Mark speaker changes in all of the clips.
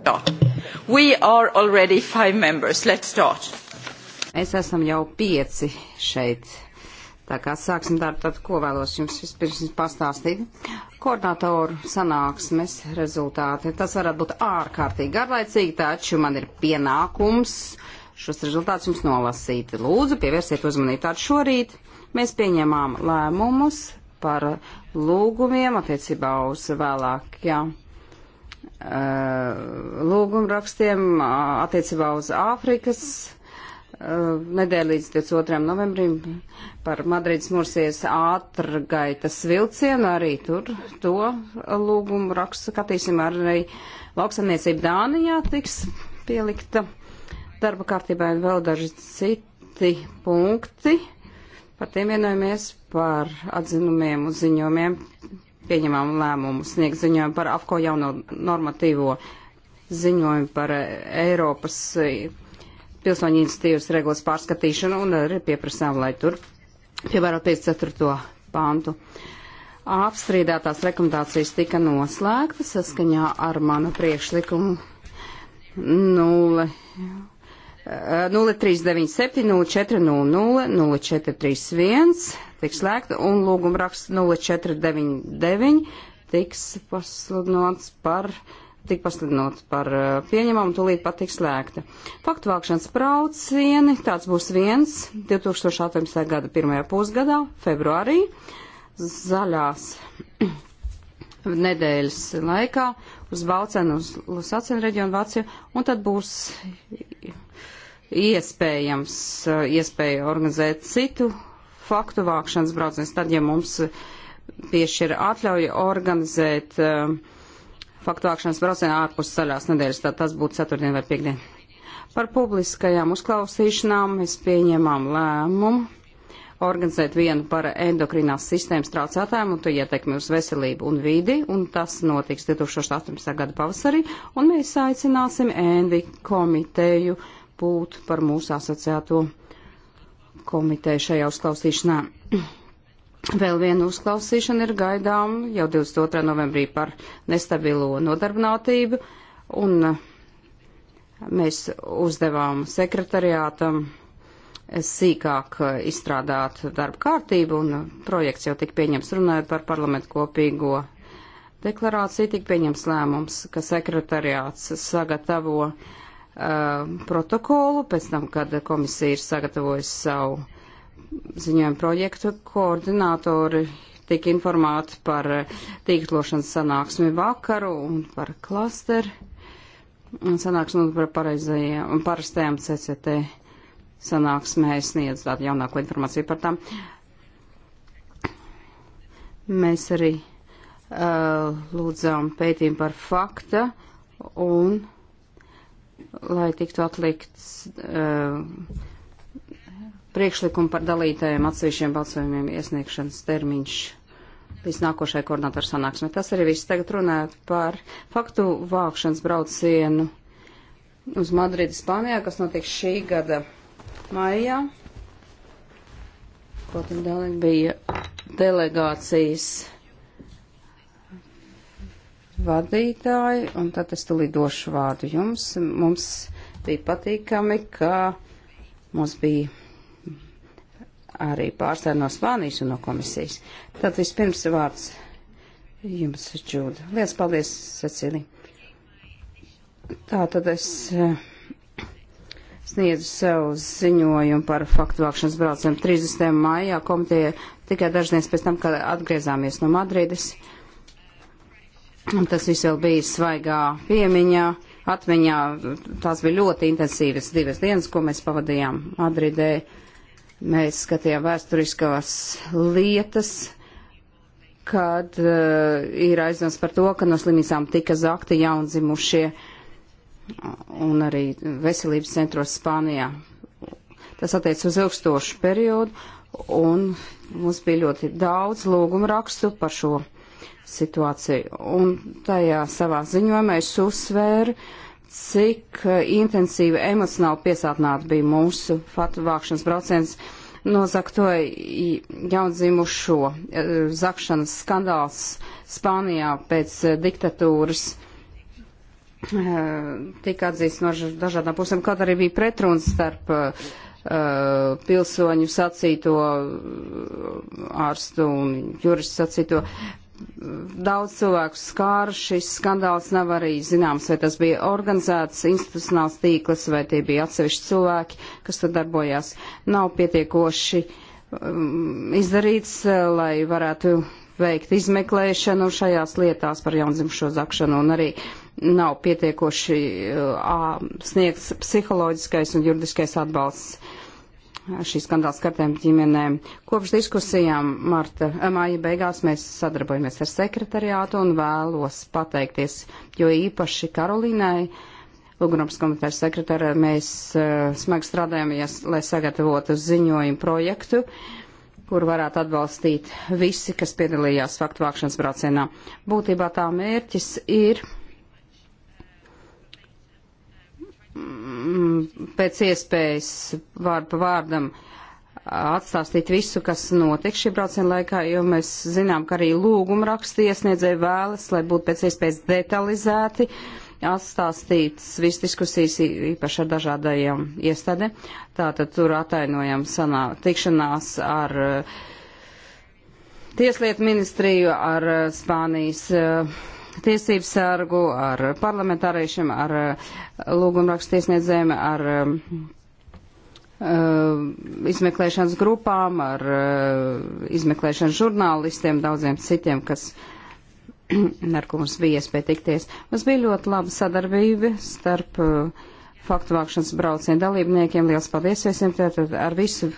Speaker 1: start. We are already five members. Let's start. Mēs esam jau pieci šeit. Tā kā sāksim darbu, tad ko vēlos jums vispirms pastāstīt? Koordinatoru sanāksmes rezultāti. Tas varētu būt ārkārtīgi garlaicīgi, taču man ir pienākums šos rezultātus jums nolasīt. Lūdzu, pievērsiet uzmanību. Tātad šorīt mēs pieņemām lēmumus par lūgumiem attiecībā uz vēlākajām. Ja Uh, lūgumrakstiem uh, attiecībā uz Āfrikas uh, nedēļa līdz 22. novembrim par Madrids mursies ātrgaitas vilcienu, arī tur to lūgumu rakstu skatīsim, arī lauksamniecība Dānijā tiks pielikta darba kārtībā un vēl daži citi punkti. Par tiem vienojamies par atzinumiem un ziņojumiem pieņemam lēmumu sniegt ziņojumu par AFCO jauno normatīvo ziņojumu par Eiropas pilsoņu institīvas regulas pārskatīšanu un arī pieprasām, lai tur pievērot 54. pāntu. Apstrīdētās rekomendācijas tika noslēgtas saskaņā ar manu priekšlikumu 0. 0397-0400-0431 tiks slēgta un lūguma raksts 0499 tiks pasludināts par tik pasludinot par pieņemamu, tūlīt pat tiks slēgta. Faktu vākšanas braucieni, tāds būs viens 2018. gada pirmajā pusgadā, februārī, zaļās nedēļas laikā uz Balcenu, uz Lusacenu reģionu Vāciju, un tad būs iespējams eh, iespēja organizēt citu faktu vākšanas braucienus, tad, ja mums piešķir atļauja organizēt uh, faktu vākšanas braucienu ārpus saļās nedēļas, tad tas būtu ceturtdien vai piekdien. Par publiskajām uzklausīšanām mēs pieņēmām lēmumu organizēt vienu par endokrinās sistēmas traucētājiem un to ietekmi uz veselību un vidi, un tas notiks 2018. gada pavasarī, un mēs aicināsim Endi komiteju uh, būt par mūsu asociēto komiteju šajā uzklausīšanā. Vēl viena uzklausīšana ir gaidām jau 22. novembrī par nestabilo nodarbinātību, un uh, mēs uzdevām sekretariātam uh, sīkāk uh, izstrādāt darba kārtību, un projekts jau tika pieņems runājot par parlamentu kopīgo deklarāciju, tika pieņems lēmums, ka sekretariāts sagatavo uh, Um, protokolu, pēc tam, kad komisija ir sagatavojusi savu ziņojumu projektu, koordinātori tika informēti par tīklošanas sanāksmi vakaru un par klasteru sanāksmi un par pareizajiem un parastajām CCT sanāksmē sniedz tādu jaunāku informāciju par tām. Mēs arī uh, lūdzām pētījumu par fakta un lai tiktu atlikts uh, eh, priekšlikumu par dalītajiem atsevišķiem balsojumiem iesniegšanas termiņš līdz nākošajai koordinatoru sanāksmē. Tas arī viss tagad runājot par faktu vākšanas braucienu uz Madridi, Spānijā, kas notiks šī gada maijā. Potim Dēlēn bija delegācijas vadītāji, un tad es tulīt došu vārdu jums. Mums bija patīkami, ka mums bija arī pārstāvi no Spānijas un no komisijas. Tad vispirms vārds jums, Džūda. Lielas paldies, Cecilija. Tā tad es eh, sniedzu sev ziņojumu par faktu vākšanas braucienu 30. maijā komitē tikai dažnieks pēc tam, kad atgriezāmies no Madrides. Uh, Un tas viss vēl bija svaigā piemiņā, atmiņā. Tās bija ļoti intensīvas divas dienas, ko mēs pavadījām Madridē. Mēs skatījām vēsturiskās lietas, kad uh, ir aizdoms par to, ka no slimnīcām tika zakti jaundzimušie un arī veselības centros Spānijā. Tas attiec uz ilgstošu periodu, un mums bija ļoti daudz lūgumu rakstu par šo situāciju. Un tajā savā ziņojumā es uzsvēru, cik uh, intensīvi emocionāli piesātināti bija mūsu fatu vākšanas brauciens. Nozaktoja jaundzimušo uh, zakšanas skandāls Spānijā pēc uh, diktatūras tika atzīst no dažādām pusēm, kaut arī bija pretruns starp uh, pilsoņu sacīto ārstu un juristu sacīto, daudz cilvēku skāra šis skandāls, nav arī zināms, vai tas bija organizēts institucionāls tīkls, vai tie bija atsevišķi cilvēki, kas tur darbojās. Nav pietiekoši um, izdarīts, eh, lai varētu veikt izmeklēšanu šajās lietās par jaundzimšo zakšanu, un arī nav pietiekoši uh, sniegts psiholoģiskais un juridiskais atbalsts šīs skandāls skartēm ģimenēm. Kopš diskusijām marta, eh, māja beigās mēs sadarbojamies ar sekretariātu un vēlos pateikties, jo īpaši Karolīnai, Lūgunopas komitejas sekretāra, mēs uh, smagi strādājamies, lai sagatavotu ziņojumu projektu, kur varētu atbalstīt visi, kas piedalījās faktu vākšanas braucienā. Būtībā tā mērķis ir Mm, pēc iespējas vārdu pa vārdam atstāstīt visu, kas notiek šī brauciena laikā, jo mēs zinām, ka arī lūguma raksti iesniedzēja vēlas, lai būtu pēc iespējas detalizēti atstāstīts viss diskusijas īpaši ar dažādajiem iestādēm. Tātad tur atainojam sanā, tikšanās ar uh, Tieslietu ministriju, ar uh, Spānijas uh, tiesību sārgu, ar parlamentāriešiem, ar eh, lūgumrakstiesniedzējiem, ar uh, izmeklēšanas grupām, ar uh, izmeklēšanas žurnālistiem, daudziem citiem, kas ar ko mums bija iespēja tikties. Mums bija ļoti laba sadarbība starp uh, faktu vākšanas braucienu dalībniekiem. Liels paldies visiem! Tātad ar visu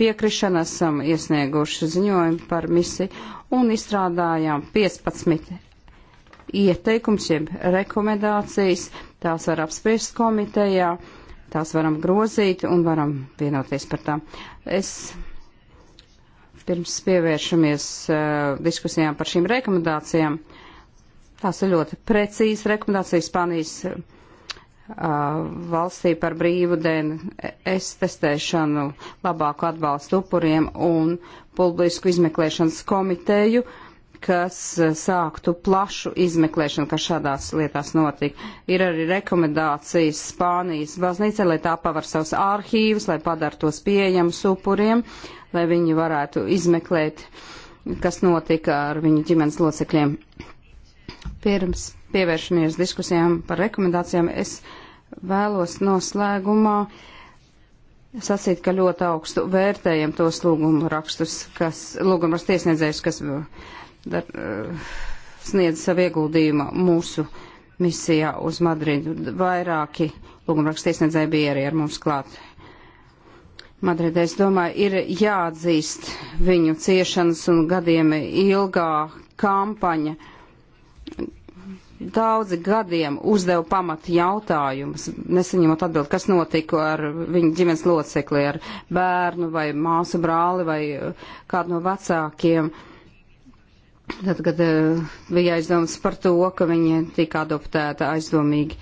Speaker 1: piekrišanu esam iesnieguši ziņojumu par misiju un izstrādājām 15 ieteikums, jeb rekomendācijas, tās var apspriest komitejā, tās varam grozīt un varam vienoties par tām. Es pirms pievēršamies uh, diskusijām par šīm rekomendācijām. Tās ir ļoti precīzas rekomendācijas Spānijas uh, valstī par brīvu dienu, es testēšanu, labāku atbalstu upuriem un publisku izmeklēšanas komiteju. Uh, kas eh, sāktu plašu izmeklēšanu, kas šādās lietās notika. Ir arī rekomendācijas Spānijas baznīcai, lai tā pavar savus arhīvus, lai padara tos pieejamus upuriem, lai viņi varētu izmeklēt, kas notika ar viņu ģimenes locekļiem. Pirms pievēršamies diskusijām par rekomendācijām, es vēlos noslēgumā sacīt, ka ļoti augstu vērtējam tos lūgumu rakstus, kas, lūgumu rakstu iesniedzējus, kas dar, eh, sniedz savu ieguldījumu mūsu misijā uz Madridu. Vairāki lūgumraksta iesniedzēji bija arī ar mums klāt. Madridē, es domāju, ir jāatzīst viņu ciešanas un gadiem ilgā kampaņa. Daudzi gadiem uzdeva pamata jautājumus, nesaņemot atbildi, kas notika ar viņu ģimenes locekli, ar bērnu vai māsu brāli vai eh, kādu no vecākiem. Uh, tad, kad eh, bija aizdomas par to, ka viņa tika adoptēta aizdomīgi.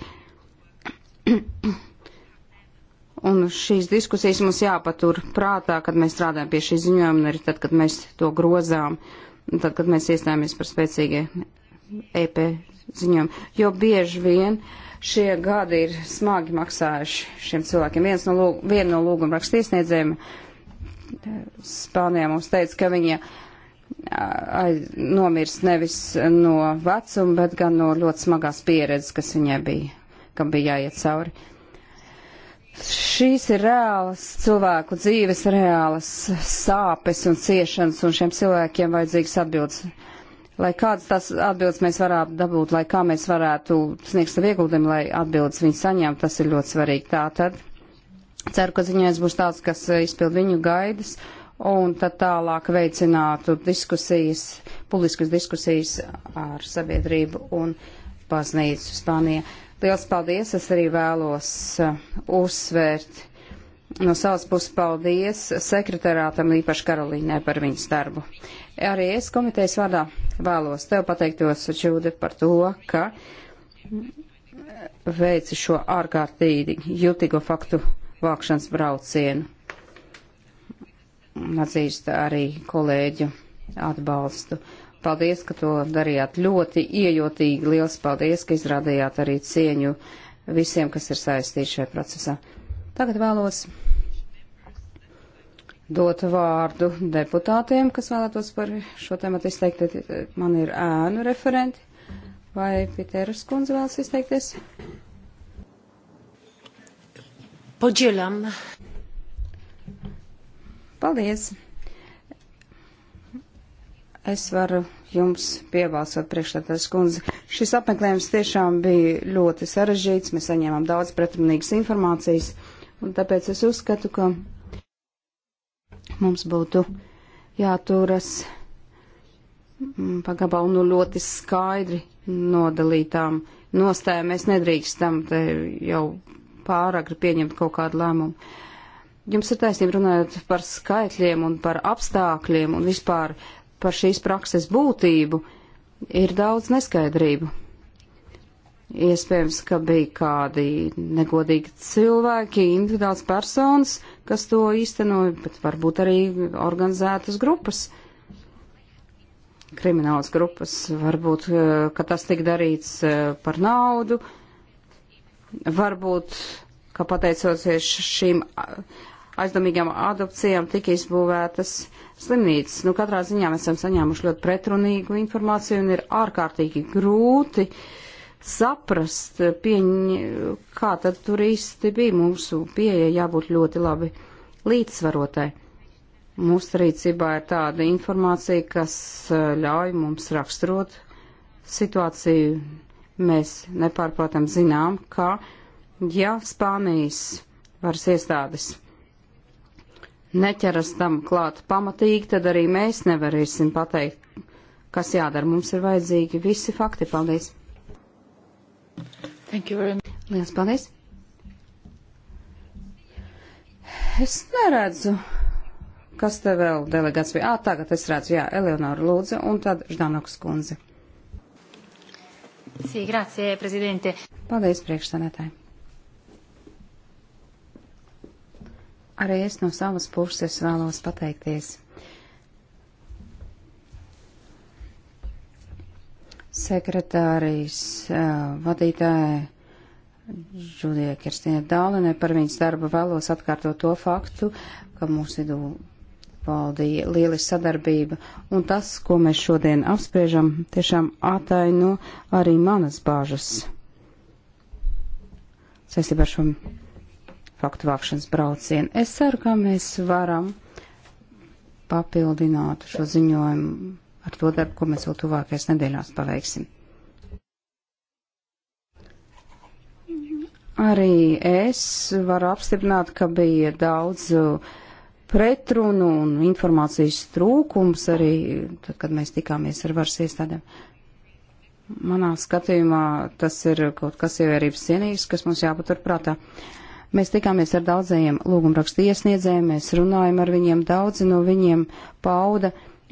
Speaker 1: Un šīs diskusijas mums jāpatur prātā, kad mēs strādājam pie šī ziņojuma, un arī tad, kad mēs to grozām, tad, kad mēs iestājāmies par spēcīgiem EP ziņojumu. Jo bieži vien šie gadi ir smagi maksājuši šiem cilvēkiem. Viens no, lūg, viena no lūguma rakstiesniedzējiem eh, Spānijā mums teica, ka viņa uh, aiz, nomirs nevis no vecuma, bet gan no ļoti smagās pieredzes, kas viņai bija, kam bija jāiet cauri. Šīs ir reālas cilvēku dzīves, reālas sāpes un ciešanas, un šiem cilvēkiem vajadzīgs atbildes. Lai kādas tās atbildes mēs varētu dabūt, lai kā mēs varētu sniegt savu ieguldījumu, lai atbildes viņi saņem, tas ir ļoti svarīgi. Tā tad ceru, ka ziņās būs tāds, kas izpild viņu gaidas. Uh, un tad tālāk veicinātu diskusijas, publiskas diskusijas ar sabiedrību un baznīcu Spānijā. Liels paldies! Es arī vēlos uh, uzsvērt no savas puses paldies sekretārātam īpaši Karolīnai par viņas darbu. Arī es komitejas vārdā vēlos tev pateiktos, Čūde, par to, ka veici šo ārkārtīgi jutīgo faktu vākšanas braucienu atzīst arī kolēģu atbalstu. Paldies, ka to darījāt ļoti iejotīgi. Liels paldies, ka izrādījāt arī cieņu visiem, kas ir saistīti šajā procesā. Tagad vēlos dot vārdu deputātiem, kas vēlētos par šo tēmatu izteikt. Man ir ēnu referenti. Vai Pitēras kundze vēlas izteikties? Podzielam Paldies! Es varu jums piebalsot priekšstādājas kundze. Šis apmeklējums tiešām bija ļoti sarežģīts, mēs saņēmām daudz pretrunīgas informācijas, un tāpēc es uzskatu, ka mums būtu jāturas mm, pagabalu nu ļoti skaidri nodalītām nostājām. Mēs nedrīkstam te jau pāragri pieņemt kaut kādu lēmumu. Jums ir taisnība runājot par skaitļiem un par apstākļiem un vispār par šīs prakses būtību. Ir daudz neskaidrību. Iespējams, ka bija kādi negodīgi cilvēki, individuāls personas, kas to īstenoja, bet varbūt arī organizētas grupas, krimināls grupas. Varbūt, eh, ka tas tika darīts eh, par naudu. Varbūt, ka pateicoties šīm aizdomīgām adopcijām tika izbūvētas slimnīcas. Nu, katrā ziņā mēs esam saņēmuši ļoti pretrunīgu informāciju un ir ārkārtīgi grūti saprast, pieņ, kā tad tur īsti bija mūsu pieeja jābūt ļoti labi līdzsvarotai. Mūsu rīcībā ir tāda informācija, kas eh, ļauj mums raksturot situāciju. Mēs nepārprotam zinām, ka ja Spānijas varas iestādes neķeras tam klāt pamatīgi, tad arī mēs nevarēsim pateikt, kas jādara. Mums ir vajadzīgi visi fakti. Paldies! Lielas paldies! Es neredzu, kas te vēl delegāts bija. Ā, tagad es redzu, jā, Eleonora Lūdze un tad Ždanoks kundze.
Speaker 2: Sī, grācie, prezidente.
Speaker 1: Paldies, priekšsēdētāji. Arī es no savas puses vēlos pateikties. Sekretārijas uh, vadītāja Žudija Kirstina Dālinē par viņas darbu vēlos atkārtot to faktu, ka mūsu vidū valdīja lieliska sadarbība, un tas, ko mēs šodien apspriežam, tiešām ataino arī manas bāžas saistībā ar šo faktu vākšanas braucienu. Es ceru, ka mēs varam papildināt šo ziņojumu ar to darbu, ko mēs vēl tuvākajās nedēļās paveiksim. Arī es varu apstiprināt, ka bija daudz uh, pretrunu un informācijas trūkums arī tad, kad mēs tikāmies ar varas iestādēm. Manā skatījumā tas ir kaut kas ievērības cienīgs, kas mums jāpatur prātā. Uh, Mēs tikāmies ar daudzajiem lūgumrakstu iesniedzējiem, mēs runājam ar viņiem, daudzi no viņiem pauda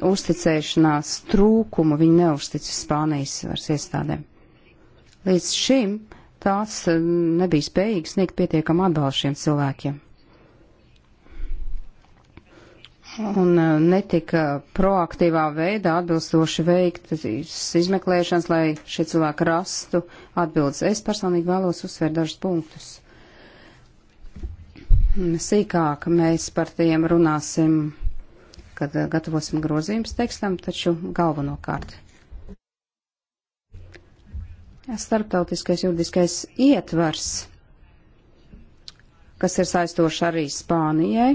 Speaker 1: uzticēšanās trūkumu, viņi neuztic Spānijas varas iestādēm. Līdz šim tās eh, nebija spējīgas sniegt pietiekam atbalstu šiem cilvēkiem. Un eh, netika proaktīvā veidā atbilstoši veikt izmeklēšanas, lai šie cilvēki rastu atbildes. Es personīgi vēlos uzsvērt dažus punktus. Sīkāk mēs par tiem runāsim, kad eh, gatavosim grozījums tekstam, taču galvenokārt. Starptautiskais juridiskais ietvars, kas ir saistoši arī Spānijai,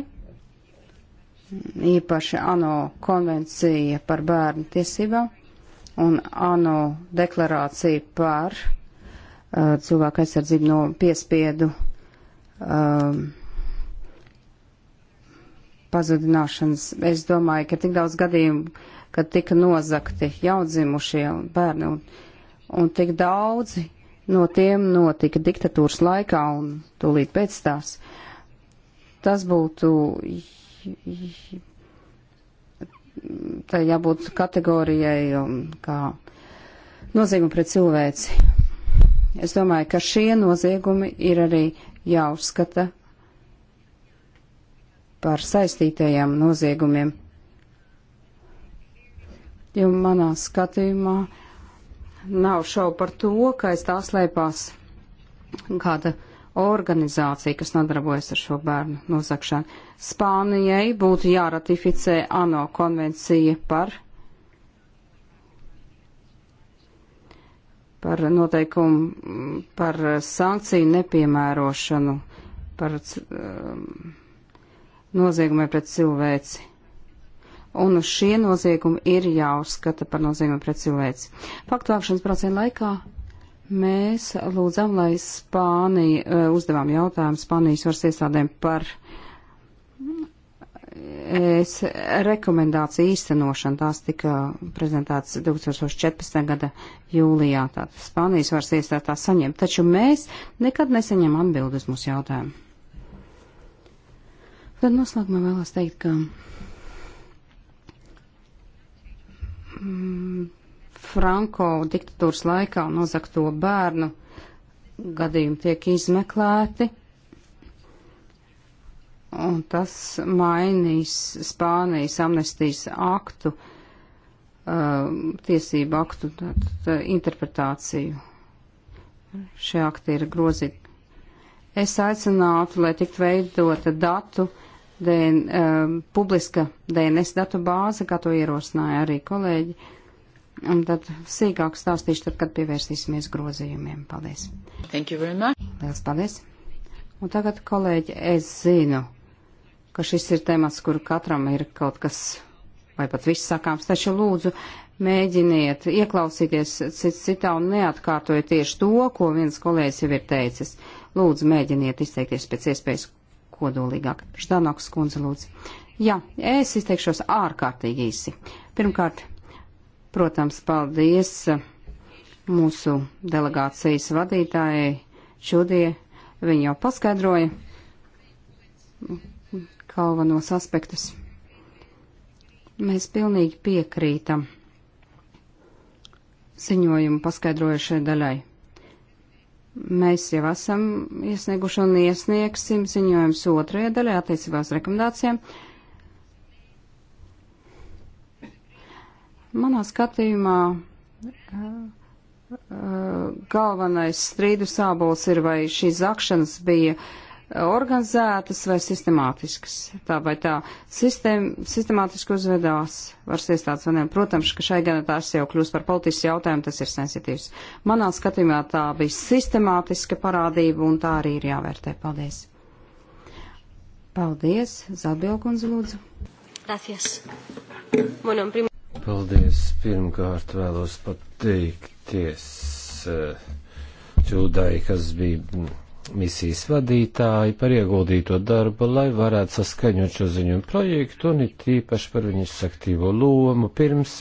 Speaker 1: īpaši ANO konvencija par bērnu tiesībām un ANO deklarācija par uh, cilvēku aizsardzību no piespiedu um, pazudināšanas. Es domāju, ka tik daudz gadījumu, kad tika nozakti jaundzimušie bērni un, un tik daudzi no tiem notika diktatūras laikā un tūlīt pēc tās. Tas būtu, tā jābūt kategorijai kā noziegumi pret cilvēci. Es domāju, ka šie noziegumi ir arī jāuzskata par saistītajiem noziegumiem. Jo manā skatījumā nav šau par to, ka aiz tā slēpās kāda organizācija, kas nodarbojas ar šo bērnu nozakšanu. Spānijai būtu jāratificē ANO konvencija par, par noteikumu par sankciju nepiemērošanu, par um, noziegumiem pret cilvēci. Un šie noziegumi ir jāuzskata par noziegumiem pret cilvēci. Faktu vākšanas brauciena laikā mēs lūdzam, lai Spānija eh, uzdevām jautājumu Spānijas varas iestādēm par es rekomendāciju īstenošanu, tās tika prezentētas 2014. gada jūlijā, tātad Spānijas varas iestātā saņemt, taču mēs nekad nesaņem atbildes mūsu jautājumu. Tad noslēgumā vēlos teikt, ka mm, Franko diktatūras laikā nozakto bērnu gadījumi tiek izmeklēti, un tas mainīs Spānijas amnestijas aktu, uh, tiesību aktu tā, tā, interpretāciju. Šie akti ir grozīti. Es aicinātu, lai tiktu veidota datu DN, um, publiska DNS datu bāze, kā to ierosināja arī kolēģi. Un tad sīkāk stāstīšu tad, kad pievērsīsimies grozījumiem. Paldies. Thank you very much. Liels paldies. Un tagad, kolēģi, es zinu, ka šis ir temats, kur katram ir kaut kas vai pat viss sakāms, taču lūdzu, mēģiniet ieklausīties cits citā un neatkārtojiet tieši to, ko viens kolēģis jau ir teicis. Lūdzu, mēģiniet izteikties pēc iespējas kodolīgāk. Ždanoks kundze lūdzu. Jā, es izteikšos ārkārtīgi īsi. Pirmkārt, protams, paldies mūsu delegācijas vadītājai Čudie. Viņa jau paskaidroja galvenos aspektus. Mēs pilnīgi piekrītam ziņojumu paskaidrojušai daļai. Mēs jau esam iesnieguši un iesniegsim ziņojums otrajā daļā attiecībās rekomendācijām. Manā skatījumā eh, eh, galvenais strīdu sābols ir, vai šī zakšanas bija uh, organizētas vai sistemātiskas. Tā vai tā sistēm, sistemātiski uzvedās varas iestādes vai ne. Protams, ka šai gan tās jau kļūst par politisku jautājumu, tas ir sensitīvs. Manā skatījumā tā bija sistemātiska parādība un tā arī ir jāvērtē. Paldies. Paldies. Zabielkundze, lūdzu. Gracias. Bueno,
Speaker 2: prim...
Speaker 3: Paldies. Pirmkārt vēlos pateikties uh, eh, Čūdai, kas bija misijas vadītāji par ieguldīto darbu, lai varētu saskaņot šo ziņojumu projektu un it īpaši par viņas aktīvo lomu pirms,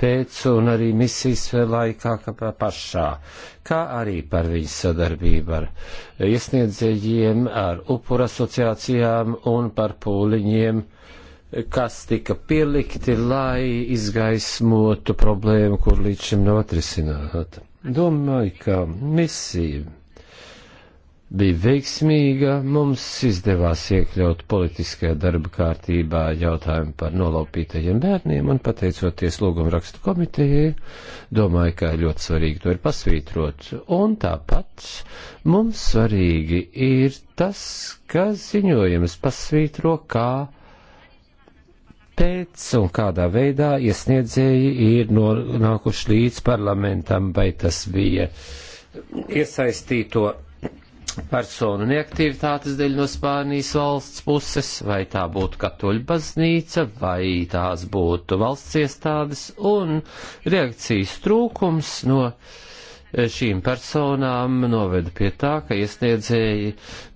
Speaker 3: pēc un arī misijas laikā pašā, kā arī par viņas sadarbību ar iesniedzējiem, ar upura asociācijām un par pūliņiem kas tika pielikti, lai izgaismotu problēmu, kur līdz šim nav atrisināta. Domāju, ka misija bija veiksmīga. Mums izdevās iekļaut politiskajā darba kārtībā jautājumu par nolaupītajiem bērniem un pateicoties lūgumu rakstu komitejai, domāju, ka ļoti svarīgi to ir pasvītrot. Un tāpat mums svarīgi ir tas, ka ziņojums pasvītro, kā pēc un kādā veidā iesniedzēji ir nonākuši līdz parlamentam, vai tas bija iesaistīto personu neaktivitātes dēļ no Spānijas valsts puses, vai tā būtu katoļu baznīca, vai tās būtu valsts iestādes, un reakcijas trūkums no šīm personām noveda pie tā, ka iesniedzēji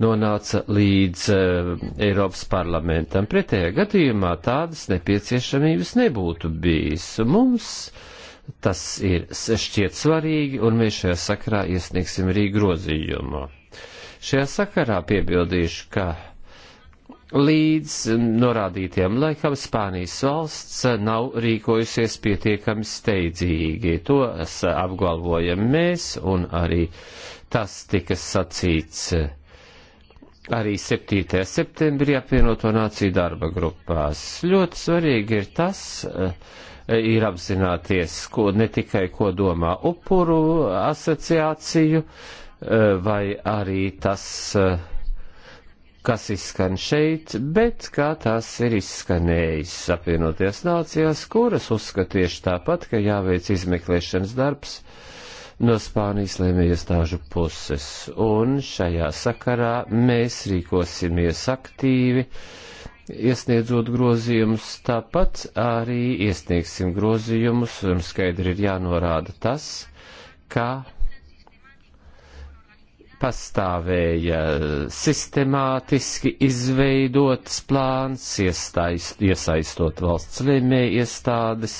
Speaker 3: nonāca līdz eh, Eiropas parlamentam. Pretējā gadījumā tādas nepieciešamības nebūtu bijis. Mums tas ir šķiet svarīgi, un mēs šajā sakrā iesniegsim arī grozījumu. Šajā sakarā piebildīšu, ka līdz norādītiem laikam Spānijas valsts nav rīkojusies pietiekami steidzīgi. To apgalvojam mēs, un arī tas tika sacīts arī 7. septembrī apvienoto nāciju darba grupās. Ļoti svarīgi ir tas, ir apzināties, ko ne tikai ko domā upuru asociāciju, uh, Eh, vai arī tas, eh, kas izskan šeit, bet kā tas ir izskanējis apvienoties nācijās, kuras uzskata tieši tāpat, ka jāveic izmeklēšanas darbs no Spānijas lēmējiestāžu puses. Un šajā sakarā mēs rīkosimies aktīvi, iesniedzot grozījumus, tāpat arī iesniegsim grozījumus, un skaidri ir jānorāda tas, ka pastāvēja eh, sistemātiski izveidots plāns, iestaist, iesaistot valsts lēmēju iestādes,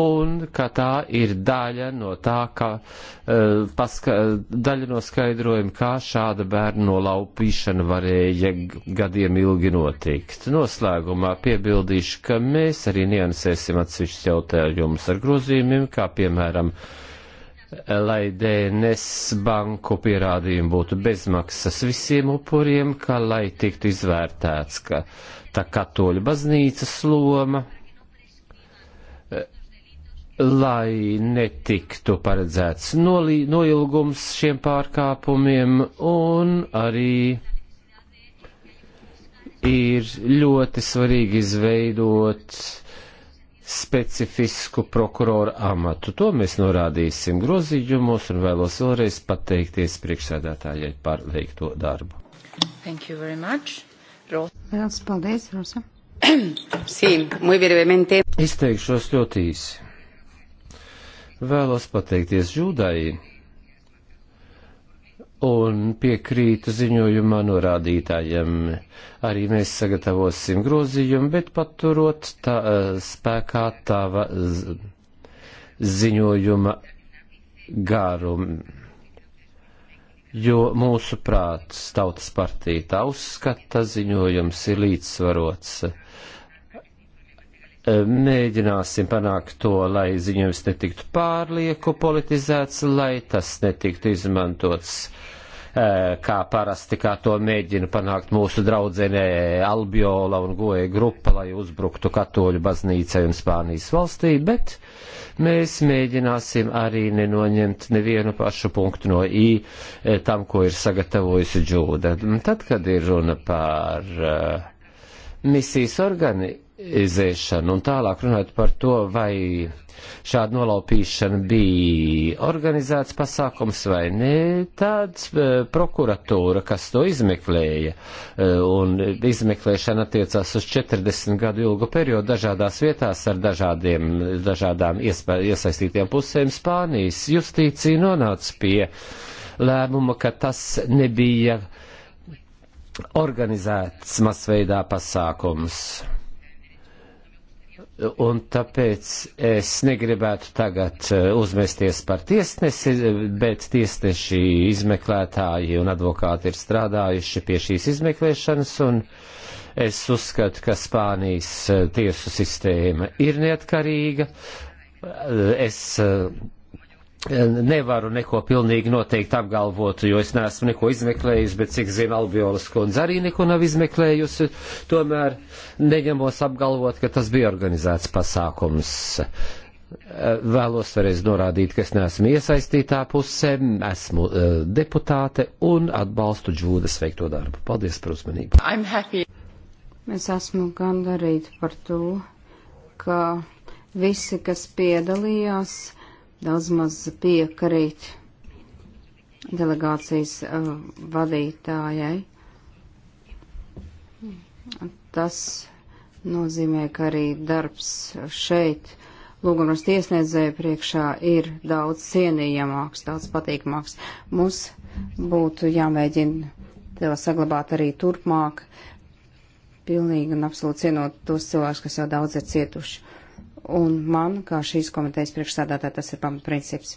Speaker 3: un ka tā ir daļa no tā, ka uh, paska, daļa no skaidrojuma, kā šāda bērnu nolaupīšana varēja gadiem ilgi notikt. Noslēgumā piebildīšu, ka mēs arī niansēsim atsevišķus jautājumus ar grozījumiem, kā piemēram, uh, lai DNS banku pierādījumi būtu bezmaksas visiem upuriem, ka lai tiktu izvērtēts, ka tā katoļu baznīcas loma, lai netiktu paredzēts nolī, noilgums šiem pārkāpumiem un arī ir ļoti svarīgi izveidot specifisku prokuroru amatu. To mēs norādīsim grozījumos un vēlos vēlreiz pateikties priekšsēdētājai par veikto darbu.
Speaker 1: Thank you very much. Ros Vēlas paldies, Rosa. sí, muy brevemente.
Speaker 3: Izteikšos ļoti īsi. Vēlos pateikties Žūdai un piekrītu ziņojumā norādītājiem. Arī mēs sagatavosim grozījumu, bet paturot tā, eh, spēkā tava ziņojuma garumu. Jo mūsu prāts tautas partija tā uzskata ziņojums ir līdzsvarots. Eh, mēģināsim panākt to, lai ziņojums netiktu pārlieku politizēts, lai tas netiktu izmantots uh, Eh, kā parasti, kā to mēģina panākt mūsu draudzenē Albiola un Goja grupa, lai uzbruktu katoļu baznīcai un Spānijas valstī, bet mēs mēģināsim arī nenoņemt nevienu pašu punktu no I eh, tam, ko ir sagatavojusi Džūda. Tad, kad ir runa par eh, misijas organizāciju, izēšanu. Un tālāk runājot par to, vai šāda nolaupīšana bija organizēts pasākums vai nē, tāds e, prokuratūra, kas to izmeklēja, e, un izmeklēšana attiecās uz 40 gadu ilgu periodu dažādās vietās ar dažādiem, dažādām iespē, iesaistītiem pusēm Spānijas justīcija nonāca pie lēmuma, ka tas nebija organizēts masveidā pasākums Un tāpēc es negribētu tagad eh, uzmesties par tiesnesi, bet tiesneši, izmeklētāji un advokāti ir strādājuši pie šīs izmeklēšanas, un es uzskatu, ka Spānijas eh, tiesu sistēma ir neatkarīga. Es eh, nevaru neko pilnīgi noteikti apgalvot, jo es neesmu neko izmeklējis, bet cik zinu, Albiolas kundze arī neko nav izmeklējusi. Tomēr neņemos apgalvot, ka tas bija organizēts pasākums. Vēlos vēlreiz norādīt, ka es neesmu iesaistītā pusē, esmu uh, deputāte un atbalstu Džūdas veikto darbu. Paldies par uzmanību.
Speaker 1: Es esmu gandarīta par to, ka visi, kas piedalījās, daudz maz piekrīt delegācijas uh, vadītājai. Tas nozīmē, ka arī darbs šeit lūgumras tiesniedzēju priekšā ir daudz cienījamāks, daudz patīkamāks. Mums būtu jāmēģina tev saglabāt arī turpmāk, pilnīgi un absolūti cienot tos cilvēkus, kas jau daudz ir cietuši un man, kā šīs komitejas priekšsādātāja, tas ir pamatprincips.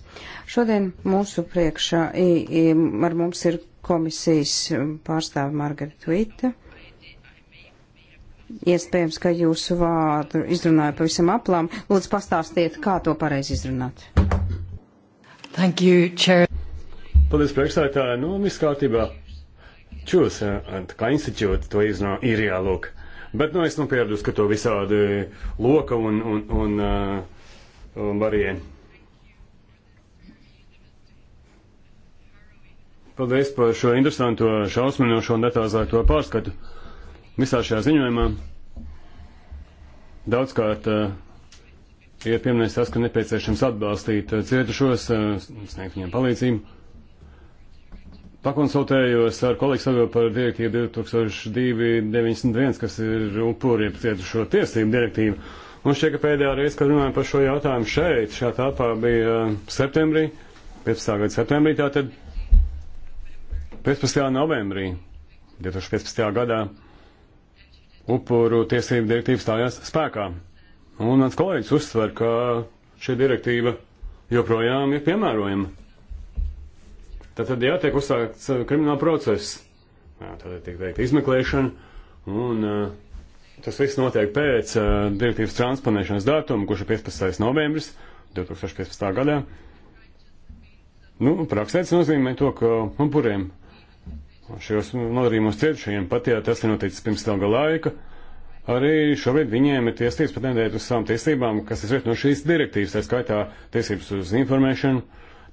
Speaker 1: Šodien mūsu priekšā i, i, ar mums ir komisijas pārstāve Margarita Vita. Iespējams, ka jūsu vārdu izrunāju pavisam aplām. Lūdzu, pastāstiet, kā to pareizi izrunāt. Thank you, Chair.
Speaker 4: Paldies, priekšsādātāja. Nu, viss kārtībā. Čūs, eh, kā institūta to izrunā, ir jālūk. Uh, Bet nu, es nu pieradu, ka to visādi loka un, un, un, uh, un barjē. Paldies par šo interesanto, šausminošo un detalizēto pārskatu. Visā šajā ziņojumā daudzkārt uh, ir pieminēts tas, ka nepieciešams atbalstīt uh, cietušos, uh, sniegt viņiem palīdzību pakonsultējos ar kolēģi savu par direktīvu 2002-91, kas ir upuri cietušo tiesību direktīvu. Un šķiet, ka pēdējā reize, kad runājām par šo jautājumu šeit, šajā tāpā bija uh, septembrī, 15. gada septembrī, tātad 15. novembrī 2015. gadā upuru tiesību direktīva stājās spēkā. Un mans kolēģis uzsver, ka šī direktīva joprojām ir piemērojama. Tad, tad jātiek uzsākts uh, krimināla process. Tad tiek veikta izmeklēšana, un uh, tas viss notiek pēc uh, direktīvas transponēšanas datuma, kurš ir 15. novembris 2015. gadā. Nu, praksē tas nozīmē to, ka upuriem šajos nodarījumos cietušajiem pat, ja tas ir noticis pirms ilga laika, arī šobrīd viņiem ir tiesības pretendēt uz savām tiesībām, kas izriet no šīs direktīvas, tā skaitā tiesības uz informēšanu,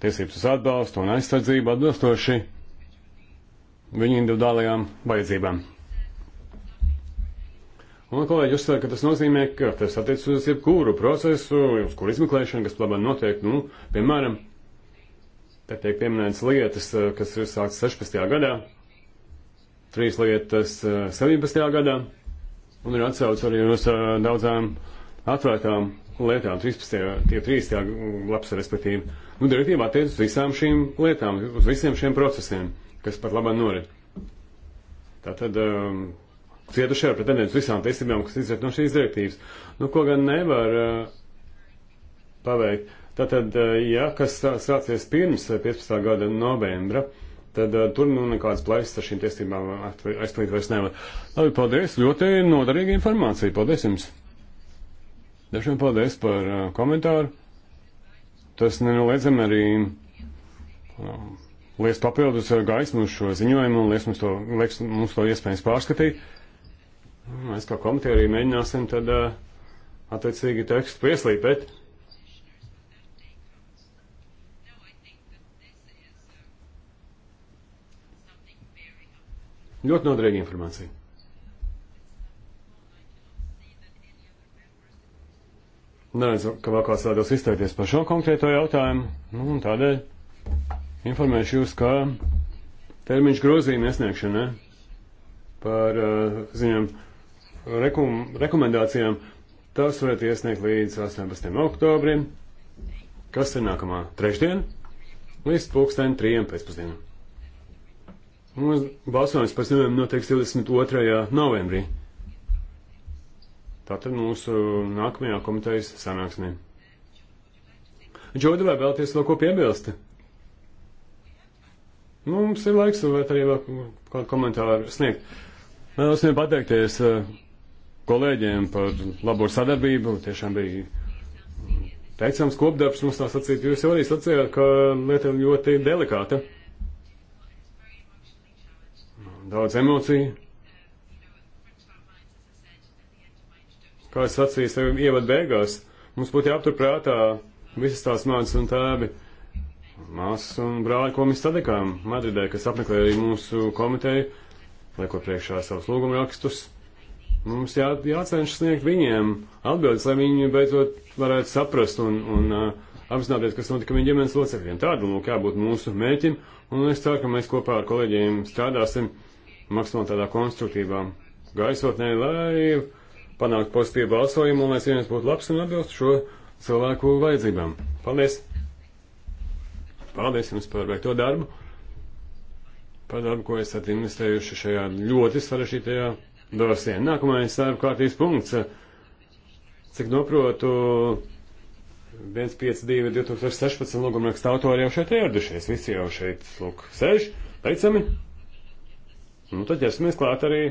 Speaker 4: tiesības uz atbalstu un aizsardzību atbilstoši viņu individuālajām vajadzībām. Un kolēģi uzsver, ka tas nozīmē, ka tas attiecas uz jebkuru procesu, uz kuru izmeklēšanu, kas labāk notiek, nu, piemēram, te tiek pieminētas lietas, eh, kas ir sāktas 16. gadā, trīs lietas 17. Eh, gadā, un ir atsauc arī uz eh, daudzām atvērtām lietām, 13. tie 13. lapas, respektīvi. Nu, direktīva attiecas uz visām šīm lietām, uz visiem šiem procesiem, kas pat labā norit. Tātad um, cietušie ir pretendenti uz visām tiesībām, kas izriet no šīs direktīvas. Nu, ko gan nevar uh, paveikt. Tātad, uh, ja kas sācies pirms 15. gada novembra, tad uh, tur nu nekādas plaisas ar šīm tiesībām aizpildīt vairs nevar. Labi, paldies, ļoti noderīga informācija. Paldies jums! Dažiem paldies par uh, komentāru. Tas nenoliedzami arī um, uh, liec papildus gaismu uz šo ziņojumu un liec mums to, liec mums to iespējams pārskatīt. Mēs kā komiteja arī mēģināsim tad uh, attiecīgi tekstu pieslīpēt. Ļoti noderīga informācija. neredzu, ka vēl kāds vēlētos izteikties par šo konkrēto jautājumu, nu, un tādēļ informēšu jūs, ka termiņš grozījuma iesniegšana par uh, ziņām rekom rekomendācijām, tas varat iesniegt līdz 18. oktobrim, kas ir nākamā trešdiena, līdz pulksten trījiem pēcpusdienam. Mums balsojums par ziņām notiks 22. novembrī. Tātad mūsu nākamajā komitejas sanāksmē. Džoda, vai vēlaties vēl ko piebilst? Nu, mums ir laiks, vai arī vēl kādu komentāru sniegt. Vēlos viņiem pateikties eh, kolēģiem par labo sadarbību. Tiešām bija teicams kopdarbs mums tā sacīt. Jūs jau arī sacījāt, ka lieta ir ļoti delikāta. Daudz emociju. kā es sacīju sev ievad beigās, mums būtu jāapturprātā visas tās mātes un tēvi, māsas un brāļi, ko mēs sadekām Madridē, kas apmeklēja mūsu komiteju, lieko priekšā savus lūgumu rakstus. Mums jā, jācenšas sniegt viņiem atbildes, lai viņi beidzot varētu saprast un, un uh, apzināties, kas notika viņa ģimenes locekļiem. Tāda lūk jābūt mūsu mēķim, un es ceru, ka mēs kopā ar kolēģiem strādāsim maksimāli tādā konstruktīvā gaisotnē, lai panākt pozitīvu balsojumu un lai ziņas būtu labs un atbilst šo cilvēku vajadzībām. Paldies! Paldies jums par veikto darbu, par darbu, ko esat investējuši šajā ļoti sarežģītajā dosē. Nākamais darba kārtības punkts. Cik noprotu, 152 2016 lūgumraksta autori jau šeit ieradušies, visi jau šeit, lūk, sēž, teicami. Nu, tad ķersimies klāt arī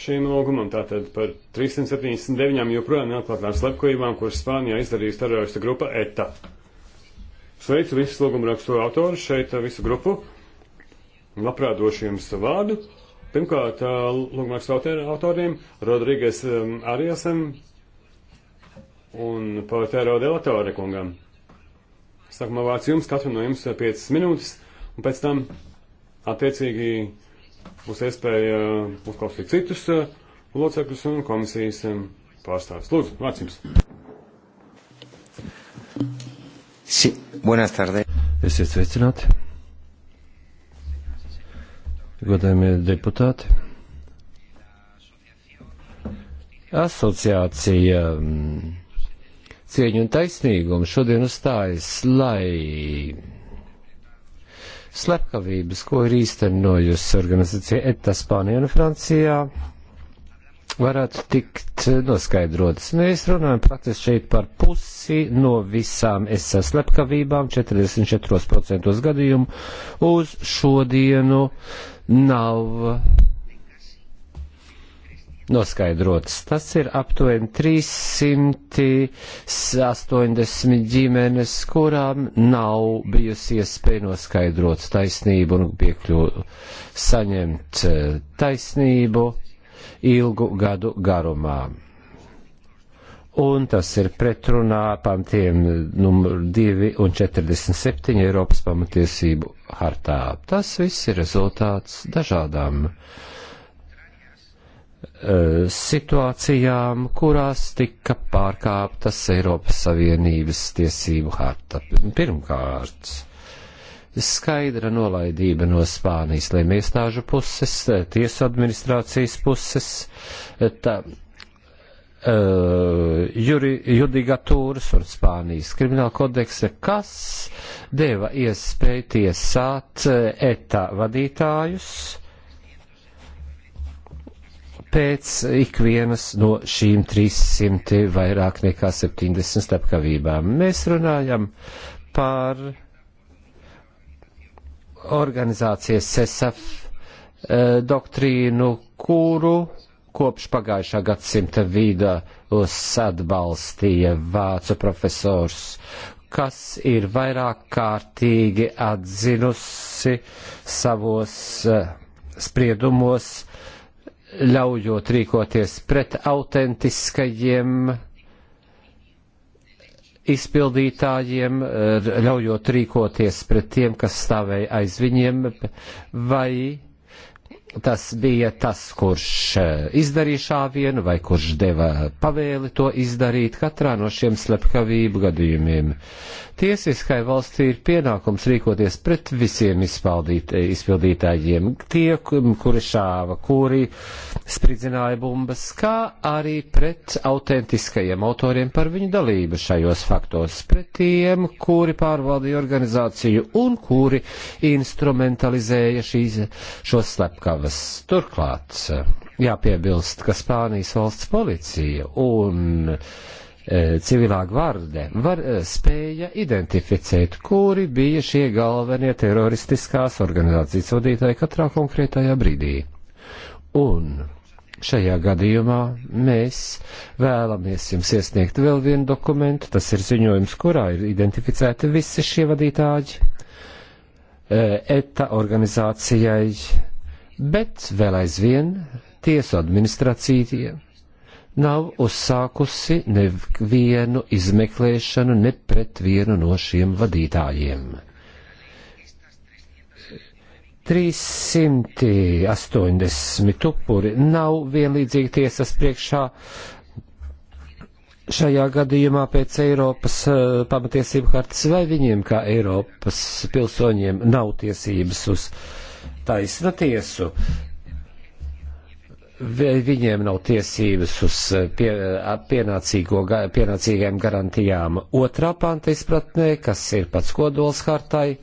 Speaker 4: šīm logumam, tātad par 379 joprojām neatklātām slepkavībām, kuras Spānijā izdarījusi terorista grupa ETA. Sveicu visus loguma rakstu autorus, šeit visu grupu. Labprāt došu jums vārdu. Pirmkārt, loguma rakstu autoriem Rodrīgas Ariasam un Pautero Delatore kungam. Sākumā vārds jums, katram no jums 5 minūtes, un pēc tam attiecīgi būs iespēja eh, uzklausīt citus eh, locekļus un komisijas eh, pārstāvis. Lūdzu, vārds jums.
Speaker 3: Sí, buenas tardes. Esiet sveicināti. Godājumie deputāti. Asociācija mm, cieņu un taisnīgumu šodien uzstājas, lai slepkavības, ko ir īstenojusi organizācija ETA Spānija un Francijā, varētu tikt noskaidrotas. Mēs runājam praktiski šeit par pusi no visām SA slepkavībām, 44% gadījumu uz šodienu nav noskaidrotas. Tas ir aptuveni 380 ģimenes, kurām nav bijusi iespēja noskaidrot taisnību un piekļūt saņemt eh, taisnību ilgu gadu garumā. Un tas ir pretrunā pantiem eh, numur 2 un 47 Eiropas pamatiesību hartā. Tas viss ir rezultāts dažādām uh, Eh, situācijām, kurās tika pārkāptas Eiropas Savienības tiesību harta. Pirmkārt, skaidra nolaidība no Spānijas lēmiestāžu puses, eh, tiesu administrācijas puses, tā, uh, eh, juri, judigatūras un Spānijas krimināla kodekse, kas deva iespēju tiesāt ETA vadītājus, pēc ikvienas no šīm 300 vairāk nekā 70 slepkavībām. Mēs runājam par organizācijas SESAF eh, doktrīnu, kuru kopš pagājušā gadsimta vīda atbalstīja vācu profesors, kas ir vairāk kārtīgi atzinusi savos eh, spriedumos uh, ļaujot rīkoties pret autentiskajiem izpildītājiem, ļaujot rīkoties pret tiem, kas stāvēja aiz viņiem, vai tas bija tas, kurš e, izdarīja šāvienu, vai kurš deva pavēli to izdarīt katrā no šiem slepkavību gadījumiem. Tiesiskai valstī ir pienākums rīkoties pret visiem izpaldīt, izpildītājiem, tie, kuri šāva, kuri spridzināja bumbas, kā arī pret autentiskajiem autoriem par viņu dalību šajos faktos, pret tiem, kuri pārvaldīja organizāciju un kuri instrumentalizēja šīs, šos slepkavas. Turklāt jāpiebilst, ka Spānijas valsts policija un uh, Eh, civilā gvarde var, eh, spēja identificēt, kuri bija šie galvenie teroristiskās organizācijas vadītāji katrā konkrētajā brīdī. Un šajā gadījumā mēs vēlamies jums iesniegt vēl vienu dokumentu, tas ir ziņojums, kurā ir identificēti visi šie vadītāji eh, ETA organizācijai, bet vēl aizvien tiesu administrācijai nav uzsākusi nevienu izmeklēšanu ne pret vienu no šiem vadītājiem. 380 upuri nav vienlīdzīgi tiesas priekšā šajā gadījumā pēc Eiropas uh, pamatiesību hartas, vai viņiem kā Eiropas pilsoņiem nav tiesības uz taisnu tiesu viņiem nav tiesības uz eh, pie, ga, pienācīgiem garantijām otrā panta izpratnē, kas ir pats kodols hartai,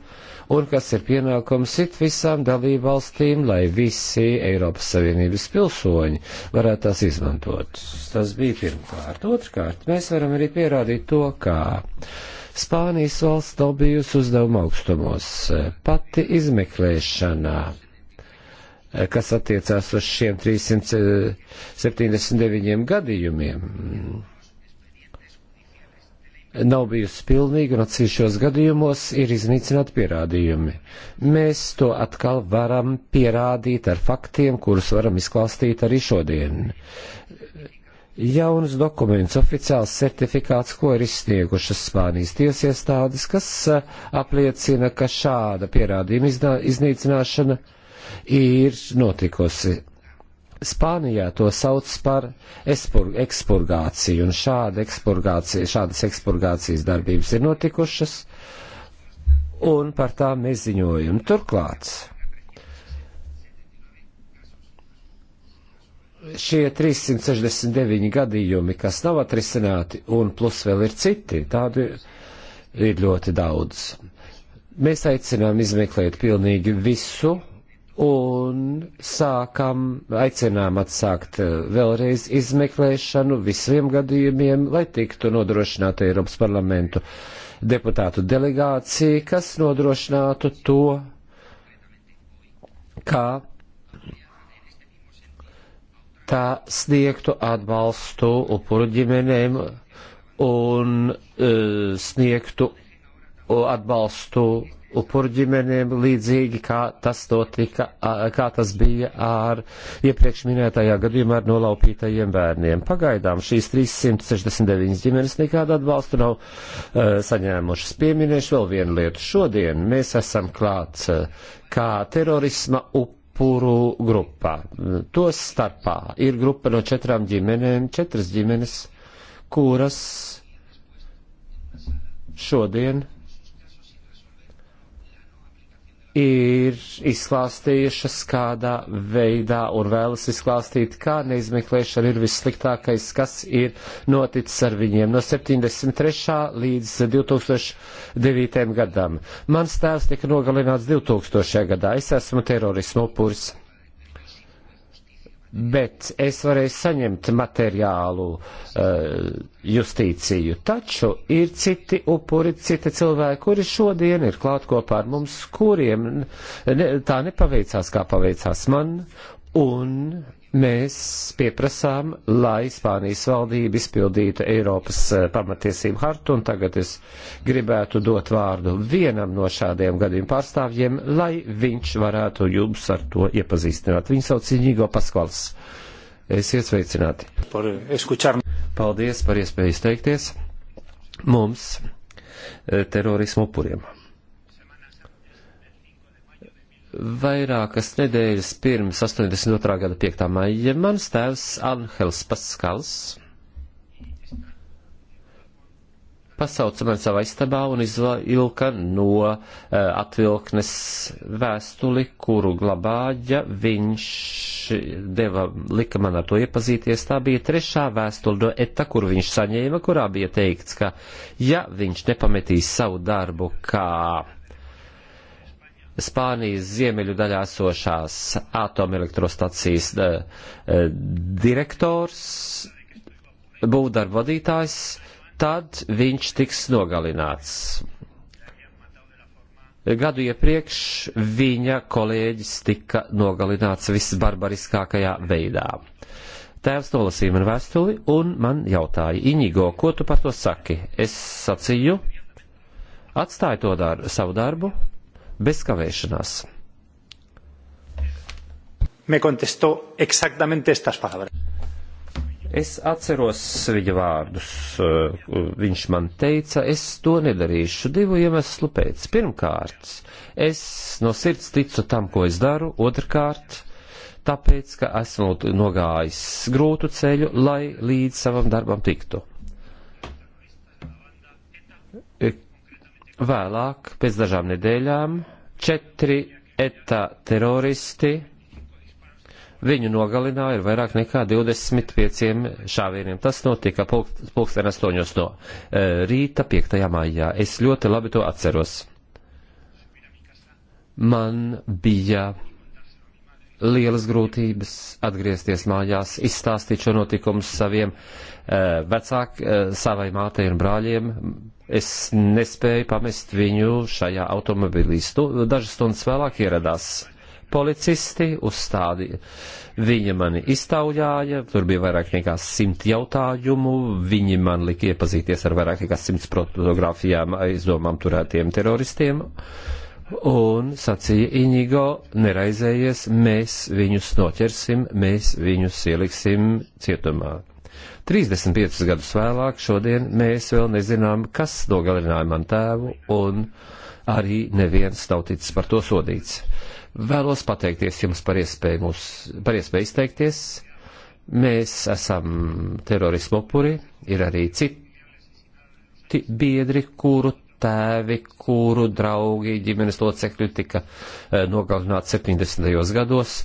Speaker 3: un kas ir pienākums it visām dalībvalstīm, lai visi Eiropas Savienības pilsoņi varētu tās izmantot. Tas bija pirmkārt. Otrkārt, mēs varam arī pierādīt to, kā Spānijas valsts nav bijusi uzdevuma augstumos, pati izmeklēšanā kas attiecās uz šiem 379 gadījumiem. Nav bijusi pilnīga un atsevišķos gadījumos ir iznīcināti pierādījumi. Mēs to atkal varam pierādīt ar faktiem, kurus varam izklāstīt arī šodien jaunas dokumentus, oficiāls certifikāts, ko ir izsniegušas Spānijas tiesiestādes, kas apliecina, ka šāda pierādījuma iznīcināšana uh, ir notikusi. Spānijā to sauc par ekspurgāciju, un šāda ekspurgācija, šādas ekspurgācijas darbības ir notikušas, un par tām mēs ziņojam. Turklāt šie 369 gadījumi, kas nav atrisināti, un plus vēl ir citi, tādu ir ļoti daudz. Mēs aicinām izmeklēt pilnīgi visu un sākam, aicinām atsākt eh, vēlreiz izmeklēšanu visiem gadījumiem, lai tiktu nodrošināta Eiropas parlamentu deputātu delegācija, kas nodrošinātu to, kā tā sniegtu atbalstu upuru ģimenēm un uh, sniegtu atbalstu upuru ģimenēm līdzīgi, kā tas, tika, kā tas bija ar iepriekš minētajā gadījumā ar nolaupītajiem bērniem. Pagaidām šīs 369 ģimenes nekādu atbalstu nav uh, saņēmušas. Pieminēšu vēl vienu lietu. Šodien mēs esam klāts uh, e, kā terorisma upuru upuru grupā. Tos starpā ir grupa no četrām ģimenēm, četras ģimenes, kuras šodien ir izklāstījušas kādā veidā un vēlas izklāstīt, kā neizmeklēšana ir vissliktākais, kas ir noticis ar viņiem no 73. līdz 2009. gadam. Mans tēvs tika nogalināts 2000. gadā. Es esmu terorismu upuris bet es varēju saņemt materiālu uh, justīciju. Taču ir citi upuri, citi cilvēki, kuri šodien ir klāt kopā ar mums, kuriem ne, tā nepaveicās, kā paveicās man, un mēs pieprasām, lai Spānijas valdība izpildītu Eiropas eh, pamatiesību hartu, un tagad es gribētu dot vārdu vienam no šādiem gadiem pārstāvjiem, lai viņš varētu jums ar to iepazīstināt. Viņu sauc Iņigo Paskvals. Es iesveicināti. Par eh, Paldies par iespēju izteikties mums eh, terorismu upuriem vairākas nedēļas pirms 82. gada 5. maija mans tēvs Anhels Paskals pasauca mani savā istabā un izvilka no uh, atvilknes vēstuli, kuru glabāja viņš deva, lika man ar to iepazīties. Tā bija trešā vēstule no ETA, kuru viņš saņēma, kurā bija teikts, ka ja viņš nepametīs savu darbu kā Spānijas ziemeļu daļā sošās atomelektrostacijas eh, eh, direktors, būvdarba vadītājs, tad viņš tiks nogalināts. Gadu iepriekš viņa kolēģis tika nogalināts visbarbariskākajā veidā. Tēvs nolasīja man vēstuli un man jautāja, Inigo, ko tu par to saki? Es sacīju, atstāju to dar savu darbu, bez kavēšanās. Me contestó exactamente estas palabras. Es atceros viņa vārdus. Uh, viņš man teica, es to nedarīšu divu iemeslu pēc. Pirmkārt, es no sirds ticu tam, ko es daru. Otrkārt, tāpēc, ka esmu nogājis grūtu ceļu, lai līdz savam darbam tiktu. Vēlāk, pēc dažām nedēļām, četri ETA teroristi viņu nogalināja ar vairāk nekā 25 šāvieniem. Tas notika pulksten 8 no eh, rīta 5. maijā. Es ļoti labi to atceros. Man bija lielas grūtības atgriezties mājās, izstāstīt šo notikumu saviem eh, vecākiem, eh, savai mātei un brāļiem. Es nespēju pamest viņu šajā automobilī. Stu, dažas stundas vēlāk ieradās policisti, uzstādīja. Viņa mani iztaujāja, tur bija vairāk nekā simt jautājumu, viņi man lika iepazīties ar vairāk nekā simts fotografijām aizdomām turētiem teroristiem. Un sacīja Inigo, neraizējies, mēs viņus noķersim, mēs viņus ieliksim cietumā. 35 gadus vēlāk šodien mēs vēl nezinām, kas nogalināja man tēvu, un arī neviens nav ticis par to sodīts. Vēlos pateikties jums par iespēju, mūs, par iespēju izteikties. Mēs esam terorismu upuri, ir arī citi biedri, kuru tēvi, kuru draugi ģimenes locekļi tika eh, nogalināti 70. gados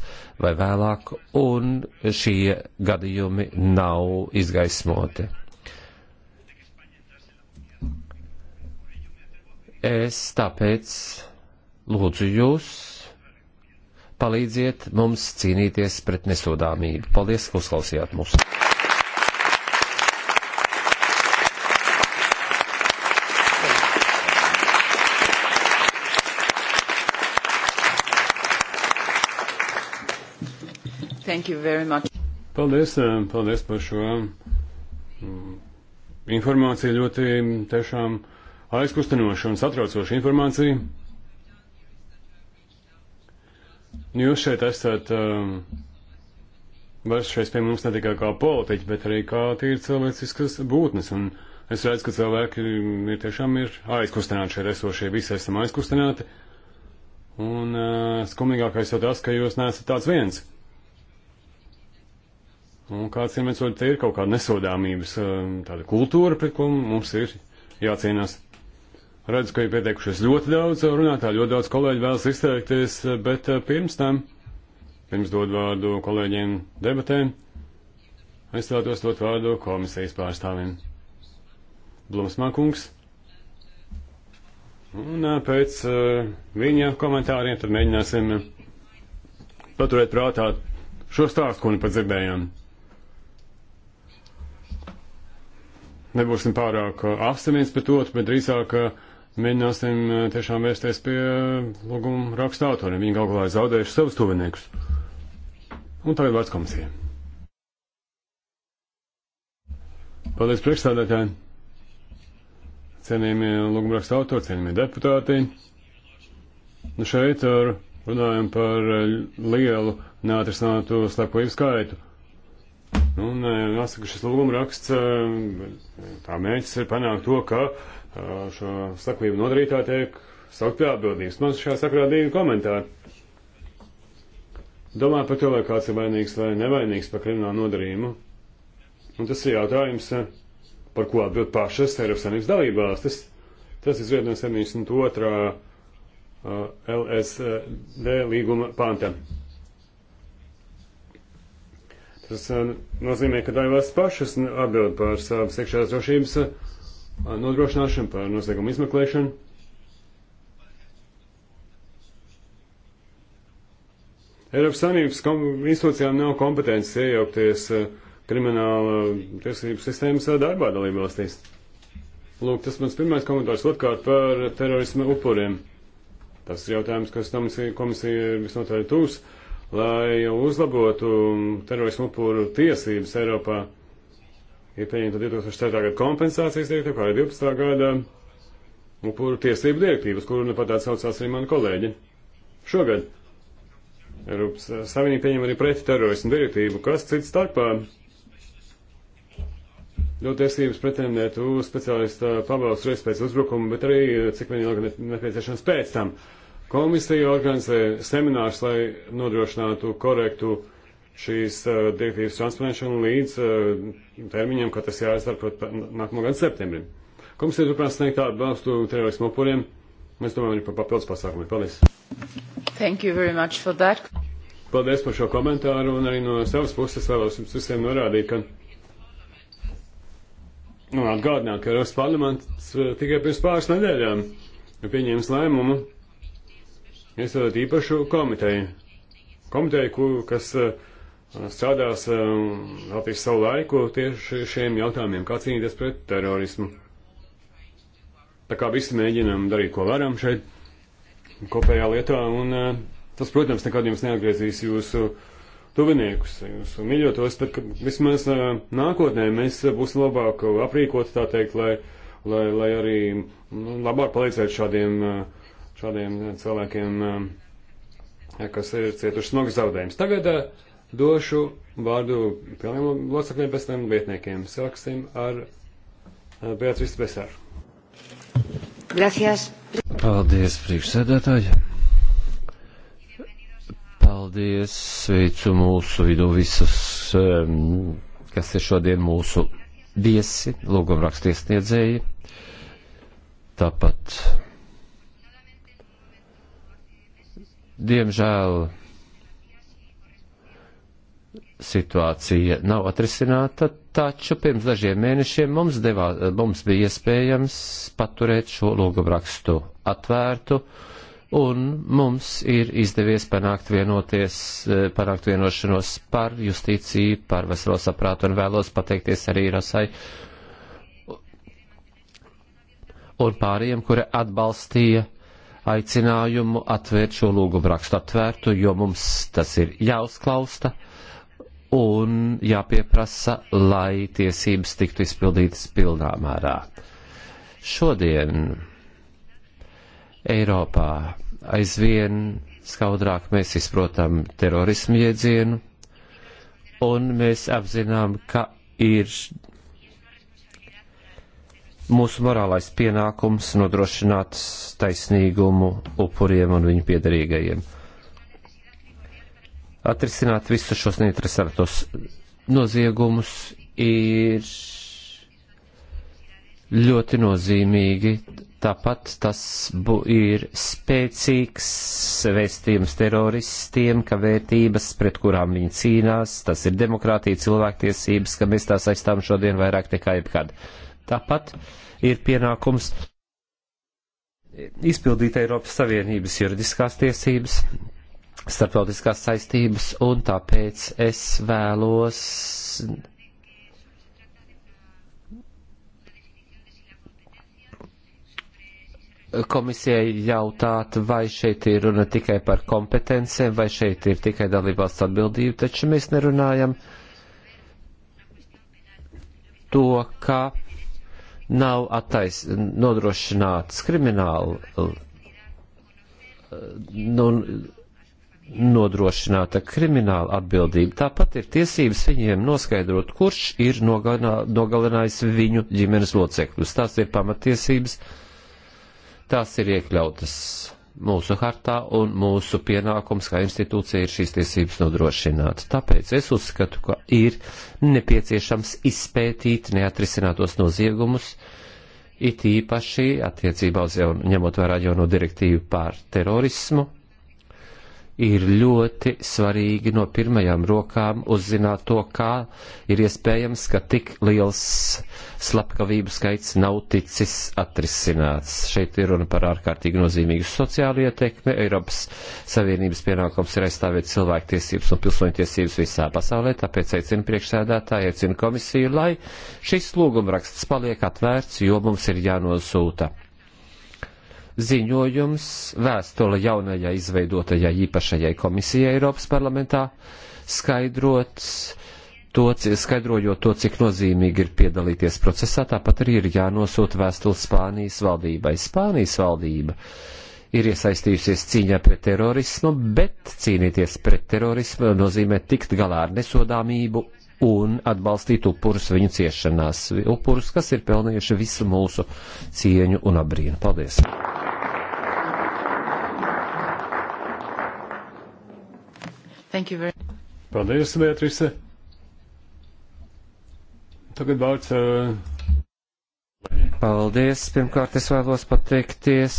Speaker 3: vai vēlāk, un šie gadījumi nav izgaismoti. Es tāpēc lūdzu jūs palīdziet mums cīnīties pret nesodāmību. Paldies, ka uzklausījāt mūsu!
Speaker 1: Thank you very much.
Speaker 4: Paldies, eh, paldies par šo mm, informāciju. Ļoti mm, tiešām aizkustinoša un satraucoša informācija. Jūs šeit esat eh, vēršies pie mums ne tikai kā politiķi, bet arī kā tīri cilvēciskas būtnes. Un es redzu, ka cilvēki mm, ir tiešām ir aizkustināti šeit esošie, visi esam aizkustināti. Un uh, skumīgākais jau tas, ka jūs neesat tāds viens. Un kāds ir mēs, te ir kaut kāda nesodāmības um, tāda kultūra, pret ko mums ir jācīnās. Redzu, ka ir pieteikušies ļoti daudz runātāju, ļoti daudz kolēģi vēlas izteikties, bet uh, pirms tam, pirms dod vārdu kolēģiem debatēm, es vēlētos dot vārdu komisijas pārstāvim. Blumsmākungs. Un uh, pēc uh, viņa komentāriem tad mēģināsim paturēt prātā šo stāstu, ko nu pat dzirdējām. nebūsim pārāk apstāvīgs par to, bet drīzāk uh, mēģināsim uh, tiešām vērsties pie uh, lūguma raksta autoriem. Viņi galvā ir zaudējuši savus tuviniekus. Un tagad vārds komisijai. Paldies priekšstādātājiem, cienījamie lūguma raksta autori, cienījamie deputāti. Nu šeit runājam par lielu neatrisinātu slepkavību skaitu. Nu, un e, jāsaka, šis lūguma raksts, e, tā mērķis ir panākt to, ka e, šo sakvību nodarītā tiek saukt pie atbildības. Man šajā sakrā divi komentāri. Domāju par to, vai kāds ir vainīgs vai nevainīgs par kriminālu nodarījumu. Un tas ir jautājums, par ko atbild pašas Eiropas Savienības dalībās. Tas, tas izriet no 72. LSD līguma pānta. Tas uh, nozīmē, ka dalībvalstis pašas atbild par savas iekšējās drošības uh, nodrošināšanu, par noziegumu izmeklēšanu. Eiropas Savienības institūcijām nav kompetences iejaukties uh, krimināla tiesību sistēmas darbā dalībvalstīs. Lūk, tas mans pirmais komentārs otrkārt par terorisma upuriem. Tas ir jautājums, kas komisija, komisija visnotaļ tūs. Uh, lai uzlabotu terorismu upuru tiesības Eiropā. Ir pieņemta 2004. gada kompensācijas direktīva, kā arī 12. gada upuru tiesību direktīvas, kuru nepat nu atsaucās arī mani kolēģi. Šogad Eiropas Savienība pieņem arī pretterorismu direktīvu, kas cits starpā dot tiesības pretendēt uz speciālista pabalstu reiz pēc uzbrukuma, bet arī cik vien ilgi nepieciešams pēc tam. Uh, Komisija organizē seminārus, lai nodrošinātu korektu šīs uh, direktīvas transponēšanu līdz uh, termiņam, kad tas jāizdara pat nākamā gada septembrim. Komisija turpinās sniegt atbalstu terorismu upuriem. Mēs domājam arī par papildus pasākumiem. Paldies!
Speaker 1: Thank you very much for that.
Speaker 4: Paldies par šo komentāru un arī no savas puses vēlos jums visiem norādīt, ka. Nu, atgādināt, ka Eiropas parlaments uh, tikai pirms pāris nedēļām pieņēmis lēmumu iesādāt īpašu komiteju. Komiteju, kur, kas eh, strādās eh, veltīs savu laiku tieši šiem jautājumiem, kā cīnīties pret terorismu. Tā kā visi mēģinām darīt, ko varam šeit kopējā lietā, un eh, tas, protams, nekad jums neatgriezīs jūsu tuviniekus, jūsu mīļotos, tad, kad vismaz nākotnē mēs būsim labāk aprīkoti, tā teikt, lai, lai, lai arī nu, labāk palīdzētu šādiem uh, šādiem cilvēkiem, eh, kas ir cietuši smagas zaudējumus. Tagad eh, došu vārdu pilniem locekļiem, pēc tam vietniekiem. Sāksim ar eh, Beatrice Besāru.
Speaker 1: Gracias.
Speaker 3: Paldies, priekšsēdētāji. Paldies, sveicu mūsu vidū visus, ehm, kas ir šodien mūsu viesi, lūgumrakstiesniedzēji. Tāpat Diemžēl situācija nav atrisināta, taču pirms dažiem mēnešiem mums, devā, mums bija iespējams paturēt šo logobrakstu atvērtu, un mums ir izdevies panākt, vienoties, eh, panākt vienošanos par justīciju, par veselo saprātu, un vēlos pateikties arī Rasai un pārējiem, kuri atbalstīja aicinājumu atvērt šo lūgumu rakstu atvērtu, jo mums tas ir jāuzklausta un jāpieprasa, lai tiesības tiktu izpildītas pilnā mērā. Šodien Eiropā aizvien skaudrāk mēs izprotam terorismu jēdzienu, un mēs apzinām, ka ir mūsu morālais pienākums nodrošināt taisnīgumu upuriem un viņu piedarīgajiem. Atrisināt visus šos neinteresētos noziegumus ir ļoti nozīmīgi. Tāpat tas ir spēcīgs vēstījums teroristiem, ka vērtības, pret kurām viņi cīnās, tas ir demokrātija, cilvēktiesības, ka mēs tās aizstāvam šodien vairāk nekā jebkad. Uh, Tāpat ir pienākums izpildīt Eiropas Savienības juridiskās tiesības, starptautiskās saistības, un tāpēc es vēlos komisijai jautāt, vai šeit ir runa tikai par kompetencēm, vai šeit ir tikai dalībvalsts atbildība, taču mēs nerunājam to, ka nav attais, nodrošināts krimināla, nu, nodrošināta krimināla atbildība. Tāpat ir tiesības viņiem noskaidrot, kurš ir nogalinājis viņu ģimenes locekļus. Tās ir pamatiesības, tās ir iekļautas mūsu hartā un mūsu pienākums kā institūcija ir šīs tiesības nodrošināt. Tāpēc es uzskatu, ka ir nepieciešams izpētīt neatrisinātos noziegumus, it īpaši attiecībā uz jau ņemot vērā jauno direktīvu pār terorismu ir ļoti svarīgi no pirmajām rokām uzzināt to, kā ir iespējams, ka tik liels slepkavību skaits nav ticis atrisināts. Šeit ir runa par ārkārtīgi nozīmīgu sociālu ietekmi. Eiropas Savienības pienākums ir aizstāvēt cilvēku tiesības un pilsoņu tiesības visā pasaulē, tāpēc aicinu priekšsēdētāju, aicinu komisiju, lai šis lūgumraksts paliek atvērts, jo mums ir jānosūta ziņojums, vēstule jaunajai izveidotajai īpašajai komisijai Eiropas parlamentā, skaidrot to, skaidrojot to, cik nozīmīgi ir piedalīties procesā, tāpat arī ir jānosūta vēstule Spānijas valdībai. Spānijas valdība ir iesaistījusies cīņā pret terorismu, bet cīnīties pret terorismu nozīmē tikt galā ar nesodāmību un atbalstīt upurus viņu ciešanās. Upurus, kas ir pelnījuši visu mūsu cieņu un apbrīnu. Paldies! Thank you very much. Paldies, Beatrise.
Speaker 4: Tagad vārds. Uh...
Speaker 3: Paldies. Pirmkārt, es vēlos pateikties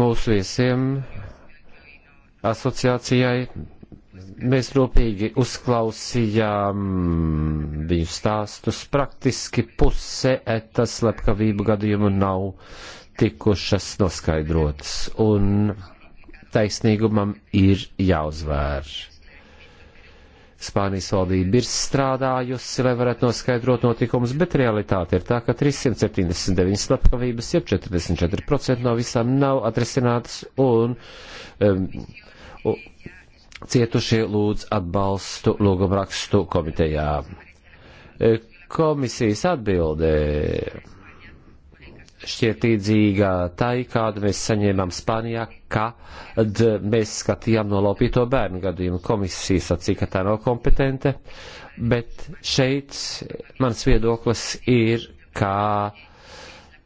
Speaker 3: mūsu viesiem asociācijai. Mēs rūpīgi uzklausījām viņu stāstus. Praktiski puse etas slepkavību gadījumu nav tikušas noskaidrotas. Un taisnīgumam ir jāuzvēr. Spānijas valdība ir strādājusi, lai varētu noskaidrot notikumus, bet realitāte ir tā, ka 379 slepkavības, jeb 44% no visām nav atrisinātas un, um, un cietušie lūdz atbalstu lūgumrakstu komitejā. Komisijas atbildē šķiet līdzīga tai, kādu mēs saņēmām Spānijā, kad mēs skatījām nolaupīto bērnu gadījumu. Komisija sacīja, ka tā nav kompetente, bet šeit mans viedoklis ir, kā ka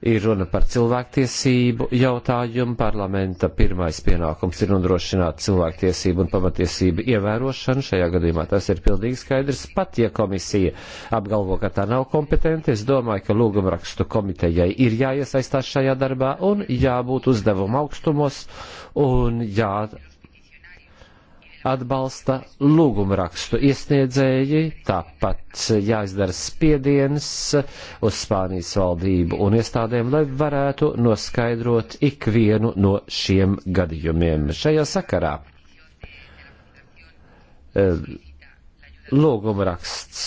Speaker 3: ir runa par cilvēktiesību jautājumu. Parlamenta pirmais pienākums ir nodrošināt cilvēktiesību un pamatiesību ievērošanu. Šajā gadījumā tas ir pilnīgi skaidrs. Pat ja komisija apgalvo, ka tā nav kompetenta, es domāju, ka lūgumrakstu komitejai ir jāiesaistās šajā darbā un jābūt uzdevuma augstumos un jā atbalsta lūgumrakstu iesniedzēji, tāpat jāizdara spiediens uz Spānijas valdību un iestādēm, lai varētu noskaidrot ikvienu no šiem gadījumiem. Šajā sakarā eh, lūgumraksts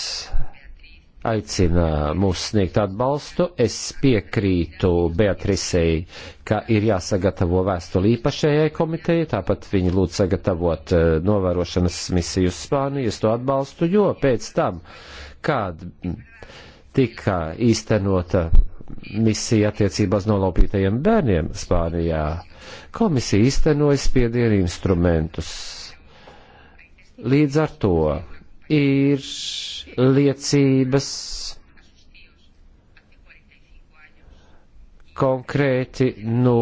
Speaker 3: aicina mūs sniegt atbalstu. Es piekrītu Beatrisei, ka ir jāsagatavo vēstuli īpašajai komitejai, tāpat viņi lūdz sagatavot eh, novērošanas misiju uz Spāniju. Es to atbalstu, jo pēc tam, kad tika īstenota misija attiecībās nolaupītajiem bērniem Spānijā, komisija īstenoja spiedienu instrumentus. Līdz ar to ir liecības konkrēti no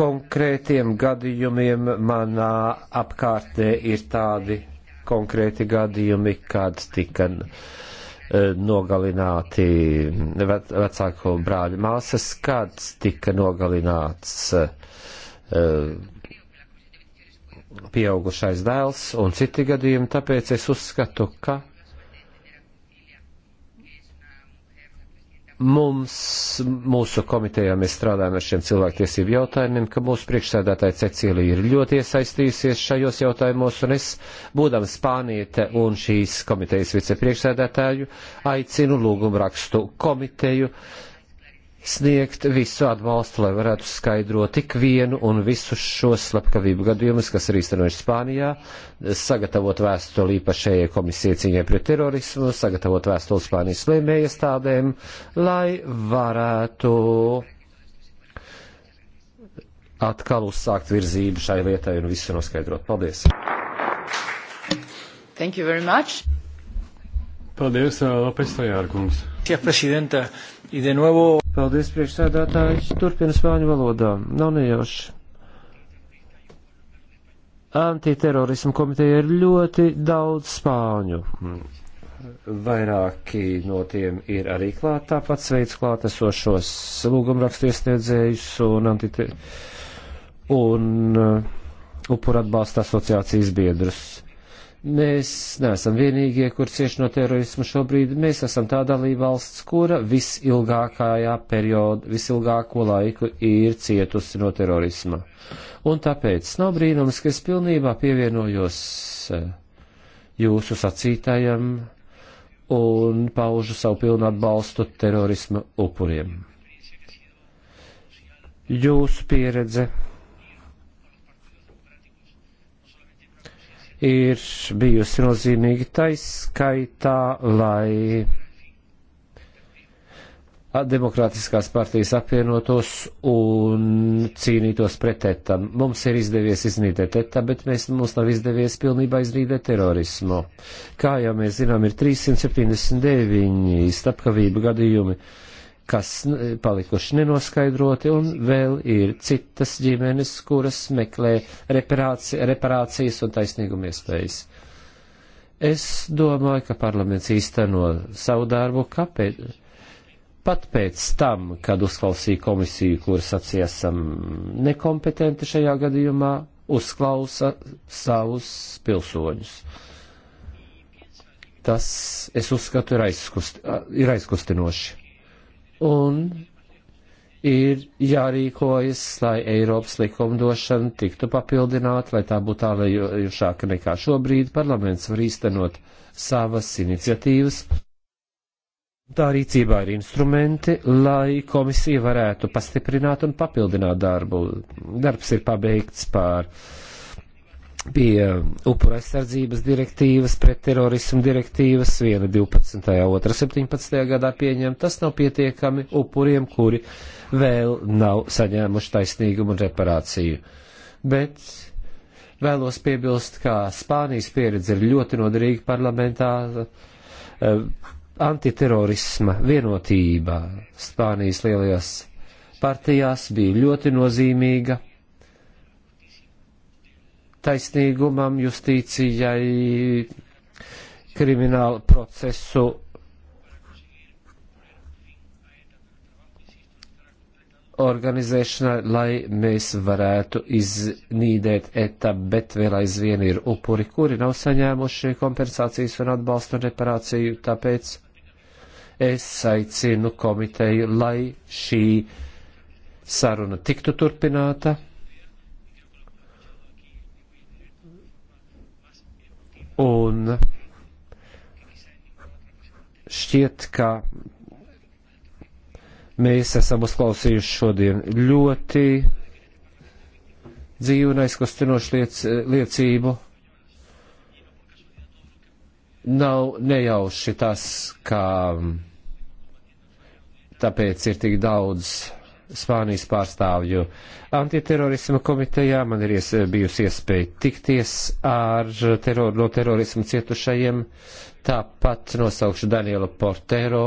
Speaker 3: konkrētiem gadījumiem manā apkārtnē ir tādi konkrēti gadījumi, kad tika eh, nogalināti vecāko brāļu māsas, kad tika nogalināts uh, Eh, pieaugušais dēls un citi gadījumi, tāpēc es uzskatu, ka mums, mūsu komitejā mēs strādājam ar šiem cilvēktiesību jautājumiem, ka mūsu priekšsēdētāja Cecīlija ir ļoti iesaistījusies šajos jautājumos, un es, būdam Spāniete un šīs komitejas vicepriekšsēdētāju, aicinu lūgumu rakstu komiteju uh, sniegt visu atbalstu, lai varētu skaidrot tik vienu un visus šos slepkavību gadījumus, kas ir īstenojuši Spānijā, sagatavot vēstuli īpašējai komisijai cīņai pret terorismu, sagatavot vēstuli Spānijas lēmējiestādēm, lai varētu atkal uzsākt virzību šai lietai un visu noskaidrot. Paldies!
Speaker 2: Thank you very much.
Speaker 3: Paldies, Lopes Tajārkungs. Ja, prezidenta, Paldies, priekšsēdētājs. Turpina spāņu valodā. Nav nejauši. Antiterorismu komiteja ir ļoti daudz spāņu. Vairāki no tiem ir arī klāt, tāpat sveic klātesošos lūgumrakstu iesniedzējus un, antite... un uh, upur atbalsta asociācijas biedrus. Mēs neesam vienīgie, kur cieši no terorismu šobrīd. Mēs esam tā dalība valsts, kura visilgākajā periodā, visilgāko laiku ir cietusi no terorisma. Un tāpēc nav brīnums, ka es pilnībā pievienojos eh, jūsu sacītajam un paužu savu pilnu atbalstu terorisma upuriem. Jūsu pieredze ir bijusi nozīmīga taiskaitā, lai demokrātiskās partijas apvienotos un cīnītos pret etam. Mums ir izdevies iznīdēt etam, bet mēs, mums nav izdevies pilnībā iznīdēt terorismu. Kā jau mēs zinām, ir 379 slepkavību gadījumi kas nu, e, palikuši nenoskaidroti, un vēl ir citas ģimenes, kuras meklē reparāci, reparācijas un taisnīguma iespējas. Es domāju, ka parlaments īsteno savu darbu, kāpēc? pat pēc tam, kad uzklausīja komisiju, kur sacīja, esam nekompetenti šajā gadījumā, uzklausa savus pilsoņus. Tas, es uzskatu, ir, aizkust, ir aizkustinoši un ir jārīkojas, lai Eiropas likumdošana tiktu papildināta, lai tā būtu tālajušāka nekā šobrīd. Parlaments var īstenot savas iniciatīvas. Tā rīcībā ir instrumenti, lai komisija varētu pastiprināt un papildināt darbu. Darbs ir pabeigts pār pie upura aizsardzības direktīvas, pret terorismu direktīvas, viena 12. otra 17. gadā pieņem, tas nav pietiekami upuriem, kuri vēl nav saņēmuši taisnīgumu un reparāciju. Bet vēlos piebilst, ka Spānijas pieredze ir ļoti noderīga parlamentā. Eh, antiterorisma vienotība Spānijas lielajās partijās bija ļoti nozīmīga taisnīgumam, justīcijai, kriminālu procesu. organizēšanai, lai mēs varētu iznīdēt etapu, bet vēl aizvien ir upuri, kuri nav saņēmuši kompensācijas un atbalstu un reparāciju, tāpēc es aicinu komiteju, lai šī saruna tiktu turpināta Un šķiet, ka mēs esam uzklausījuši šodien ļoti dzīvu un aizkustinošu liec, liecību. Nav nejauši tas, ka tāpēc ir tik daudz Spānijas pārstāvju antiterorisma komitejā. Man ir ies, bijusi iespēja tikties ar teror, no terorismu cietušajiem. Tāpat nosaukšu Danielu Portero,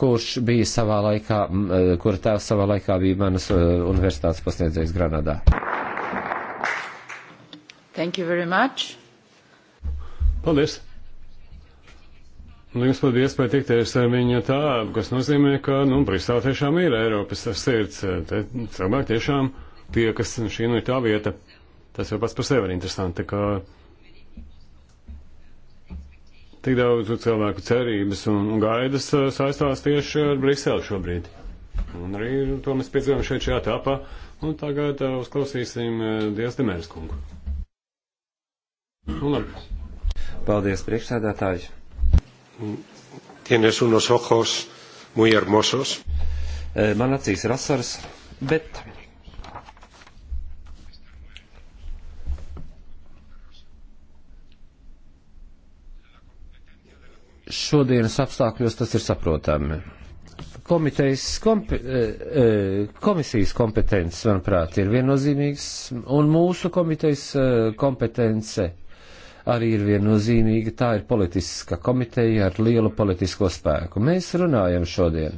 Speaker 3: kurš bija savā laikā, kura tēvs savā laikā bija manas uh, universitātes pasniedzējs Granadā.
Speaker 1: Thank you very much.
Speaker 3: Paldies!
Speaker 4: Nu, jums pat bija iespēja tikties ar viņa tēvu, kas nozīmē, ka, nu, Brisele tiešām ir Eiropas sirds. Te cilvēki tiešām tie, kas šī nu ir tā vieta, tas jau pats par sevi ir interesanti, ka tik daudz cilvēku cerības un, un gaidas uh, saistās tieši ar Briseli šobrīd. Un arī to mēs piedzīvojam šeit šajā tāpā. Un tagad uh, uzklausīsim uh, Dievs Demērs kungu.
Speaker 3: Nu, labi. Paldies, priekšsēdētāji! Tienes unos ojos muy hermosos. Eh, man acīs ir asaras, bet šodienas apstākļos tas ir saprotami. Komitejas, kompi, eh, eh, komisijas kompetences, manuprāt, ir viennozīmīgs, un mūsu komitejas kompetence arī ir viennozīmīga. Tā ir politiska komiteja ar lielu politisko spēku. Mēs runājam šodien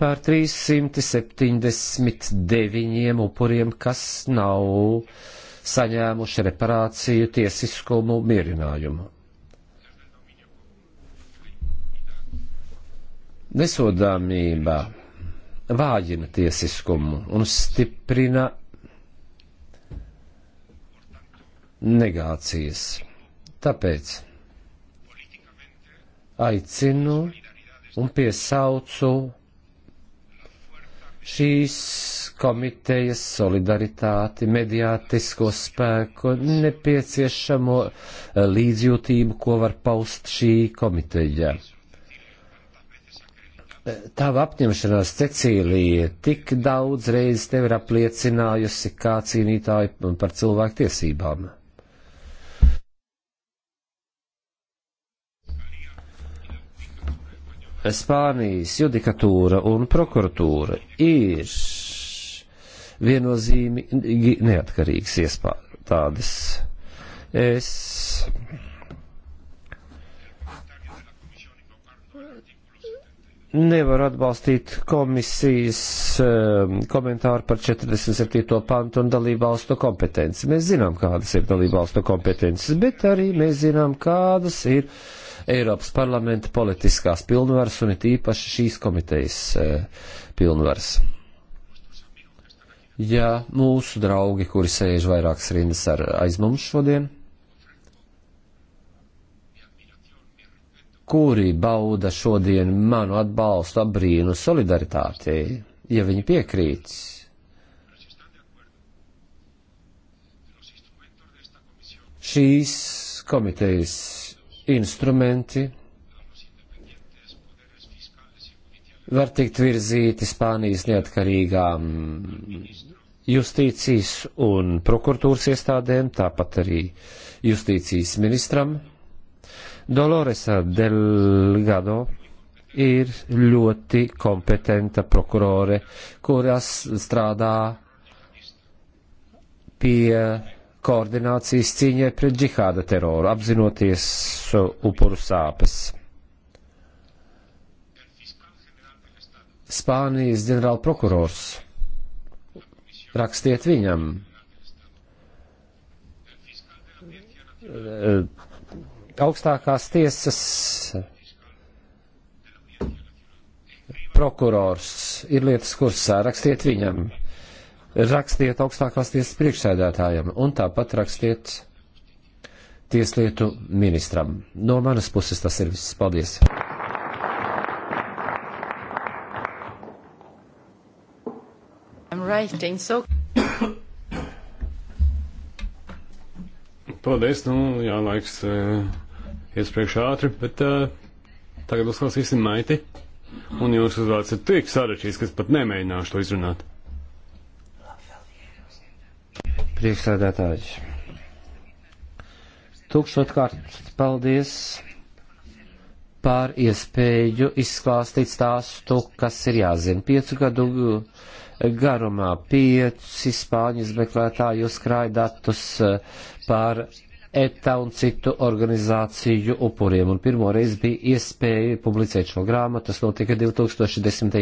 Speaker 3: par 379 upuriem, kas nav saņēmuši reparāciju, tiesiskumu, mierinājumu. Nesodāmība vājina tiesiskumu un stiprina negācijas. Tāpēc aicinu un piesaucu šīs komitejas solidaritāti, mediātisko spēku, nepieciešamo eh, līdzjūtību, ko var paust šī komiteja. Eh, tava apņemšanās Cecīlija tik daudz reizes tev ir apliecinājusi kā cīnītāju par cilvēku tiesībām. Spānijas judikatūra un prokuratūra ir viennozīmīgi neatkarīgs iestādes. Es nevaru atbalstīt komisijas um, komentāru par 47. pantu un dalībvalstu kompetenci. Mēs zinām, kādas ir dalībvalstu kompetences, bet arī mēs zinām, kādas ir uh, Eiropas parlamenta politiskās pilnvaras un it īpaši šīs komitejas e, pilnvaras. Ja mūsu draugi, kuri sēž vairākas rindas ar, aiz mums šodien, kuri bauda šodien manu atbalstu, apbrīnu, solidaritāti, ja viņi piekrīt. Šīs komitejas instrumenti var tikt virzīti Spānijas neatkarīgām justīcijas un prokuratūras iestādēm, tāpat arī justīcijas ministram. Doloresa Delgado ir ļoti kompetenta prokurore, kuras strādā pie koordinācijas cīņai pret džihāda teroru, apzinoties upuru sāpes. Spānijas ģenerāla prokurors. Rakstiet viņam. Augstākās tiesas prokurors ir lietas kursā. Rakstiet viņam rakstiet augstākās tiesas priekšsēdētājam un tāpat rakstiet tieslietu ministram. No manas puses tas ir viss. Paldies!
Speaker 1: Writing, so...
Speaker 4: Paldies, nu, jā, laiks uh, eh, iespriekš ātri, bet uh, tagad uzklausīsim maiti. Un jūsu uzvārds ir tik sarežģīts, ka es pat nemēģināšu to izrunāt.
Speaker 3: Priekšsēdētāji. Tūkstotkārt paldies par iespēju izklāstīt stāstu, kas ir jāzina. Piecu gadu garumā pieci spāņu izmeklētāji uzkrāja datus eh, par ETA un citu organizāciju upuriem, un pirmo reizi bija iespēja publicēt šo grāmatu, tas notika 2010.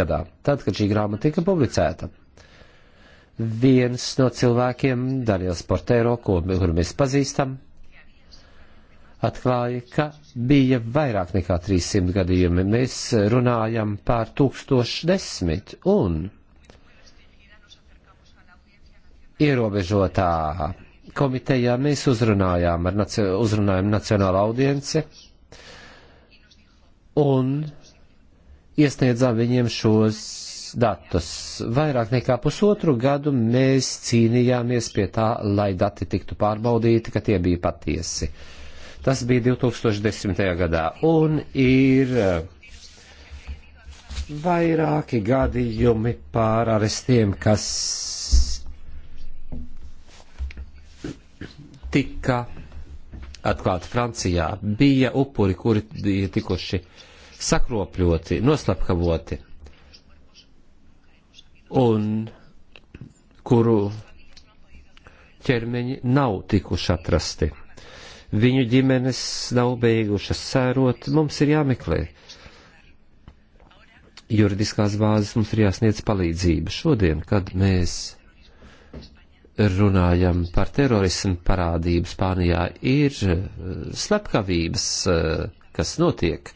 Speaker 3: gadā, tad, kad šī grāmata tika publicēta viens no cilvēkiem, Daniels Portero, ko, kuru mēs pazīstam, atklāja, ka bija vairāk nekā 300 gadījumi. Mēs runājam par 1010 un ierobežotā komitejā mēs uzrunājām, ar, nacio, uzrunājām nacionālu audienci un iesniedzām viņiem šos datus. Vairāk nekā pusotru gadu mēs cīnījāmies pie tā, lai dati tiktu pārbaudīti, ka tie bija patiesi. Tas bija 2010. gadā un ir eh, vairāki gadījumi pār arestiem, kas tika atklāti Francijā. Bija upuri, kuri bija tikuši sakropļoti, noslapkavoti un kuru ķermeņi nav tikuši atrasti. Viņu ģimenes nav beigušas sērot, mums ir jāmeklē. Juridiskās bāzes mums ir jāsniedz palīdzība. Šodien, kad mēs runājam par terorismu parādību Spānijā, ir eh, slepkavības, eh, kas notiek.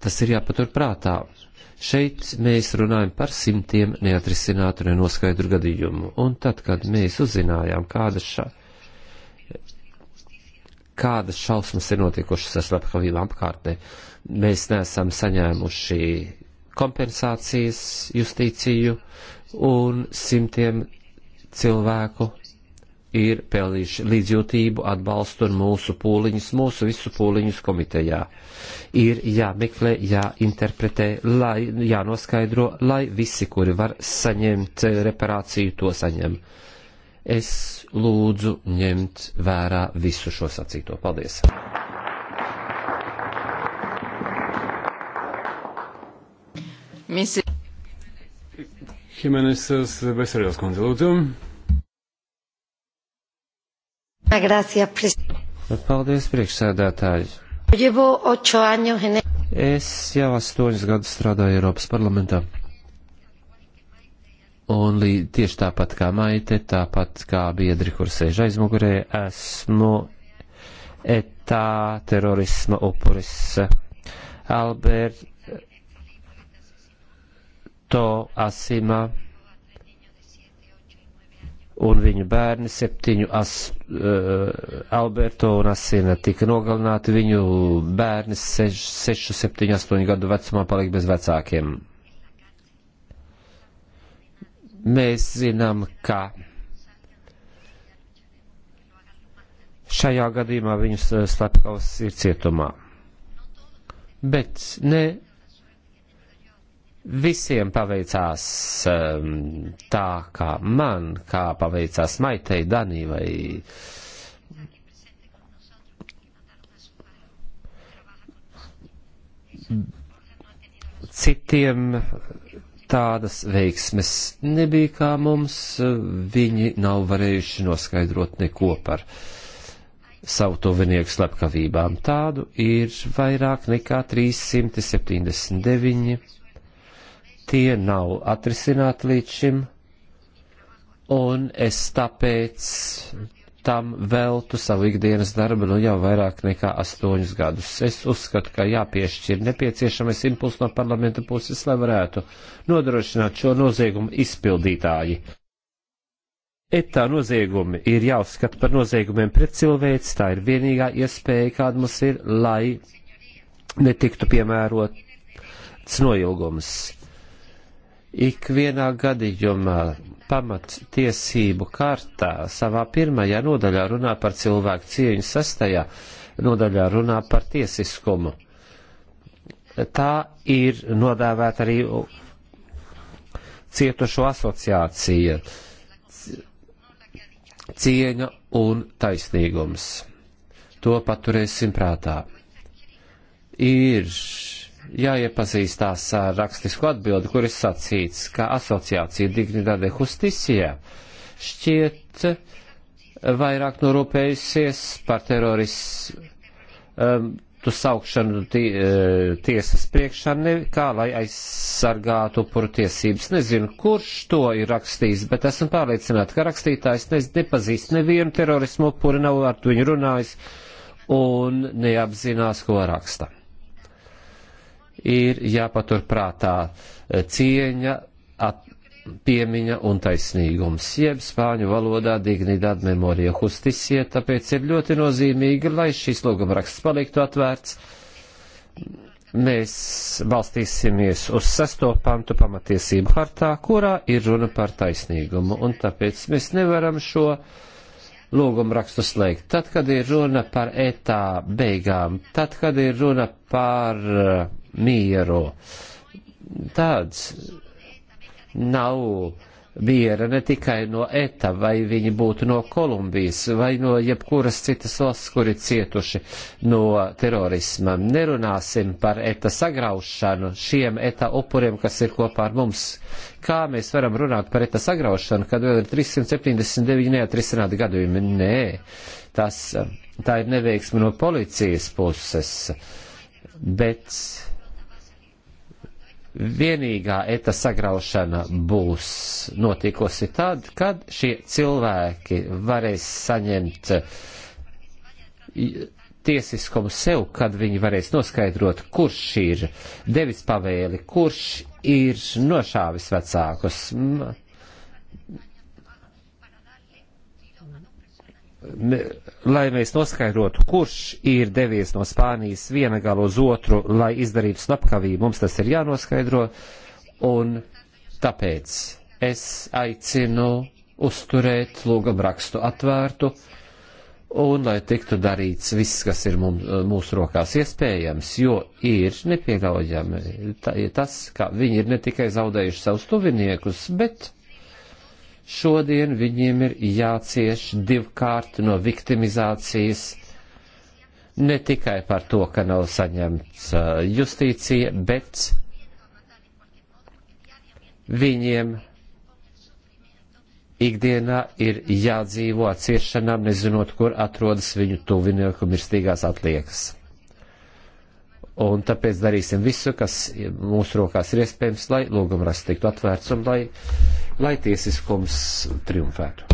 Speaker 3: Tas ir jāpatur prātā. Šeit mēs runājam par simtiem neatrisinātu nenoskaidru gadījumu. Un tad, kad mēs uzzinājām, kāda ša, kādas šausmas ir notikušas ar slepkavību apkārtnē, mēs neesam saņēmuši kompensācijas justīciju un simtiem cilvēku ir pelnījuši līdzjūtību, atbalstu un mūsu pūliņus, mūsu visu pūliņus komitejā. Ir jāmeklē, jāinterpretē, lai, jānoskaidro, lai visi, kuri var saņemt reparāciju, to saņem. Es lūdzu ņemt vērā visu šo sacīto. Paldies!
Speaker 1: Misi.
Speaker 4: Jimenez Veseļos kundze, lūdzu.
Speaker 3: Paldies, priekšsēdētāji.
Speaker 2: Es
Speaker 3: jau astoņus gadus strādāju Eiropas parlamentā. Un tieši tāpat kā maite, tāpat kā biedri, kur sēž aizmugurē, esmu etā terorisma upuris. Alberto Asima un viņu bērni, septiņu as, uh, Alberto un Asina tika nogalināti, viņu bērni seš, sešu, septiņu, astoņu gadu vecumā palika bez vecākiem. Mēs zinām, ka šajā gadījumā viņus slepkavas ir cietumā. Bet ne Visiem paveicās um, tā, kā man, kā paveicās Maitei Danī vai. Citiem tādas veiksmes nebija kā mums, viņi nav varējuši noskaidrot neko par savu tuvinieku slepkavībām. Tādu ir vairāk nekā 379 tie nav atrisināti līdz šim, un es tāpēc tam veltu savu ikdienas darbu nu jau vairāk nekā astoņus gadus. Es uzskatu, ka jāpiešķir nepieciešamais impuls no parlamenta puses, lai varētu nodrošināt šo noziegumu izpildītāji. Etā noziegumi ir jāuzskata par noziegumiem pret cilvēci, tā ir vienīgā iespēja, kāda mums ir, lai netiktu piemērots noilgums ikvienā gadījumā pamattiesību kārtā savā pirmajā nodaļā runā par cilvēku cieņu, sastajā nodaļā runā par tiesiskumu. Tā ir nodēvēta arī cietušo asociācija cieņa un taisnīgums. To paturēsim prātā. Ir jāiepazīstās ar rakstisku atbildi, kur ir sacīts, ka asociācija Dignidade Justicija šķiet vairāk norūpējusies par teroristu um, saukšanu tie, eh, tiesas priekšā, nekā lai aizsargātu upuru tiesības. Nezinu, kurš to ir rakstījis, bet esmu pārliecināta, ka rakstītājs nepazīst nevienu terorismu upuri, nav ar viņu runājis un neapzinās, ko raksta ir jāpatur prātā eh, cieņa, at, piemiņa un taisnīgums, jeb spāņu valodā dignidad memorija justisie, tāpēc ir ļoti nozīmīgi, lai šis lūgumraksts paliktu atvērts. Mēs balstīsimies uz sesto pantu pamatiesību hartā, kurā ir runa par taisnīgumu, un tāpēc mēs nevaram šo lūgumu rakstu slēgt. Tad, kad ir runa par etā beigām, tad, kad ir runa par mieru. Tāds nav miera ne tikai no ETA, vai viņi būtu no Kolumbijas, vai no jebkuras citas valsts, kuri cietuši no terorisma. Nerunāsim par ETA sagraušanu šiem ETA upuriem, kas ir kopā ar mums. Kā mēs varam runāt par ETA sagraušanu, kad vēl ir 379 neatrisināti gadījumi? Nē, tas, tā ir neveiksme no policijas puses, bet Vienīgā eta sagraušana būs notikusi tad, kad šie cilvēki varēs saņemt tiesiskumu sev, kad viņi varēs noskaidrot, kurš ir devis pavēli, kurš ir nošāvis vecākus. ne, lai mēs noskaidrotu, kurš ir devies no Spānijas viena gala uz otru, lai izdarītu slepkavību, mums tas ir jānoskaidro, un tāpēc es aicinu uzturēt lūgam rakstu atvērtu, un lai tiktu darīts viss, kas ir mums, mūsu rokās iespējams, jo ir nepieļaujami tas, ka viņi ir ne tikai zaudējuši savus tuviniekus, bet Šodien viņiem ir jācieš divkārt no viktimizācijas ne tikai par to, ka nav saņemts justīcija, bet viņiem ikdienā ir jādzīvo ciešanām, nezinot, kur atrodas viņu tuvinieku mirstīgās atliekas. Un tāpēc darīsim visu, kas mūsu rokās ir iespējams, lai lūguma rasts tiktu atvērts un lai, lai tiesiskums triumfētu.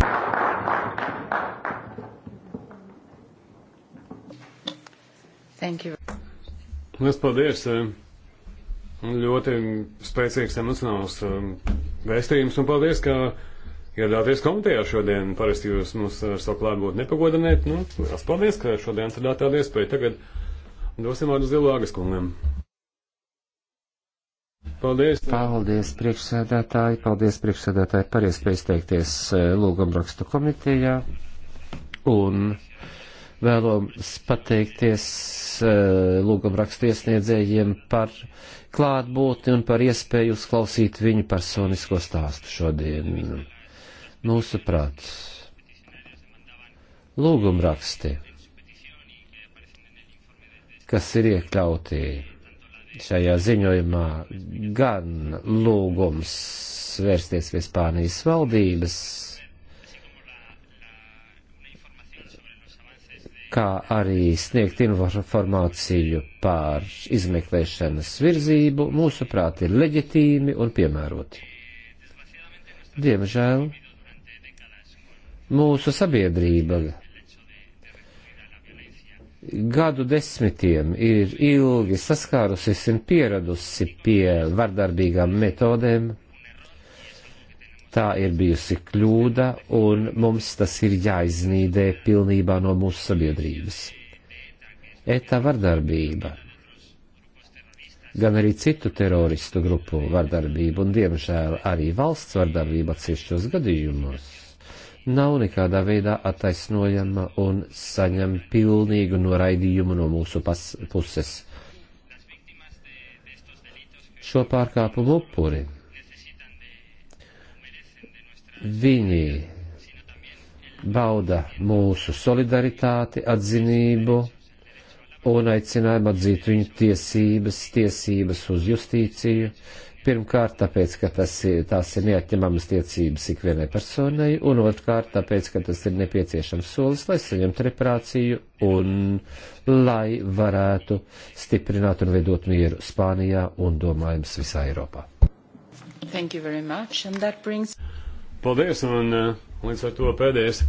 Speaker 4: Lielas paldies! Eh, ļoti spēcīgs emocionāls eh, vēstījums un paldies, ka iedāties komitejā šodien. Parasti jūs mūs ar savu klātbūtni nepagodināt. Nu, lielas paldies, ka šodien sadātāties, bet tagad. Dosim vārdu Zilvāgas kungam. Paldies!
Speaker 3: Paldies, priekšsēdētāji! Paldies, priekšsēdētāji, par iespēju izteikties eh, lūgumrakstu komitejā. Un vēlos pateikties eh, lūgumrakstu iesniedzējiem par klātbūtni un par iespēju uzklausīt viņu personisko stāstu šodien. Mūsuprāt, lūgumraksti kas ir iekļauti šajā ziņojumā, gan lūgums vērsties pie Spānijas valdības, kā arī sniegt informāciju par izmeklēšanas virzību, mūsuprāt, ir leģitīmi un piemēroti. Diemžēl mūsu sabiedrība gadu desmitiem ir ilgi saskārusies un pieradusi pie vardarbīgām metodēm. Tā ir bijusi kļūda, un mums tas ir jāiznīdē pilnībā no mūsu sabiedrības. ETA vardarbība, gan arī citu teroristu grupu vardarbība, un diemžēl arī valsts vardarbība atsevišķos gadījumos nav nekādā veidā attaisnojama un saņem pilnīgu noraidījumu no mūsu pas, puses. Šo pārkāpumu upuri viņi bauda mūsu solidaritāti, atzinību un aicinājumu atzīt viņu tiesības, tiesības uz justīciju, uh, Pirmkārt, tāpēc, ka tas ir, tās ir neatņemamas tiecības ikvienai personai, un otrkārt, tāpēc, ka tas ir nepieciešams solis, lai saņemtu reparāciju un lai varētu stiprināt un veidot mieru Spānijā un domājums visā Eiropā.
Speaker 1: Thank you very much, and that brings.
Speaker 4: Paldies, un uh, līdz ar to pēdējais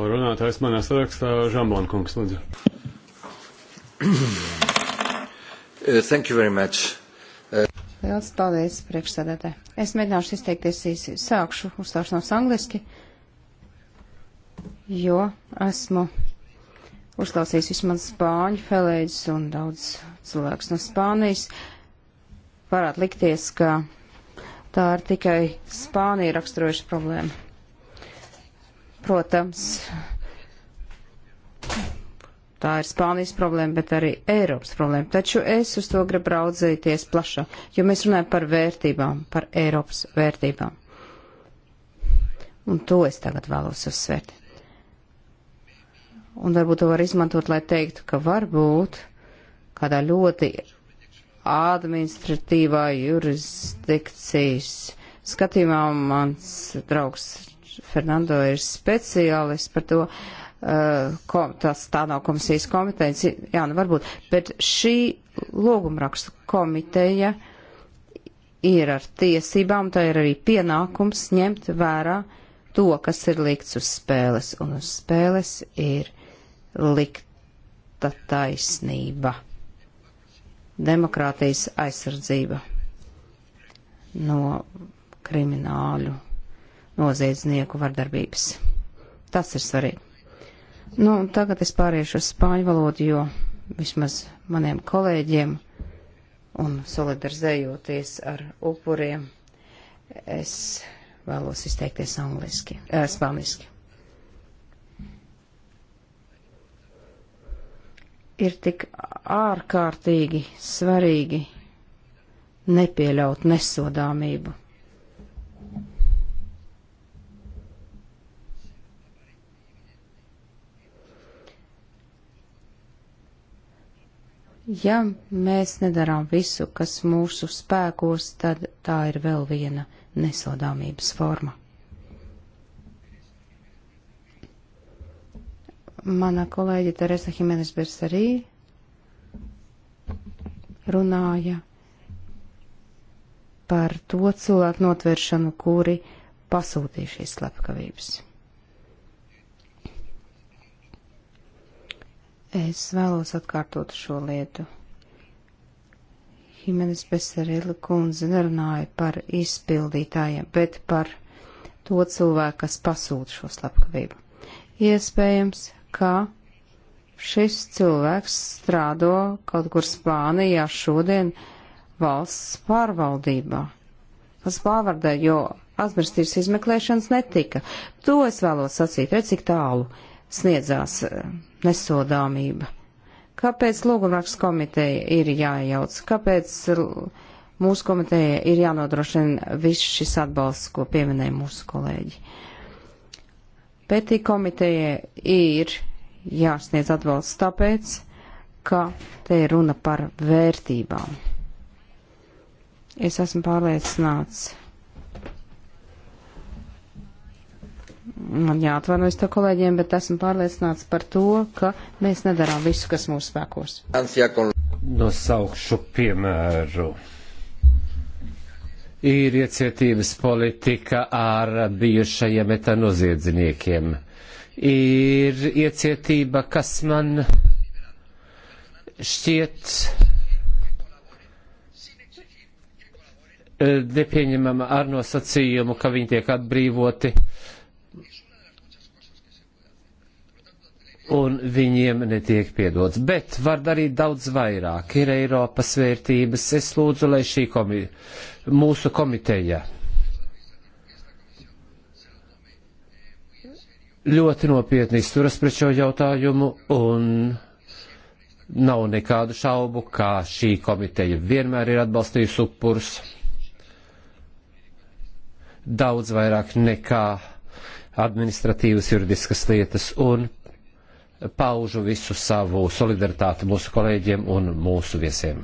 Speaker 4: runātājs manā sarakstā Žambon kungs, lūdzu.
Speaker 3: Uh, thank you very much. Uh...
Speaker 1: Liels paldies, priekšsēdētē. Es mēģināšu izteikties īsi. Sākšu uzstāšanos angliski, jo esmu uzklausījis vismaz spāņu felēģis un daudz cilvēks no Spānijas. Varētu likties, ka tā ir tikai Spānija raksturojuša problēma. Protams, tā ir Spānijas problēma, bet arī Eiropas problēma. Taču es uz to gribu raudzīties plašāk, jo mēs runājam par vērtībām, par Eiropas vērtībām. Un to es tagad vēlos uzsvērt. Un varbūt to var izmantot, lai teiktu, ka varbūt kādā ļoti administratīvā jurisdikcijas skatījumā mans draugs Fernando ir speciālists par to. Uh, Eh, Kom, tas tā nav komisijas kompetence, jā, nu varbūt, bet šī logumrakstu komiteja ir ar tiesībām, tā ir arī pienākums ņemt vērā to, kas ir likts uz spēles, un uz spēles ir likta taisnība, demokrātijas aizsardzība no krimināļu noziedznieku vardarbības. Tas ir svarīgi. Nu, tagad es pāriešu uz spāņu valodu, jo vismaz maniem kolēģiem un solidarizējoties ar upuriem, es vēlos izteikties angliski, eh, spāniski. Ir tik ārkārtīgi svarīgi nepieļaut nesodāmību. Ja mēs nedarām visu, kas mūsu spēkos, tad tā ir vēl viena nesodāmības forma. Mana kolēģe Teresa Himenes Bers arī runāja par to cilvēku notvēršanu, kuri pasūtīja šīs slepkavības. Es vēlos atkārtot šo lietu. Himenes Beserila kundze nerunāja par izpildītājiem, bet par to cilvēku, kas pasūta šo slepkavību. Iespējams, ka šis cilvēks strādo kaut kur Spānijā šodien valsts pārvaldībā. Tas pārvardē, jo atmirstības izmeklēšanas netika. To es vēlos sacīt, redz cik tālu sniedzās eh, nesodāmība. Kāpēc Lūgumraksts komiteja ir jājauc? Kāpēc eh, mūsu komiteja ir jānodrošina viss šis atbalsts, ko pieminēja mūsu kolēģi? Pētī komiteja ir jāsniedz atbalsts tāpēc, ka te ir runa par vērtībām. Es esmu pārliecināts Man jāatvainojas to kolēģiem, bet esmu pārliecināts par to, ka mēs nedarām visu, kas mūsu spēkos.
Speaker 3: Nosaukšu piemēru. Ir iecietības politika ar bijušajiem etanoziedzniekiem. Ir iecietība, kas man šķiet e, nepieņemama ar nosacījumu, ka viņi tiek atbrīvoti un viņiem netiek piedots. Bet var darīt daudz vairāk. Ir Eiropas vērtības. Es lūdzu, lai šī komi mūsu komiteja ļoti nopietni izturas pret šo jautājumu un nav nekādu šaubu, kā šī komiteja vienmēr ir atbalstījusi upurs daudz vairāk nekā administratīvas juridiskas lietas un paužu visu savu solidaritāti mūsu kolēģiem un mūsu viesiem.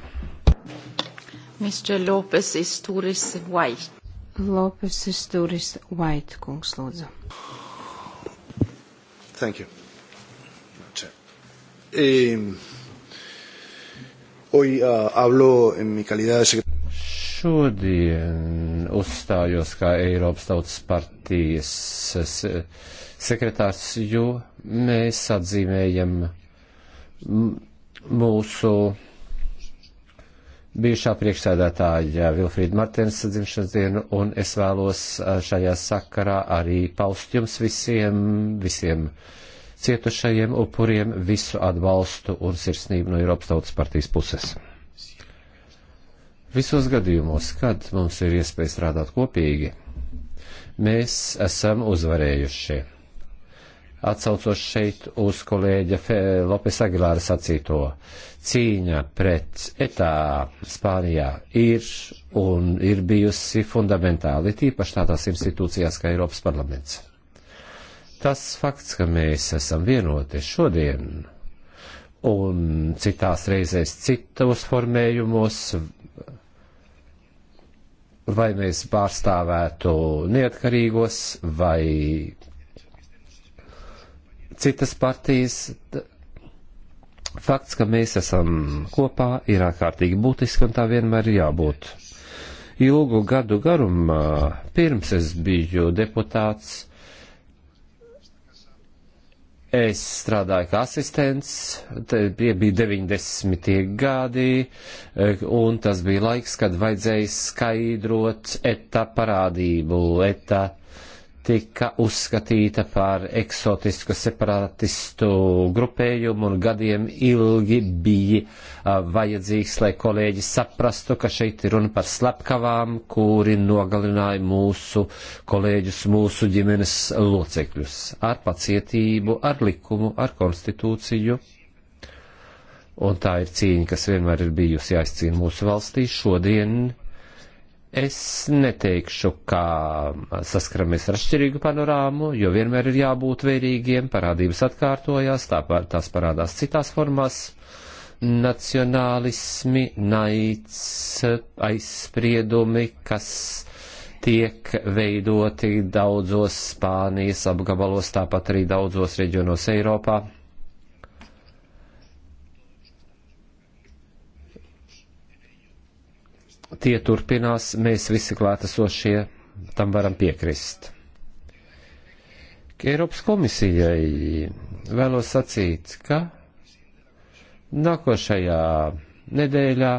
Speaker 1: Mr. Lopes Isturis White. Lopes Isturis White, kungs, lūdzu. Thank you. Um,
Speaker 3: hoy uh, hablo en mi calidad de secretario šodien uzstājos kā Eiropas Tautas partijas sekretārs, jo mēs atzīmējam mūsu bijušā priekšsēdētāja Vilfrīda Martens dzimšanas dienu, un es vēlos šajā sakarā arī paust jums visiem, visiem cietušajiem upuriem visu atbalstu un sirsnību no Eiropas Tautas partijas puses. Visos gadījumos, kad mums ir iespēja strādāt kopīgi, mēs esam uzvarējuši. Atcaucos šeit uz kolēģa Fe Lopes Agilāra sacīto, cīņa pret etā Spānijā ir un ir bijusi fundamentāli, tīpaši tādās institūcijās kā Eiropas parlaments. Tas fakts, ka mēs esam vienoti šodien un citās reizēs citos formējumos vai mēs pārstāvētu neatkarīgos vai citas partijas. Fakts, ka mēs esam kopā, ir ārkārtīgi būtiski un tā vienmēr ir jābūt. Ilgu gadu garumā, pirms es biju deputāts, Es strādāju kā asistents, tie bija 90. gadi, e, un tas bija laiks, kad vajadzēja skaidrot eta parādību, eta uh, tika uzskatīta par eksotisku separatistu grupējumu un gadiem ilgi bija uh, vajadzīgs, lai kolēģi saprastu, ka šeit ir runa par slepkavām, kuri nogalināja mūsu kolēģus, mūsu ģimenes locekļus ar pacietību, ar likumu, ar konstitūciju. Un tā ir cīņa, kas vienmēr ir bijusi jāizcīna mūsu valstī. Šodien Es neteikšu, ka saskaramies ar atšķirīgu panorāmu, jo vienmēr ir jābūt vērīgiem, parādības atkārtojās, tāpār, tās parādās citās formās. Nacionālismi, naids, aizspriedumi, kas tiek veidoti daudzos Spānijas apgabalos, tāpat arī daudzos reģionos Eiropā tie turpinās, mēs visi klātesošie tam varam piekrist. Eiropas komisijai vēlos sacīt, ka nākošajā nedēļā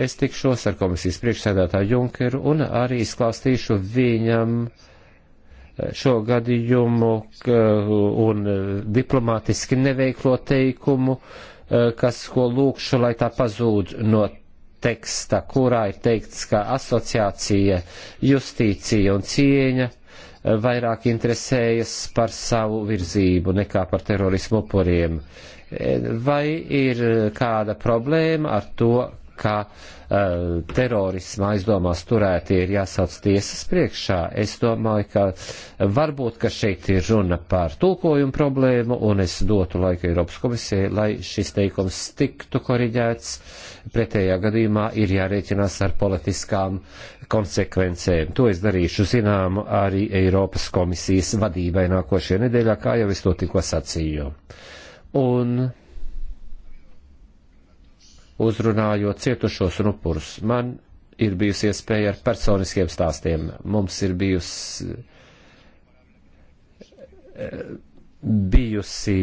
Speaker 3: es tikšos ar komisijas priekšsēdētāju Junkeru un arī izklāstīšu viņam šo gadījumu un diplomātiski neveiklo teikumu, kas, ko lūkšu, lai tā pazūd no teksta, kurā ir teikts, ka asociācija, justīcija un cieņa eh, vairāk interesējas par savu virzību nekā par terorismu upuriem. Eh, vai ir eh, kāda problēma ar to, ka uh, terorisma aizdomās turētie ir jāsauc tiesas priekšā. Es domāju, ka varbūt, ka šeit ir runa par tulkojumu problēmu, un es dotu laiku Eiropas komisijai, lai šis teikums tiktu koriģēts. Pretējā gadījumā ir jārēķinās ar politiskām konsekvencēm. To es darīšu zināmu arī Eiropas komisijas vadībai nākošajā nedēļā, kā jau es to tikko sacīju. Un uzrunājot cietušos un upurus. Man ir bijusi iespēja ar personiskiem stāstiem. Mums ir bijusi, bijusi,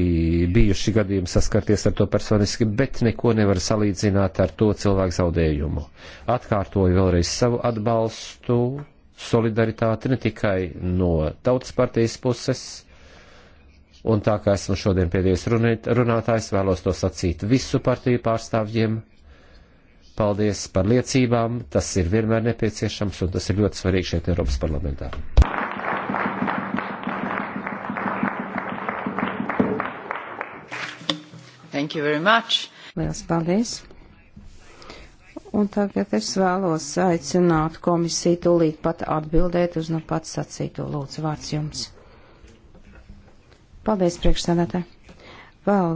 Speaker 3: bijuši gadījumi saskarties ar to personiski, bet neko nevar salīdzināt ar to cilvēku zaudējumu. Atkārtoju vēlreiz savu atbalstu, solidaritāti ne tikai no tautas partijas puses, Un tā kā esmu šodien pēdējais runātājs, vēlos to sacīt visu partiju pārstāvjiem. Paldies par liecībām, tas ir vienmēr nepieciešams un tas ir ļoti svarīgi šeit Eiropas parlamentā.
Speaker 1: Thank you very much. Liels paldies. Un tagad es vēlos aicināt komisiju tūlīt pat atbildēt uz nu pats sacīto lūdzu vārds jums. Paldies, priekšsēdētāji! Vēl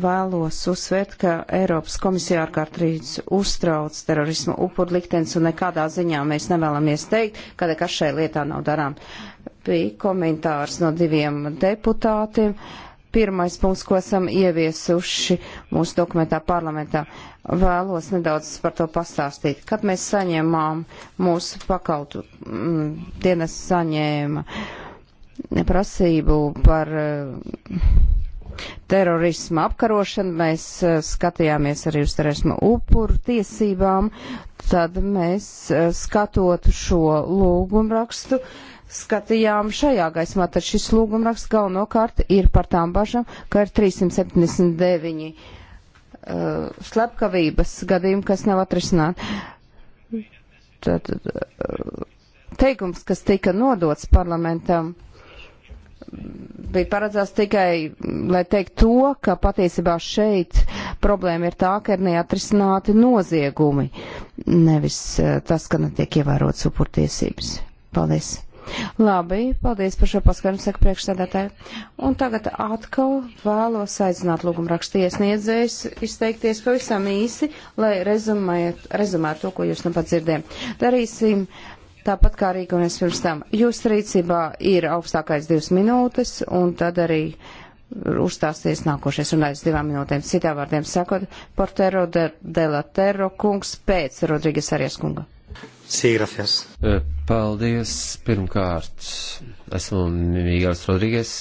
Speaker 1: vēlos uzsvērt, ka Eiropas komisija ārkārtīgi uztrauc terorismu upuru liktenis un nekādā ziņā mēs nevēlamies teikt, ka nekas šai lietā nav darām. Bija komentārs no diviem deputātiem. Pirmais punkts, ko esam ieviesuši mūsu dokumentā parlamentā, vēlos nedaudz par to pastāstīt. Kad mēs saņēmām mūsu pakaltu, mm, dienas saņēma. Uh, prasību par eh, terorismu apkarošanu, mēs eh, skatījāmies arī uz terorismu upuru tiesībām, tad mēs eh, skatot šo lūgumrakstu, skatījām šajā gaismā, tad šis lūgumraksts galvenokārt ir par tām bažām, ka ir 379 uh, slepkavības gadījumi, kas nav atrisināti. Tad, uh, teikums, kas tika nodots parlamentam, uh, bija paredzēts tikai, lai teikt to, ka patiesībā šeit problēma ir tā, ka ir neatrisināti noziegumi, nevis eh, tas, ka netiek ievērots upurtiesības. Paldies! Labi, paldies par šo paskaidrojumu, saka priekšsēdētāji. Un tagad atkal vēlos aicināt lūgumu rakstu iesniedzējus izteikties pavisam īsi, lai rezumētu to, ko jūs nu pat dzirdējāt. Darīsim tāpat kā rīkojamies pirms tam. Jūsu rīcībā ir augstākais divas minūtes, un tad arī uzstāsties nākošais un aiz divām minūtēm. Citā vārdiem sakot, Portero de, de la Terro kungs pēc Rodrīgas Arijas kunga.
Speaker 3: Sī, gracias. Eh, paldies. Pirmkārt, esmu Mīgāls Rodrīgas.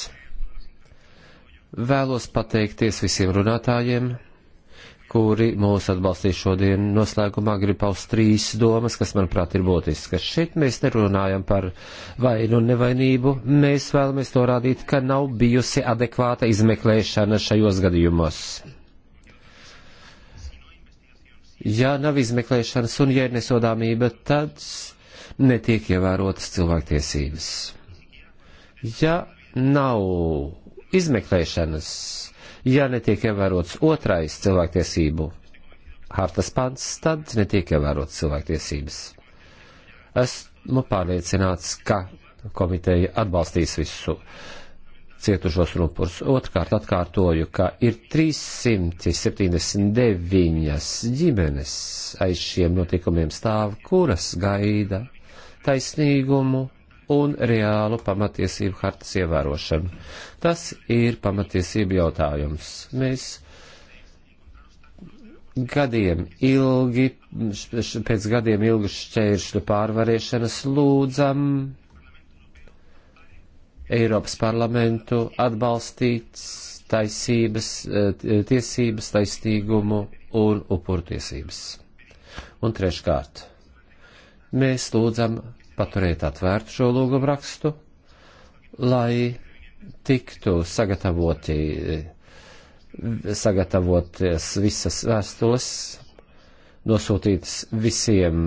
Speaker 3: Vēlos pateikties visiem runātājiem kuri mūs atbalstīs šodien. Noslēgumā gribu paust trīs domas, kas, manuprāt, ir būtiskas. Šeit mēs nerunājam par vainu un nevainību. Mēs vēlamies to rādīt, ka nav bijusi adekvāta izmeklēšana šajos gadījumos. Ja nav izmeklēšanas un ja ir nesodāmība, tad netiek ievērotas cilvēktiesības. Ja nav izmeklēšanas, ja netiek ievērots otrais cilvēktiesību hartas pants, tad netiek ievērots cilvēktiesības. Esmu pārliecināts, ka komiteja atbalstīs visu cietušos rupurs. Otkārt atkārtoju, ka ir 379 ģimenes aiz šiem notikumiem stāv, kuras gaida taisnīgumu, un reālu pamatiesību hartas ievērošanu. Tas ir pamatiesību jautājums. Mēs gadiem ilgi, pēc gadiem ilgu šķēršļu pārvarēšanas lūdzam Eiropas parlamentu atbalstīt taisības, eh, tiesības, taisnīgumu un upurtiesības. Un treškārt, mēs lūdzam paturēt atvērtu šo lūgumu rakstu, lai tiktu sagatavoti, sagatavoties visas vēstules, nosūtītas visiem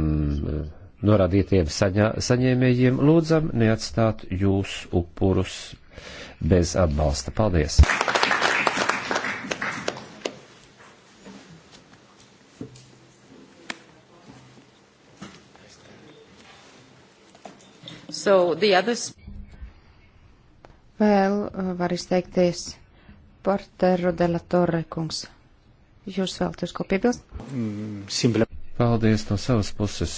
Speaker 3: norādītiem saņā, saņēmējiem, lūdzam neatstāt jūs upurus bez atbalsta. Paldies!
Speaker 1: So the others... Vēl uh, var izteikties par Terro de la Torre kungs. Jūs vēlaties ko piebilst? Mm,
Speaker 3: simple. Paldies no savas puses.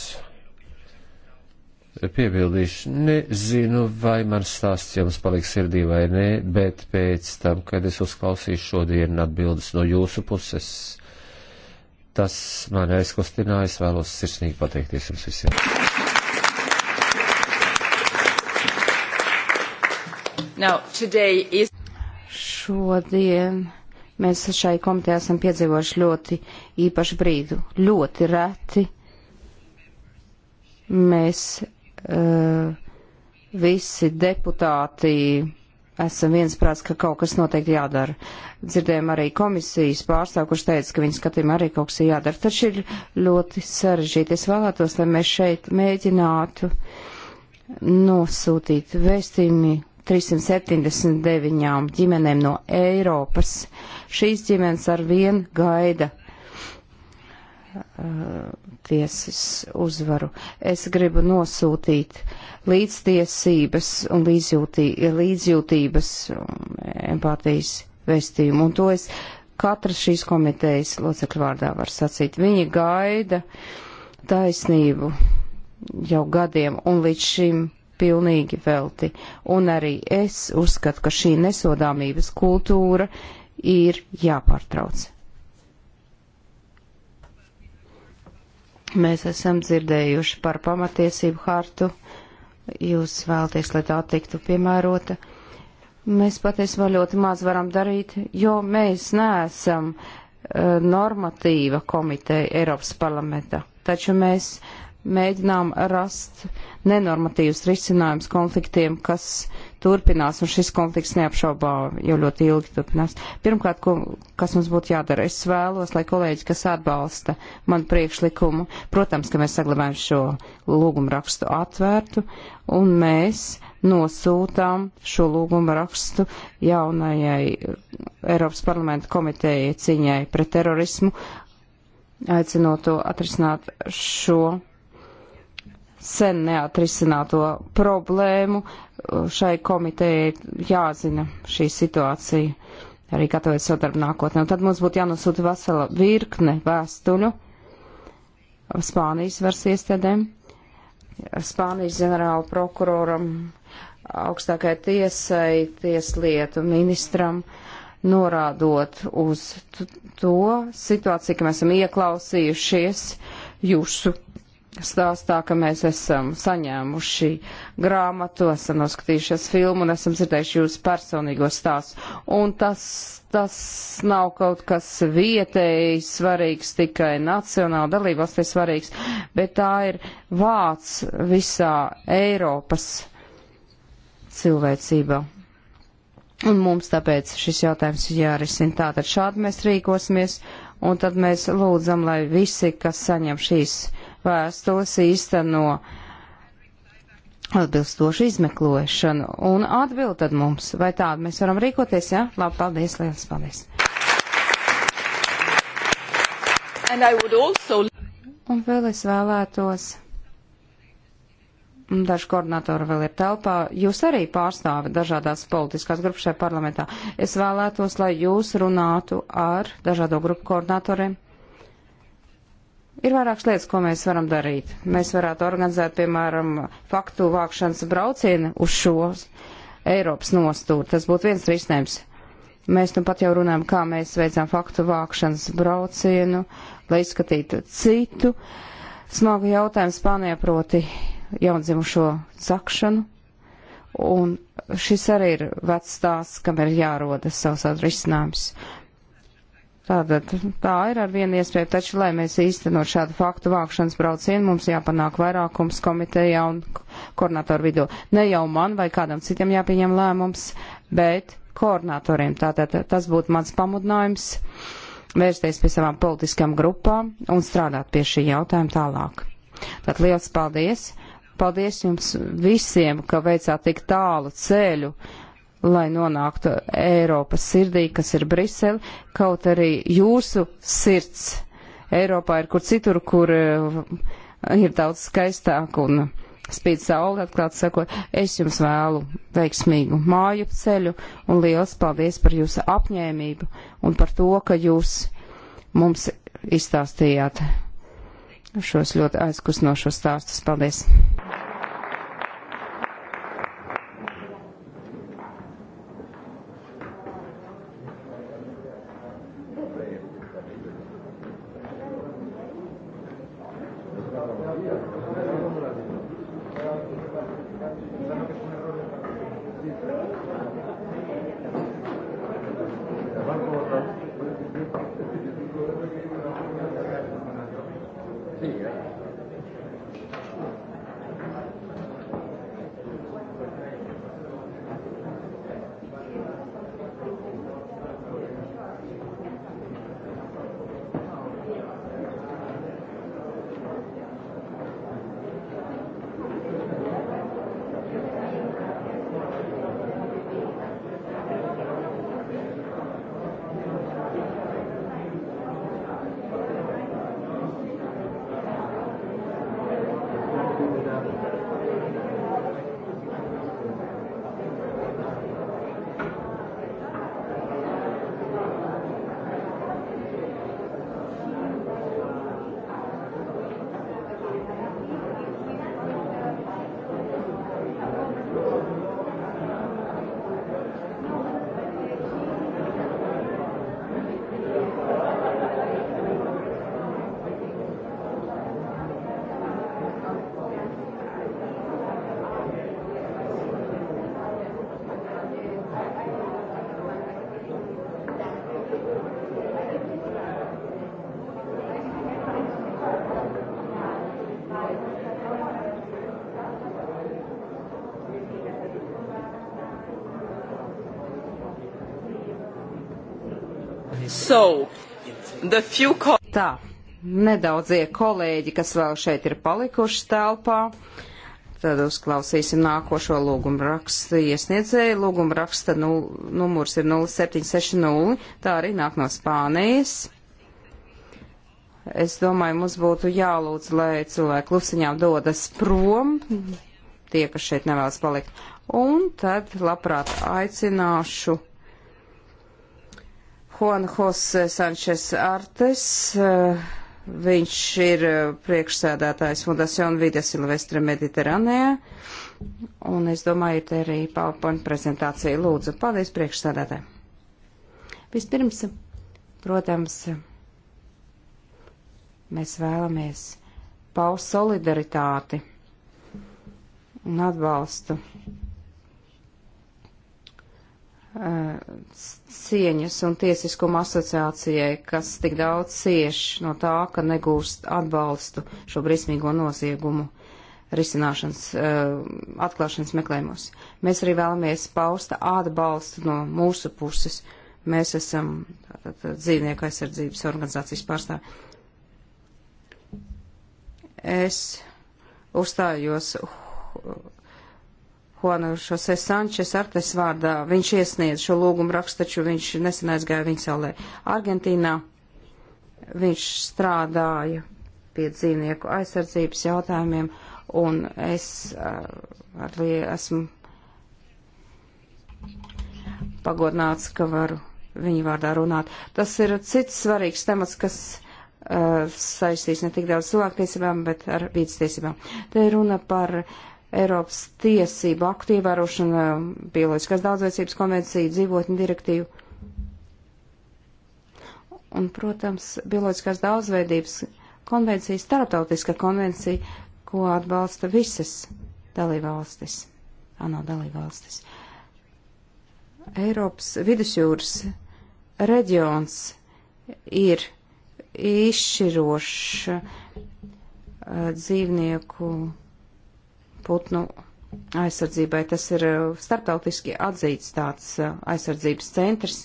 Speaker 3: Piebildīšu, nezinu, vai man stāsts jums paliks sirdī vai nē, bet pēc tam, kad es uzklausīšu šodien atbildes no jūsu puses, tas mani aizkustināja, es vēlos sirsnīgi pateikties jums visiem.
Speaker 1: Now, is... Šodien mēs šai komitejā esam piedzīvojuši ļoti īpašu brīdu. Ļoti reti mēs uh, visi deputāti esam viensprāts, ka kaut kas noteikti jādara. Dzirdējām arī komisijas pārstāvu, kurš teica, ka viņa skatījumā arī kaut kas ir jādara. Taču ir ļoti sarežģīti. Es vēlētos, lai mēs šeit mēģinātu nosūtīt vēstījumi 379 ģimenēm no Eiropas. Šīs ģimenes ar vien gaida uh, tiesas uzvaru. Es gribu nosūtīt līdztiesības un līdzjūtī, līdzjūtības un empātijas vēstījumu. Un to es katras šīs komitejas locekļu vārdā var sacīt. Viņi gaida taisnību jau gadiem, un līdz šim pilnīgi velti. Un arī es uzskatu, ka šī nesodāmības kultūra ir jāpārtrauc. Mēs esam dzirdējuši par pamatiesību hartu. Jūs vēlaties, lai tā tiktu piemērota. Mēs patiesībā ļoti maz varam darīt, jo mēs neesam eh, normatīva komiteja Eiropas parlamenta. Taču mēs mēģinām rast nenormatīvus risinājumus konfliktiem, kas turpinās, un šis konflikts neapšaubā jau ļoti ilgi turpinās. Pirmkārt, ko, kas mums būtu jādara? Es vēlos, lai kolēģi, kas atbalsta manu priekšlikumu, protams, ka mēs saglabājam šo lūgumu rakstu atvērtu, un mēs nosūtām šo lūgumu rakstu jaunajai Eiropas parlamenta komitejai ciņai pret terorismu, aicinot to atrisināt šo sen neatrisināto problēmu. Šai komitejai jāzina šī situācija, arī gatavot sadarbu nākotnē. Un tad mums būtu jānosūta vesela virkne vēstuļu Spānijas varas iestādēm, Spānijas ģenerāla prokuroram, augstākai tiesai, tieslietu ministram, norādot uz to situāciju, ka mēs esam ieklausījušies jūsu stāstā, ka mēs esam saņēmuši grāmatu, esam noskatījušies filmu un esam dzirdējuši jūsu personīgo stāstu. Un tas, tas nav kaut kas vietēji svarīgs, tikai nacionāli dalībvalstī svarīgs, bet tā ir vārds visā Eiropas cilvēcībā. Un mums tāpēc šis jautājums ir jārisina. Tātad šādi mēs rīkosimies, un tad mēs lūdzam, lai visi, kas saņem šīs vēstules īsteno atbilstošu izmeklēšanu un atbild tad mums, vai tādu mēs varam rīkoties, jā? Ja? Labi, paldies, liels paldies. Also... Un vēl es vēlētos daži koordinatori vēl ir telpā. Jūs arī pārstāvat dažādās politiskās grupas šajā parlamentā. Es vēlētos, lai jūs runātu ar dažādo grupu koordinatoriem. Ir vairākas lietas, ko mēs varam darīt. Mēs varētu organizēt, piemēram, faktu vākšanas braucienu uz šo Eiropas nostūru. Tas būtu viens risinājums. Mēs nu pat jau runājam, kā mēs veicām faktu vākšanas braucienu, lai izskatītu citu smagu jautājumu Spānijā, proti jaundzimušo zakšanu. Un šis arī ir vecs stāsts, kam ir jāroda savs atrisinājums. Tātad tā ir ar vienu iespēju, taču, lai mēs īstenot šādu faktu vākšanas braucienu, mums jāpanāk vairākums komitejā un koordinatoru vidū. Ne jau man vai kādam citam jāpieņem lēmums, bet koordinatoriem. Tātad tas būtu mans pamudinājums vērsties pie savām politiskām grupām un strādāt pie šī jautājuma tālāk. Tātad liels paldies! Paldies jums visiem, ka veicāt tik tālu ceļu lai nonāktu Eiropas sirdī, kas ir Brisele, kaut arī jūsu sirds Eiropā ir kur citur, kur eh, ir daudz skaistāk un spīd saule, atklāt sakot, es jums vēlu veiksmīgu māju ceļu un liels paldies par jūsu apņēmību un par to, ka jūs mums izstāstījāt šos ļoti aizkustinošos stāstus. Paldies! So, few... Tā, nedaudzie kolēģi, kas vēl šeit ir palikuši telpā, tad uzklausīsim nākošo lūgumu rakstu iesniedzēju. Lūgumu raksta nu, numurs ir 0760, tā arī nāk no Spānijas. Es domāju, mums būtu jālūdz, lai cilvēki klusiņām dodas prom, tie, kas šeit nevēlas palikt. Un tad labprāt aicināšu Juan Jose Sančes Artes. Eh, viņš ir eh, priekšsēdētājs Fundacion Vida Silvestre Mediterranē. Un es domāju, ir te arī PowerPoint prezentācija. Lūdzu, paldies priekšsēdētāji. Vispirms, protams, mēs vēlamies paust solidaritāti un atbalstu cieņas un tiesiskuma asociācijai, kas tik daudz cieš no tā, ka negūst atbalstu šo briesmīgo noziegumu risināšanas, eh, atklāšanas meklējumos. Mēs arī vēlamies pausta atbalstu no mūsu puses. Mēs esam dzīvnieku aizsardzības organizācijas pārstāvi. Es uzstājos Juanu Šose Sančes Artes vārdā. Viņš iesniedz šo lūgumu rakstu, taču viņš nesen aizgāja viņa saulē. Argentīnā viņš strādāja pie dzīvnieku aizsardzības jautājumiem, un es eh, arī esmu pagodināts, ka varu viņu vārdā runāt. Tas ir cits svarīgs temats, kas uh, saistīs ne tik daudz cilvēktiesībām, bet ar vīdstiesībām. Te ir runa par uh, Eiropas tiesību aktu ievērošana, bioloģiskās daudzveicības konvencija, dzīvotņu direktīvu. Un, protams, bioloģiskās daudzveidības konvencija, starptautiska konvencija, ko atbalsta visas dalībvalstis, ANO dalībvalstis. Eiropas vidusjūras reģions ir izšķirošs uh, dzīvnieku putnu aizsardzībai. Tas ir uh, starptautiski atzīts tāds uh, aizsardzības centrs.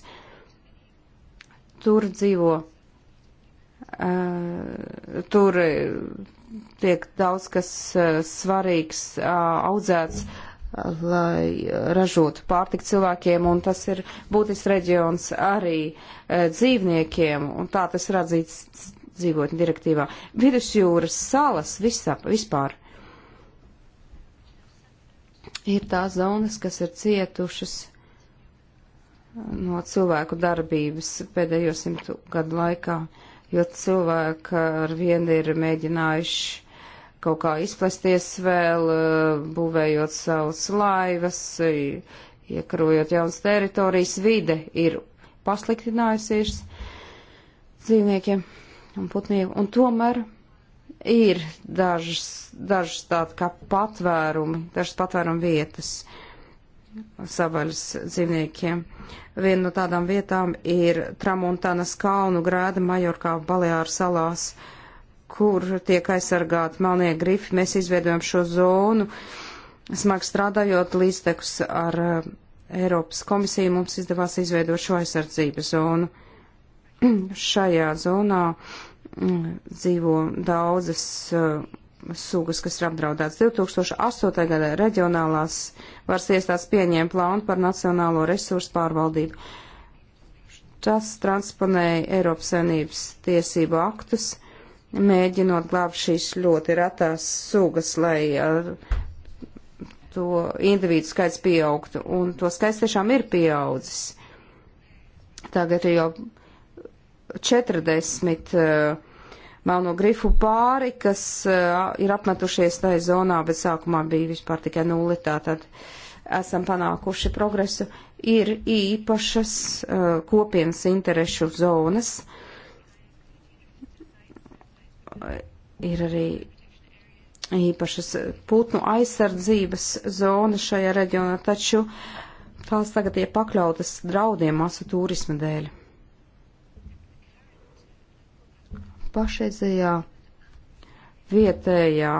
Speaker 1: Tur dzīvo, uh, tur tiek daudz kas svarīgs audzēts, lai ražotu pārtiku cilvēkiem, un tas ir būtisks reģions arī dzīvniekiem, un tā tas ir atzīts dzīvotņu direktīvā. Vidusjūras salas visap, vispār ir tās zonas, kas ir cietušas no cilvēku darbības pēdējo simtu gadu laikā, jo cilvēki ar vienu ir mēģinājuši kaut kā izplesties vēl, būvējot savus laivas, iekarojot jaunas teritorijas, vide ir pasliktinājusies dzīvniekiem un putniem, un tomēr ir dažas, dažas tādas kā patvērumi, dažas patvērumu vietas savaļas dzīvniekiem. Viena no tādām vietām ir Tramontanas kalnu grēda Majorkā Baleāru salās, kur tiek aizsargāti melnie grifi. Mēs izveidojam šo zonu, smagi strādājot līdztekus ar eh, Eiropas komisiju, mums izdevās izveidot šo aizsardzības zonu. šajā zonā mm, dzīvo daudzas eh, sugas, kas ir apdraudētas. 2008. gadā reģionālās varas iestādes pieņēma plānu par nacionālo resursu pārvaldību. Tas transponēja Eiropas Savienības tiesību aktus, mēģinot glābt šīs ļoti retās sugas, lai uh, to individu skaits pieaugtu. Un to skaits tiešām ir pieaudzis. Tagad ir jau 40 eh, melno grifu pāri, kas eh, ir apmetušies tajā zonā, bet sākumā bija vispār tikai nulli, tātad esam panākuši progresu. Ir īpašas eh, kopienas interešu zonas. Ir arī īpašas putnu aizsardzības zonas šajā reģionā, taču tās tagad ir pakļautas draudiem masu turisma dēļ. Pašreizējā vietējā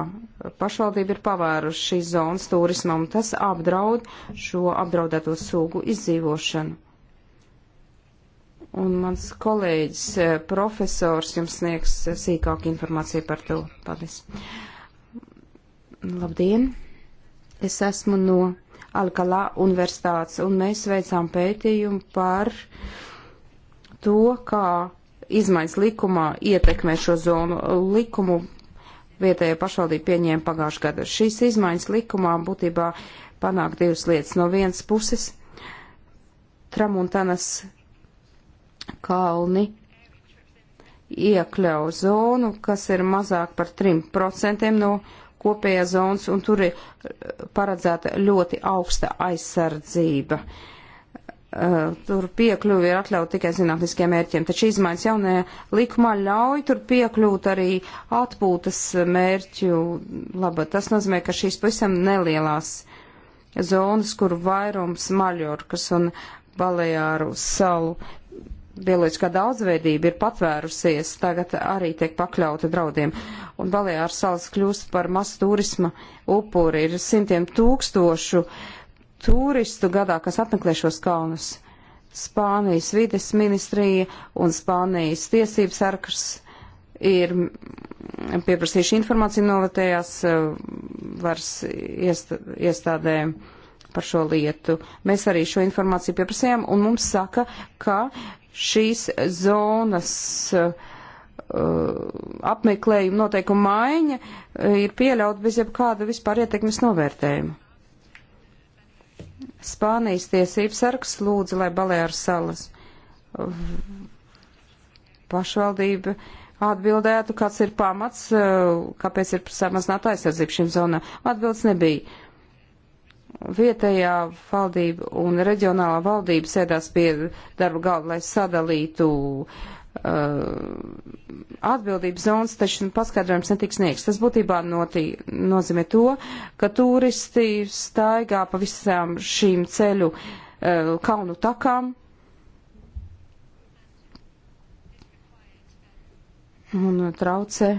Speaker 1: pašvaldība ir pavērusi šīs zonas turismam, tas apdraud šo apdraudēto sugu izdzīvošanu. Un mans kolēģis, eh, profesors, jums sniegs eh, sīkāku informāciju par to. Paldies. Labdien! Es esmu no Alkalā universitātes, un mēs veicām pētījumu par to, kā izmaiņas likumā ietekmē šo zonu likumu vietējā pašvaldība pieņēma pagājušā gada. Šīs izmaiņas likumā būtībā panāk divas lietas. No vienas puses Tramuntanas kalni iekļau zonu, kas ir mazāk par 3% no kopējā zonas, un tur ir paredzēta ļoti augsta aizsardzība. Uh, Eh, tur piekļuvi ir atļauta tikai zinātniskiem mērķiem, taču izmaiņas jaunajā likumā ļauj tur piekļūt arī atpūtas mērķu labā. Tas nozīmē, ka šīs pavisam nelielās zonas, kur vairums Maļorkas un Balejāru salu bioloģiskā daudzveidība ir patvērusies, tagad arī tiek pakļauta draudiem. Un Balejāru salas kļūst par masu turisma upuri, ir simtiem tūkstošu uh, turistu gadā, kas apmeklē šos kalnus. Spānijas vides ministrija un Spānijas tiesības sarkars ir pieprasījuši informāciju novatējās eh, varas iest, iestādēm par šo lietu. Mēs arī šo informāciju pieprasījām un mums saka, ka šīs zonas uh, apmeklējuma noteikuma maiņa ir pieļaut bez jebkāda vispār ietekmes novērtējuma. Spānijas tiesības sargs lūdza, lai Balēru salas pašvaldība atbildētu, kāds ir pamats, kāpēc ir samazināta aizsardzība šīm zonām. Atbildes nebija. Vietējā valdība un reģionālā valdība sēdās pie darba galda, lai sadalītu uh, Uh, atbildības zonas, taču paskaidrojums netiks sniegs. Tas būtībā notī, nozīmē to, ka turisti staigā pa visām šīm ceļu uh, kalnu takām. Un traucē,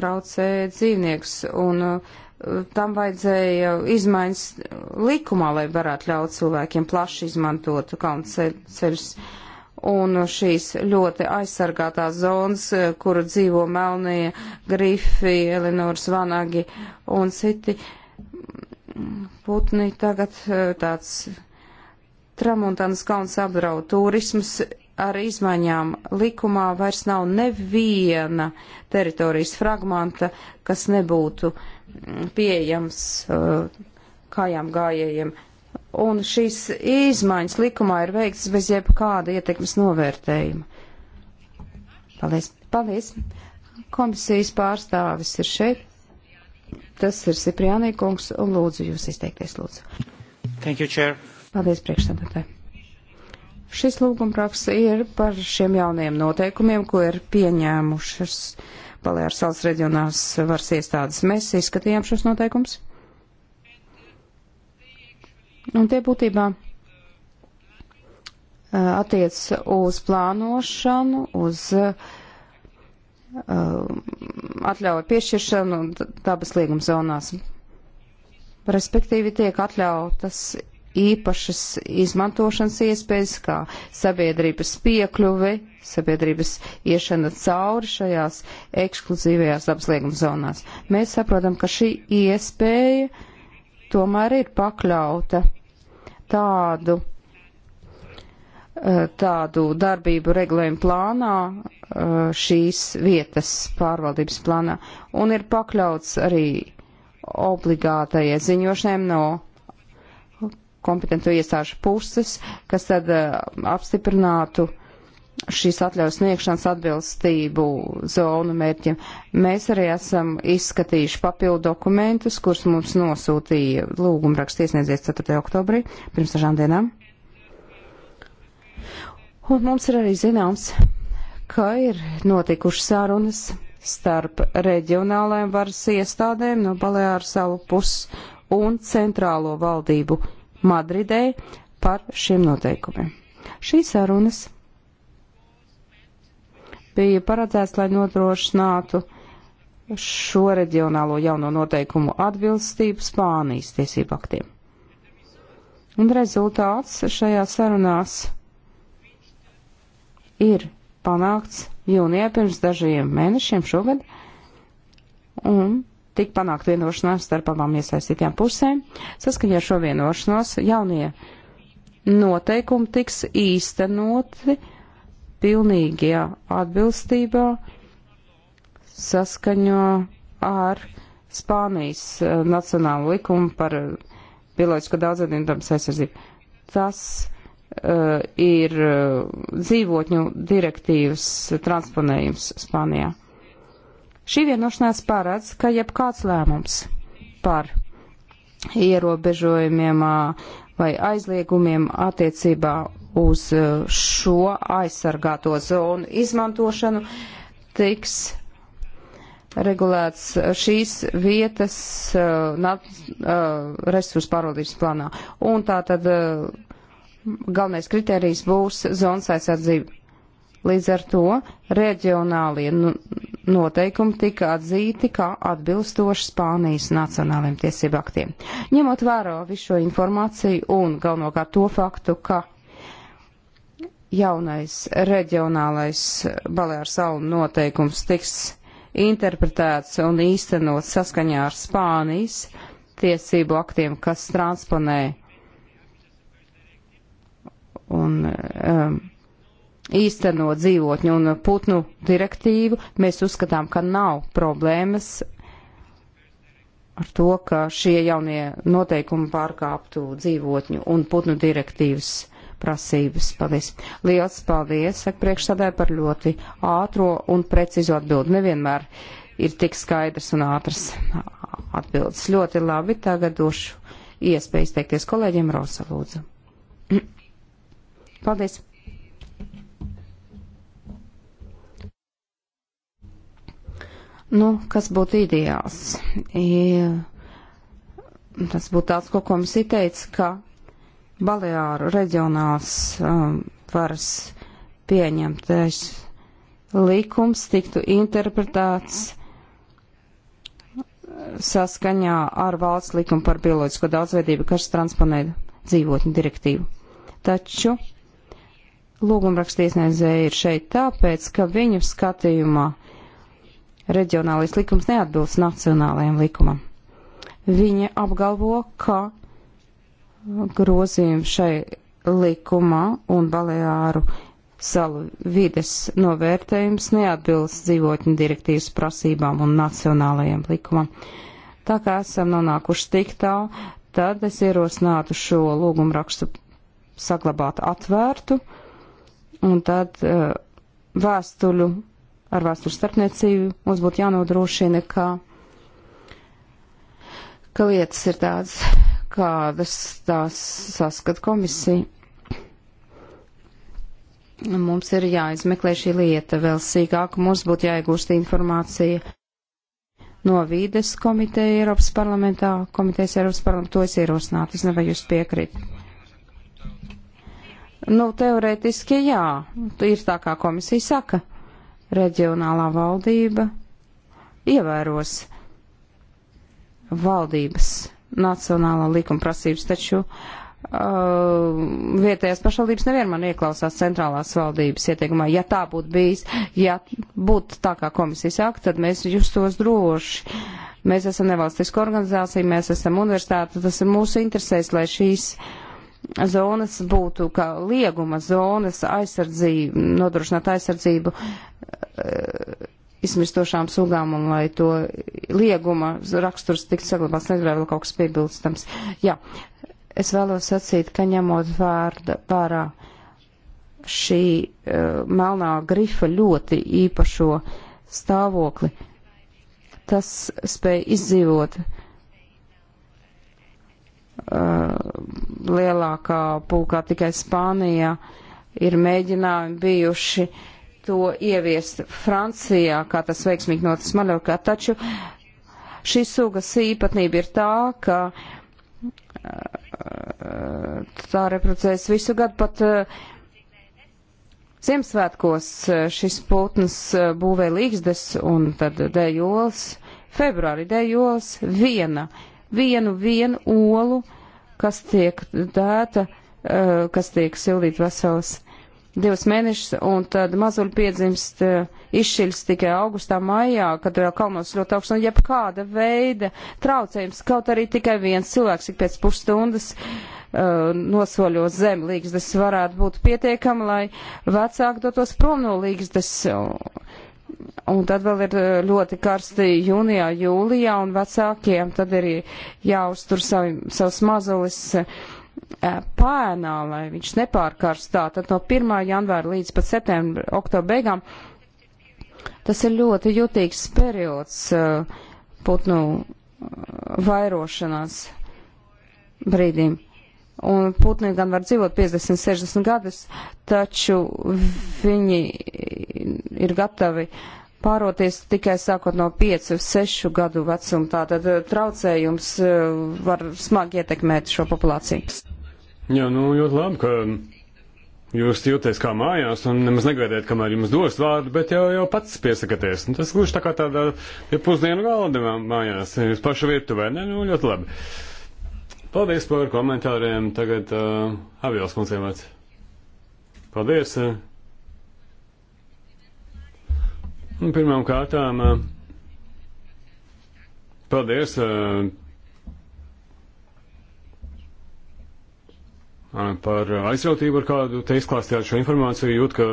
Speaker 1: traucē dzīvnieks. Un uh, tam vajadzēja izmaiņas likumā, lai varētu ļaut cilvēkiem plaši izmantot kalnu ceļus. Ceļ un šīs ļoti aizsargātās zonas, eh, kur dzīvo Melnie, Grifi, Elinors Vanagi un citi putni, tagad eh, tāds tramontānas kauns apdraud turismas ar izmaiņām likumā vairs nav neviena teritorijas fragmenta, kas nebūtu mm, pieejams uh, kājām gājējiem un šīs izmaiņas likumā ir veikts bez jebkāda ietekmes novērtējuma. Paldies, paldies. Komisijas pārstāvis ir šeit. Tas ir Sipriānī kungs, un lūdzu jūs izteikties, lūdzu. Thank you, chair. Paldies, priekšstādātāji. Šis lūgumpraks ir par šiem jaunajiem noteikumiem, ko ir pieņēmušas Balēras salas reģionās varas iestādes. Mēs izskatījām šos noteikumus. Un tie būtībā eh, attiec uz plānošanu, uz eh, atļauju piešķiršanu dabas līguma zonās. Respektīvi tiek atļautas īpašas izmantošanas iespējas, kā sabiedrības piekļuve, sabiedrības iešana cauri šajās ekskluzīvajās dabas lieguma zonās. Mēs saprotam, ka šī iespēja tomēr ir pakļauta tādu, eh, tādu darbību regulējumu plānā, eh, šīs vietas pārvaldības plānā, un ir pakļauts arī obligātajai ziņošanai no kompetentu iestāžu puses, kas tad eh, apstiprinātu uh, šīs atļaujas sniegšanas atbilstību zonu mērķiem. Mēs arī esam izskatījuši papildu dokumentus, kurus mums nosūtīja lūgumraksts iesniedzies 4. oktobrī, pirms dažām dienām. Un mums ir arī zināms, ka ir notikušas sarunas starp reģionālajiem varas iestādēm no Balēāru salu puses un centrālo valdību Madridē par šiem noteikumiem. Šīs sarunas bija paredzēts, lai nodrošinātu šo reģionālo jauno noteikumu atbilstību Spānijas tiesību aktiem. Un rezultāts šajā sarunās ir panākts jūnijā pirms dažiem mēnešiem šogad, un tik panākt vienošanās starp abām iesaistītajām pusēm. Saskaņā ar šo vienošanos jaunie noteikumi tiks īstenoti pilnīgajā atbilstībā saskaņo ar Spānijas eh, nacionālu likumu par eh, bioloģisko daudzveidību dabas aizsardzību. Tas uh, ir dzīvotņu direktīvas transponējums Spānijā. Šī vienošanās paredz, ka jebkāds lēmums par ierobežojumiem vai aizliegumiem attiecībā uz e, šo aizsargāto zonu izmantošanu tiks regulēts šīs vietas uh, e, nat, uh, e, resursu pārvaldības plānā. Un tā tad uh, galvenais kriterijs būs zonas aizsardzība. Līdz ar to reģionālie nu, noteikumi tika atzīti kā atbilstoši Spānijas nacionāliem tiesību aktiem. Ņemot vērā visu šo informāciju un galvenokārt to faktu, ka jaunais reģionālais Balēra salu noteikums tiks interpretēts un īstenot saskaņā ar Spānijas tiesību aktiem, kas transponē un um, īsteno dzīvotņu un putnu direktīvu, mēs uzskatām, ka nav problēmas ar to, ka šie jaunie noteikumi pārkāptu dzīvotņu un putnu direktīvas prasības. Paldies! Liels paldies, saka priekšstādē, par ļoti ātro un precizu atbildi. Nevienmēr ir tik skaidrs un ātrs atbildes. Ļoti labi, tagad došu iespēju izteikties kolēģiem Rosa Lūdzu. Paldies! Nu, kas būtu ideāls? I, tas būtu tāds, ko komisija teica, ka Baleāru reģionāls um, varas pieņemtais likums tiktu interpretēts saskaņā ar valsts likumu par bioloģisko daudzveidību, kas transponē dzīvotņu direktīvu. Taču lūgumrakstiesniedzēji ir šeit tāpēc, ka viņu skatījumā reģionālais likums neatbilst nacionālajiem likumam. Viņa apgalvo, ka grozījumu šai likumā un Baleāru salu vides novērtējums neatbilst dzīvotņu direktīvas prasībām un nacionālajiem likumam. Tā kā esam nonākuši tik tālu, tad es ierosinātu šo lūgumu rakstu saglabāt atvērtu un tad uh, vēstuļu ar vēstuļu starpniecību mums būtu jānodrošina, ka, ka lietas ir tādas kādas tās saskat komisija. Mums ir jāizmeklē šī lieta vēl sīkāk, mums būtu jāiegūst informācija no vīdes komiteja Eiropas parlamentā, komitejas Eiropas parlamentā, to es ierosinātu, es nevaru jūs piekrīt. Nu, teoretiski jā, tu ir tā kā komisija saka, reģionālā valdība ievēros valdības nacionālā likuma prasības, taču uh, vietējās pašvaldības nevienmēr ieklausās centrālās valdības ieteikumā. Ja tā būtu bijis, ja būtu tā kā komisija saka, tad mēs justos droši. Mēs esam nevalstiska organizācija, mēs esam universitāte, tas ir mūsu interesēs, lai šīs zonas būtu kā lieguma zonas aizsardzība, nodrošināt aizsardzību. Uh, izmirstošām sugām un lai to lieguma raksturs tiktu saglabāts. Negribēju vēl kaut kas piebilstams. Jā, es vēlos sacīt, ka ņemot vārda vārā šī uh, melnā grifa ļoti īpašo stāvokli, tas spēja izdzīvot uh, lielākā pulkā tikai Spānijā. Ir mēģinājumi bijuši uh, to ieviest Francijā, kā tas veiksmīgi noticis Maļorkā, taču šī sugas īpatnība ir tā, ka uh, tā reproducēs visu gadu pat uh, Ziemassvētkos uh, šis putns būvē līgzdes un tad dējols, februārī dējols viena, vienu, vienu olu, kas tiek dēta, kas tiek sildīt vesels divus mēnešus, un tad mazuļi piedzimst eh, izšķiļas tikai augustā, maijā, kad vēl kalnos ļoti augsts, un jebkāda veida traucējums, kaut arī tikai viens cilvēks ik pēc pusstundas uh, nosoļos zem līgzdes varētu būt pietiekami, lai vecāki dotos prom no līgzdes. Un tad vēl ir eh, ļoti karsti jūnijā, jūlijā, un vecākiem tad ir jāuztur savi, savus mazulis uh, pēnā, lai viņš nepārkarstā, tad no 1. janvāra līdz pat septembra, oktobra beigām, tas ir ļoti jutīgs periods putnu vairošanās brīdim. Un putni gan var dzīvot 50, 60 gadus, taču viņi ir gatavi pāroties tikai sākot no 5, 6 gadu vecuma. Tātad traucējums var smagi ietekmēt šo populāciju.
Speaker 4: Jā, nu ļoti labi, ka jūs jūties kā mājās un nemaz negaidāt, kamēr jums dos vārdu, bet jau, jau pats piesakaties. Nu, tas gluži tā kā tādā ja pusdienu galda mājās, jūs pašu virtuvē, ne? Nu, ļoti labi. Paldies par komentāriem. Tagad uh, Avils kundzei vārds. Paldies. Uh. Un nu, pirmām kārtām, uh, paldies. Uh, par aizrautību, ar kādu te izklāstījāt šo informāciju, jūt, ka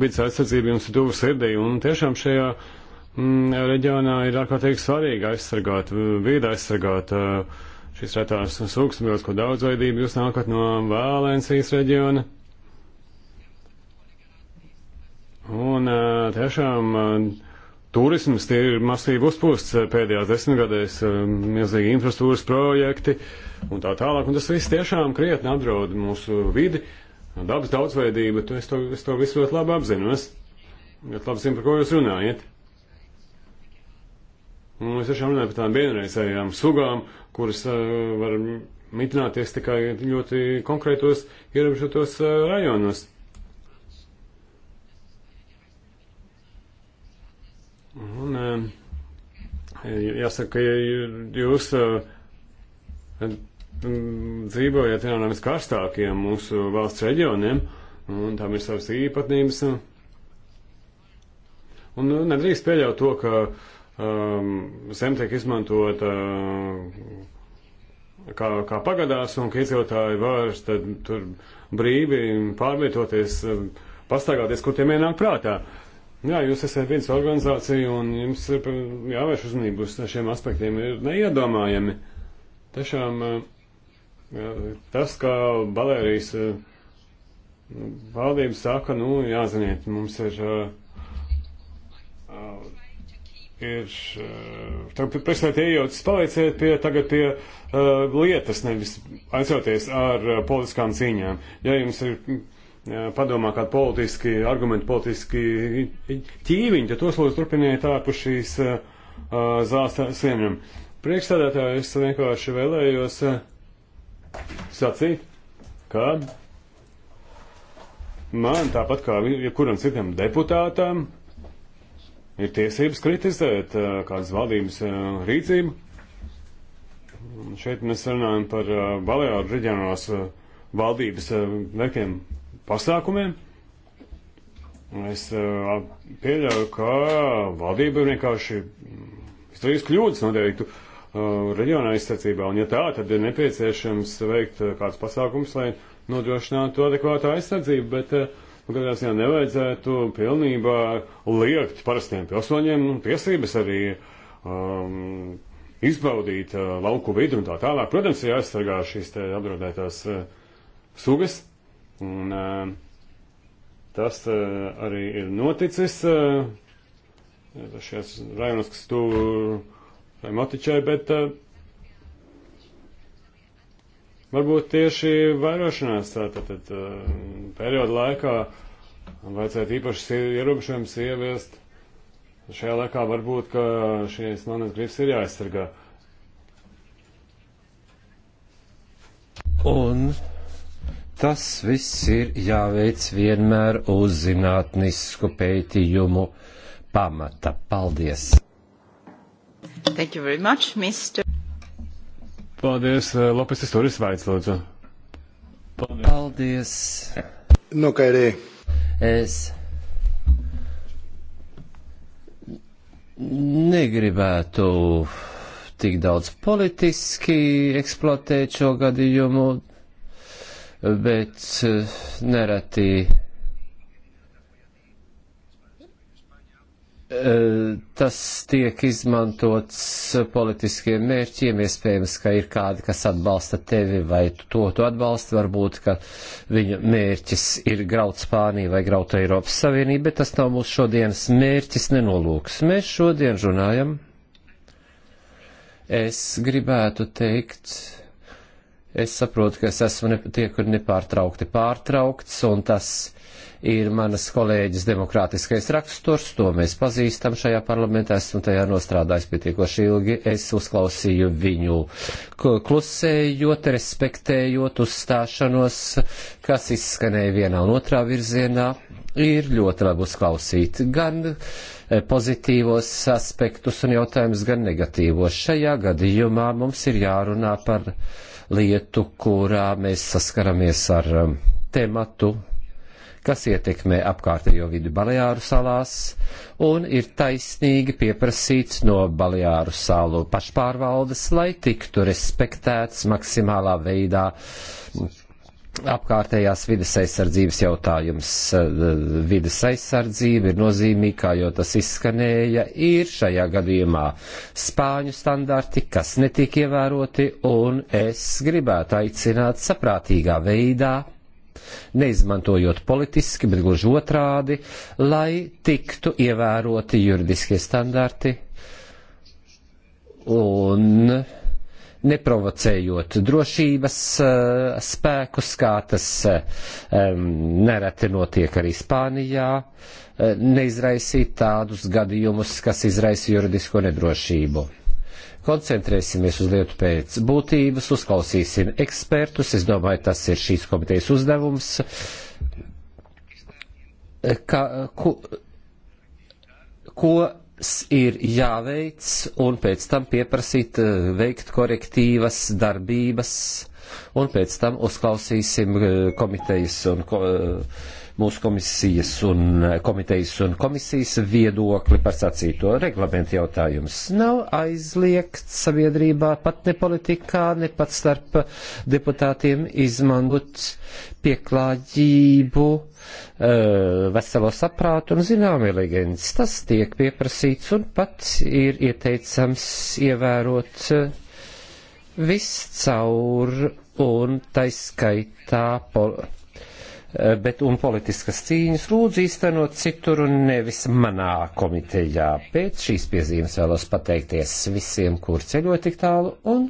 Speaker 4: vidas aizsardzība jums ir tuvu sirdī, un tiešām šajā mm, reģionā ir ārkārtīgi svarīgi aizsargāt, vīda aizsargāt šīs retās sūksmīgas, ko daudzveidību jūs nākat no Vālensijas reģiona. Un tiešām turisms tie ir masīvi uzpūsts eh, pēdējās desmitgadēs, eh, milzīgi infrastruktūras projekti un tā tālāk. Un tas viss tiešām krietni apdraud mūsu vidi, dabas daudzveidību. Es to, es to visu ļoti labi apzinos. Ļoti labi zinu, par ko jūs runājat. Un es tiešām runāju par tām vienreizējām sugām, kuras uh, var mitināties tikai ļoti konkrētos ierobežotos uh, rajonos. Jāsaka, ka jūs eh, mm, dzīvojat vienā no viskarstākajiem mūsu valsts reģioniem, un tam ir savas īpatnības. Un nu, nedrīkst pieļaut to, ka um, zem tiek izmantot uh, kā, kā pagadās, un ka iedzīvotāji var tad tur brīvi pārvietoties, uh, eh, pastaigāties, kur tiem ienāk prātā. Uh, Jā, jūs esat vidas organizācija un jums ir jāvērš uzmanību uz šiem aspektiem. Ir neiedomājami. Tiešām eh, eh, tas, kā Balērijas eh, valdība saka, nu, jāziniet, mums ir. Ir, tagad priekšliet iejaucas, palieciet pie, tagad pie uh, lietas, nevis aizjoties ar uh, politiskām cīņām. Ja jums ir padomā kādi politiski argumenti, politiski ķīviņi, tad tos lūdzu turpiniet ārpus šīs uh, zāsta sienām. Priekšstādātāji, es vienkārši vēlējos uh, sacīt, ka man tāpat kā jebkuram citam deputātam ir tiesības kritizēt uh, kādas valdības rīcību. Un šeit mēs runājam par Baleāru reģionos valdības veikiem pasākumiem. Es uh, pieļauju, ka valdība ir vienkārši mm, izdarījusi kļūdas noteiktu uh, reģionā izsacībā, un ja tā, tad ir nepieciešams veikt uh, eh, kāds pasākums, lai nodrošinātu adekvātu aizsardzību, bet nu, katrā ziņā nevajadzētu pilnībā liekt parastiem pilsoņiem nu, tiesības arī um, izbaudīt lauku vidu un tā tālāk. Protams, ir jāaizsargā šīs te apdraudētās sugas. Un uh, tas uh, arī ir noticis uh, šajās rajonos, kas tuvu Matičai, bet uh, varbūt tieši vairošanās tātad uh, perioda laikā vajadzētu īpašas ierobežojumus ieviest. Šajā laikā varbūt, ka šīs manas gribas ir jāaizsargā.
Speaker 3: Un Tas viss ir jāveic vienmēr uz zinātnisku pētījumu pamata. Paldies!
Speaker 1: Thank you very much, Mr.
Speaker 4: Paldies, eh, Lopes Istoris Vaits, lūdzu.
Speaker 3: Paldies. Paldies. Nu, kā arī. Es negribētu tik daudz politiski eksploatēt šo gadījumu, bet eh, nereti eh, tas tiek izmantots politiskiem mērķiem, iespējams, ka ir kādi, kas atbalsta tevi vai to tu atbalsti, varbūt, ka viņa mērķis ir graut Spāniju vai graut Eiropas Savienību, bet tas nav mūsu šodienas mērķis nenolūks. Mēs šodien runājam. Es gribētu teikt, Es saprotu, ka es esmu ne, tiek nepārtraukti pārtraukts, un tas ir manas kolēģis demokrātiskais raksturs, to mēs pazīstam šajā parlamentā, esmu tajā nostrādājis pietiekoši ilgi, es uzklausīju viņu klusējot, respektējot uzstāšanos, kas izskanēja vienā un otrā virzienā, ir ļoti labi uzklausīt gan eh, pozitīvos aspektus un jautājumus, gan negatīvos. Šajā gadījumā mums ir jārunā par lietu, kurā mēs saskaramies ar um, tematu, kas ietekmē apkārtējo vidi Baleāru salās, un ir taisnīgi pieprasīts no Baleāru salu pašpārvaldes, lai tiktu respektēts maksimālā veidā apkārtējās vides aizsardzības jautājums. Eh, vides aizsardzība ir nozīmīga, kā jau tas izskanēja, ir šajā gadījumā spāņu standarti, kas netiek ievēroti, un es gribētu aicināt saprātīgā veidā, neizmantojot politiski, bet gluži otrādi, lai tiktu ievēroti juridiskie standarti. Un neprovocējot drošības eh, spēkus, kā tas eh, nereti notiek arī Spānijā, eh, neizraisīt tādus gadījumus, kas izraisa juridisko nedrošību. Koncentrēsimies uz lietu pēc būtības, uzklausīsim ekspertus. Es domāju, tas ir šīs komitejas uzdevums. Ka, ko, ko ir jāveic un pēc tam pieprasīt eh, veikt korektīvas darbības, un pēc tam uzklausīsim eh, komitejas un ko, uh, mūsu komisijas un eh, komitejas un komisijas viedokli par sacīto reglamentu jautājums. Nav aizliegts sabiedrībā, pat ne politikā, ne pat starp deputātiem izmantot pieklājību, eh, veselo saprātu un zinām eleganci. Tas tiek pieprasīts un pat ir ieteicams ievērot eh, viss caur un taiskaitā politiku Eh, bet un politiskas cīņas lūdzu īstenot citur un nevis manā komitejā. Pēc šīs piezīmes vēlos pateikties visiem, kur ceļo tik tālu un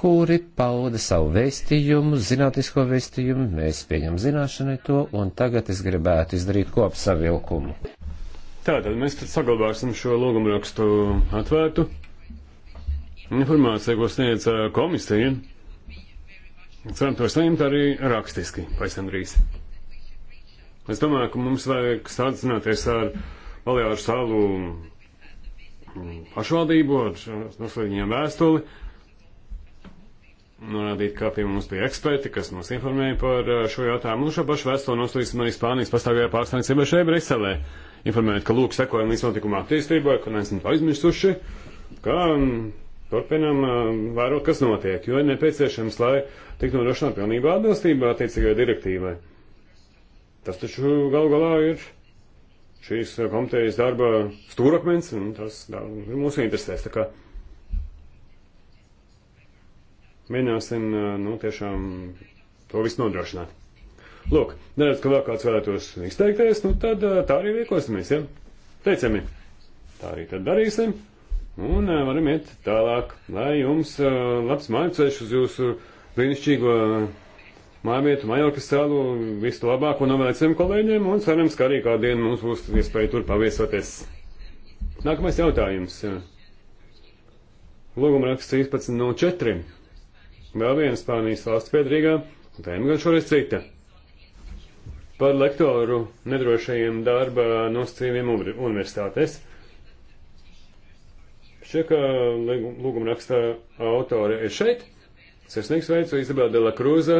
Speaker 3: kuri pauda savu vēstījumu, zinātnisko vēstījumu, mēs pieņem zināšanai to, un tagad es gribētu izdarīt kopsavilkumu.
Speaker 4: Tātad mēs tad saglabāsim šo lūgumrakstu atvērtu. Informācija, ko sniedz eh, komisija Ceram to saņemt arī rakstiski, pavisam drīz. Es domāju, ka mums vajag sācināties ar Valjāru salu mm, pašvaldību, ar noslēdziņiem vēstuli, norādīt, kā pie mums bija eksperti, kas mums informēja par eh, šo jautājumu. Un šo pašu vēstuli noslēdzim arī Spānijas pastāvjā pārstāvniecībā šeit Briselē. Informēt, ka lūk, sekojam līdz notikuma attīstībai, ka neesam to aizmirsuši, ka mm, turpinam vērot, kas notiek, jo ir nepieciešams, lai tiktu nodrošināta pilnībā atbilstība attiecīgajai direktīvai. Tas taču gal galā ir šīs komitejas darba stūrakmens, un tas dā, ir mūsu interesēs. Tā kā mēģināsim, nu, tiešām to visu nodrošināt. Lūk, neredz, ka vēl kāds vēlētos izteikties, nu tad tā arī riekosimies, ja? Teicami, tā arī tad darīsim. Un eh, varam iet tālāk, lai jums eh, labs mājceļš uz jūsu brīnišķīgo eh, mājvietu, Majorkas salu, visu to labāko novēlēsim kolēģiem un cerams, ka arī kādu dienu mums būs iespēja tur paviesoties. Nākamais jautājums. Lūguma raksts 13 no 4. Vēl viena Spānijas valsts piedrīgā, tēma gan šoreiz cita. Par lektoru nedrošajiem darba nosacījumiem universitātēs. Un Šie, ka lūguma rakstā autori ir šeit. Sirsnīgs veicu Izabela de la Cruza,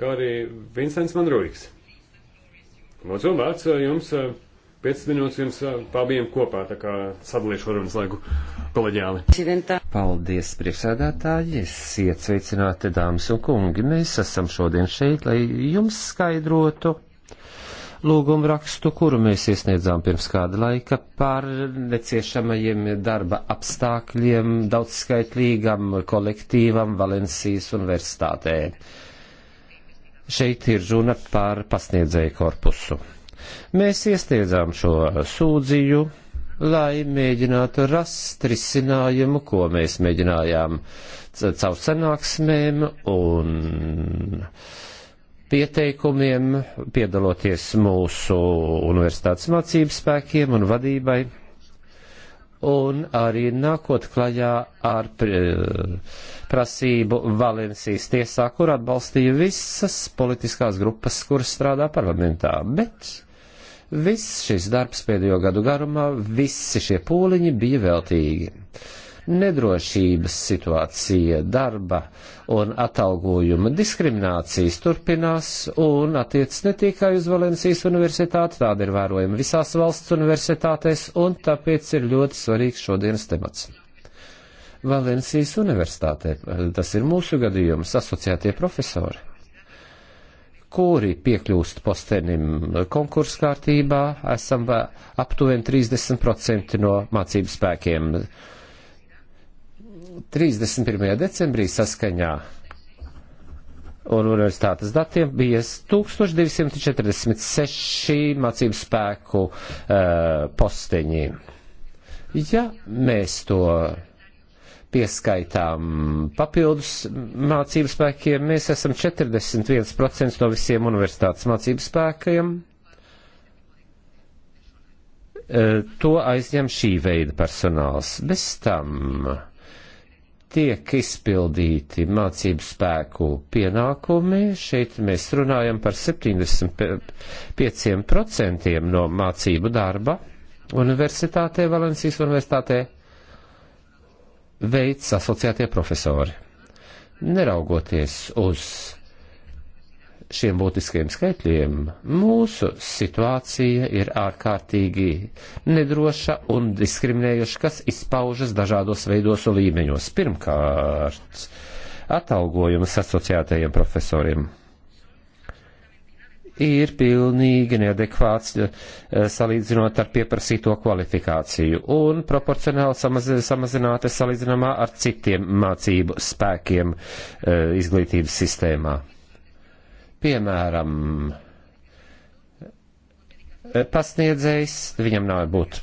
Speaker 4: kā arī Vincents Manruiks. Lūdzu, vārds eh, jums 15 eh, minūtes jums eh, pabijam kopā, tā kā sadalīšu runas laiku kolēģiāli.
Speaker 3: Paldies, priekšsēdētāji, iet sveicināti dāmas un kungi. Mēs esam šodien šeit, lai jums skaidrotu lūgumu rakstu, kuru mēs iesniedzām pirms kāda laika par neciešamajiem darba apstākļiem daudzskaitlīgam kolektīvam Valencijas universitātē. Šeit ir runa par pasniedzēju korpusu. Mēs iesniedzām šo sūdzību, lai mēģinātu rast risinājumu, ko mēs mēģinājām caur sanāksmēm un uh, pieteikumiem, piedaloties mūsu universitātes mācību spēkiem un vadībai, un arī nākot klajā ar eh, prasību Valencijas tiesā, kur atbalstīja visas politiskās grupas, kuras strādā parlamentā. Bet viss šis darbs pēdējo gadu garumā, visi šie pūliņi bija veltīgi nedrošības situācija, darba un atalgojuma diskriminācijas turpinās un attiec ne tikai uz Valencijas universitāti, tāda ir vērojama visās valsts universitātēs, un tāpēc ir ļoti svarīgs šodienas temats. Valencijas universitātē, tas ir mūsu gadījums, asociētie profesori kuri piekļūst postenim konkursu kārtībā, esam aptuveni 30% no mācību spēkiem. Uh, 31. decembrī saskaņā un universitātes datiem bija 1246 mācību spēku uh, posteņi. Ja mēs to pieskaitām papildus mācību spēkiem, mēs esam 41% no visiem universitātes mācību spēkiem. Uh, to aizņem šī veida personāls. Bez tam tiek izpildīti mācību spēku pienākumi. Šeit mēs runājam par 75% no mācību darba. Universitātē, Valencijas universitātē veids asociētie profesori. Neraugoties uz šiem būtiskiem skaitļiem, mūsu situācija ir ārkārtīgi nedroša un diskriminējoša, kas izpaužas dažādos veidos un līmeņos. Pirmkārt, atalgojums asociētajiem profesoriem ir pilnīgi neadekvāts eh, salīdzinot ar pieprasīto kvalifikāciju un proporcionāli samazināta salīdzinamā ar citiem mācību spēkiem eh, izglītības sistēmā. Piemēram, pasniedzējs, viņam nav būt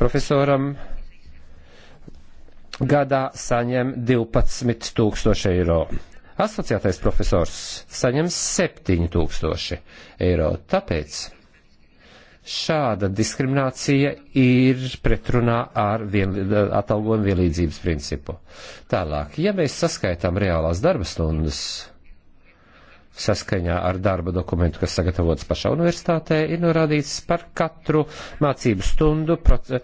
Speaker 3: profesoram, gadā saņem 12 tūkstoši eiro. Asociētais profesors saņem 7 tūkstoši eiro. Tāpēc šāda diskriminācija ir pretrunā ar vien, atalgojumu vienlīdzības principu. Tālāk, ja mēs saskaitām reālās darba stundas, saskaņā ar darba dokumentu, kas sagatavots pašā universitātē, ir norādīts par katru mācību stundu. Proce,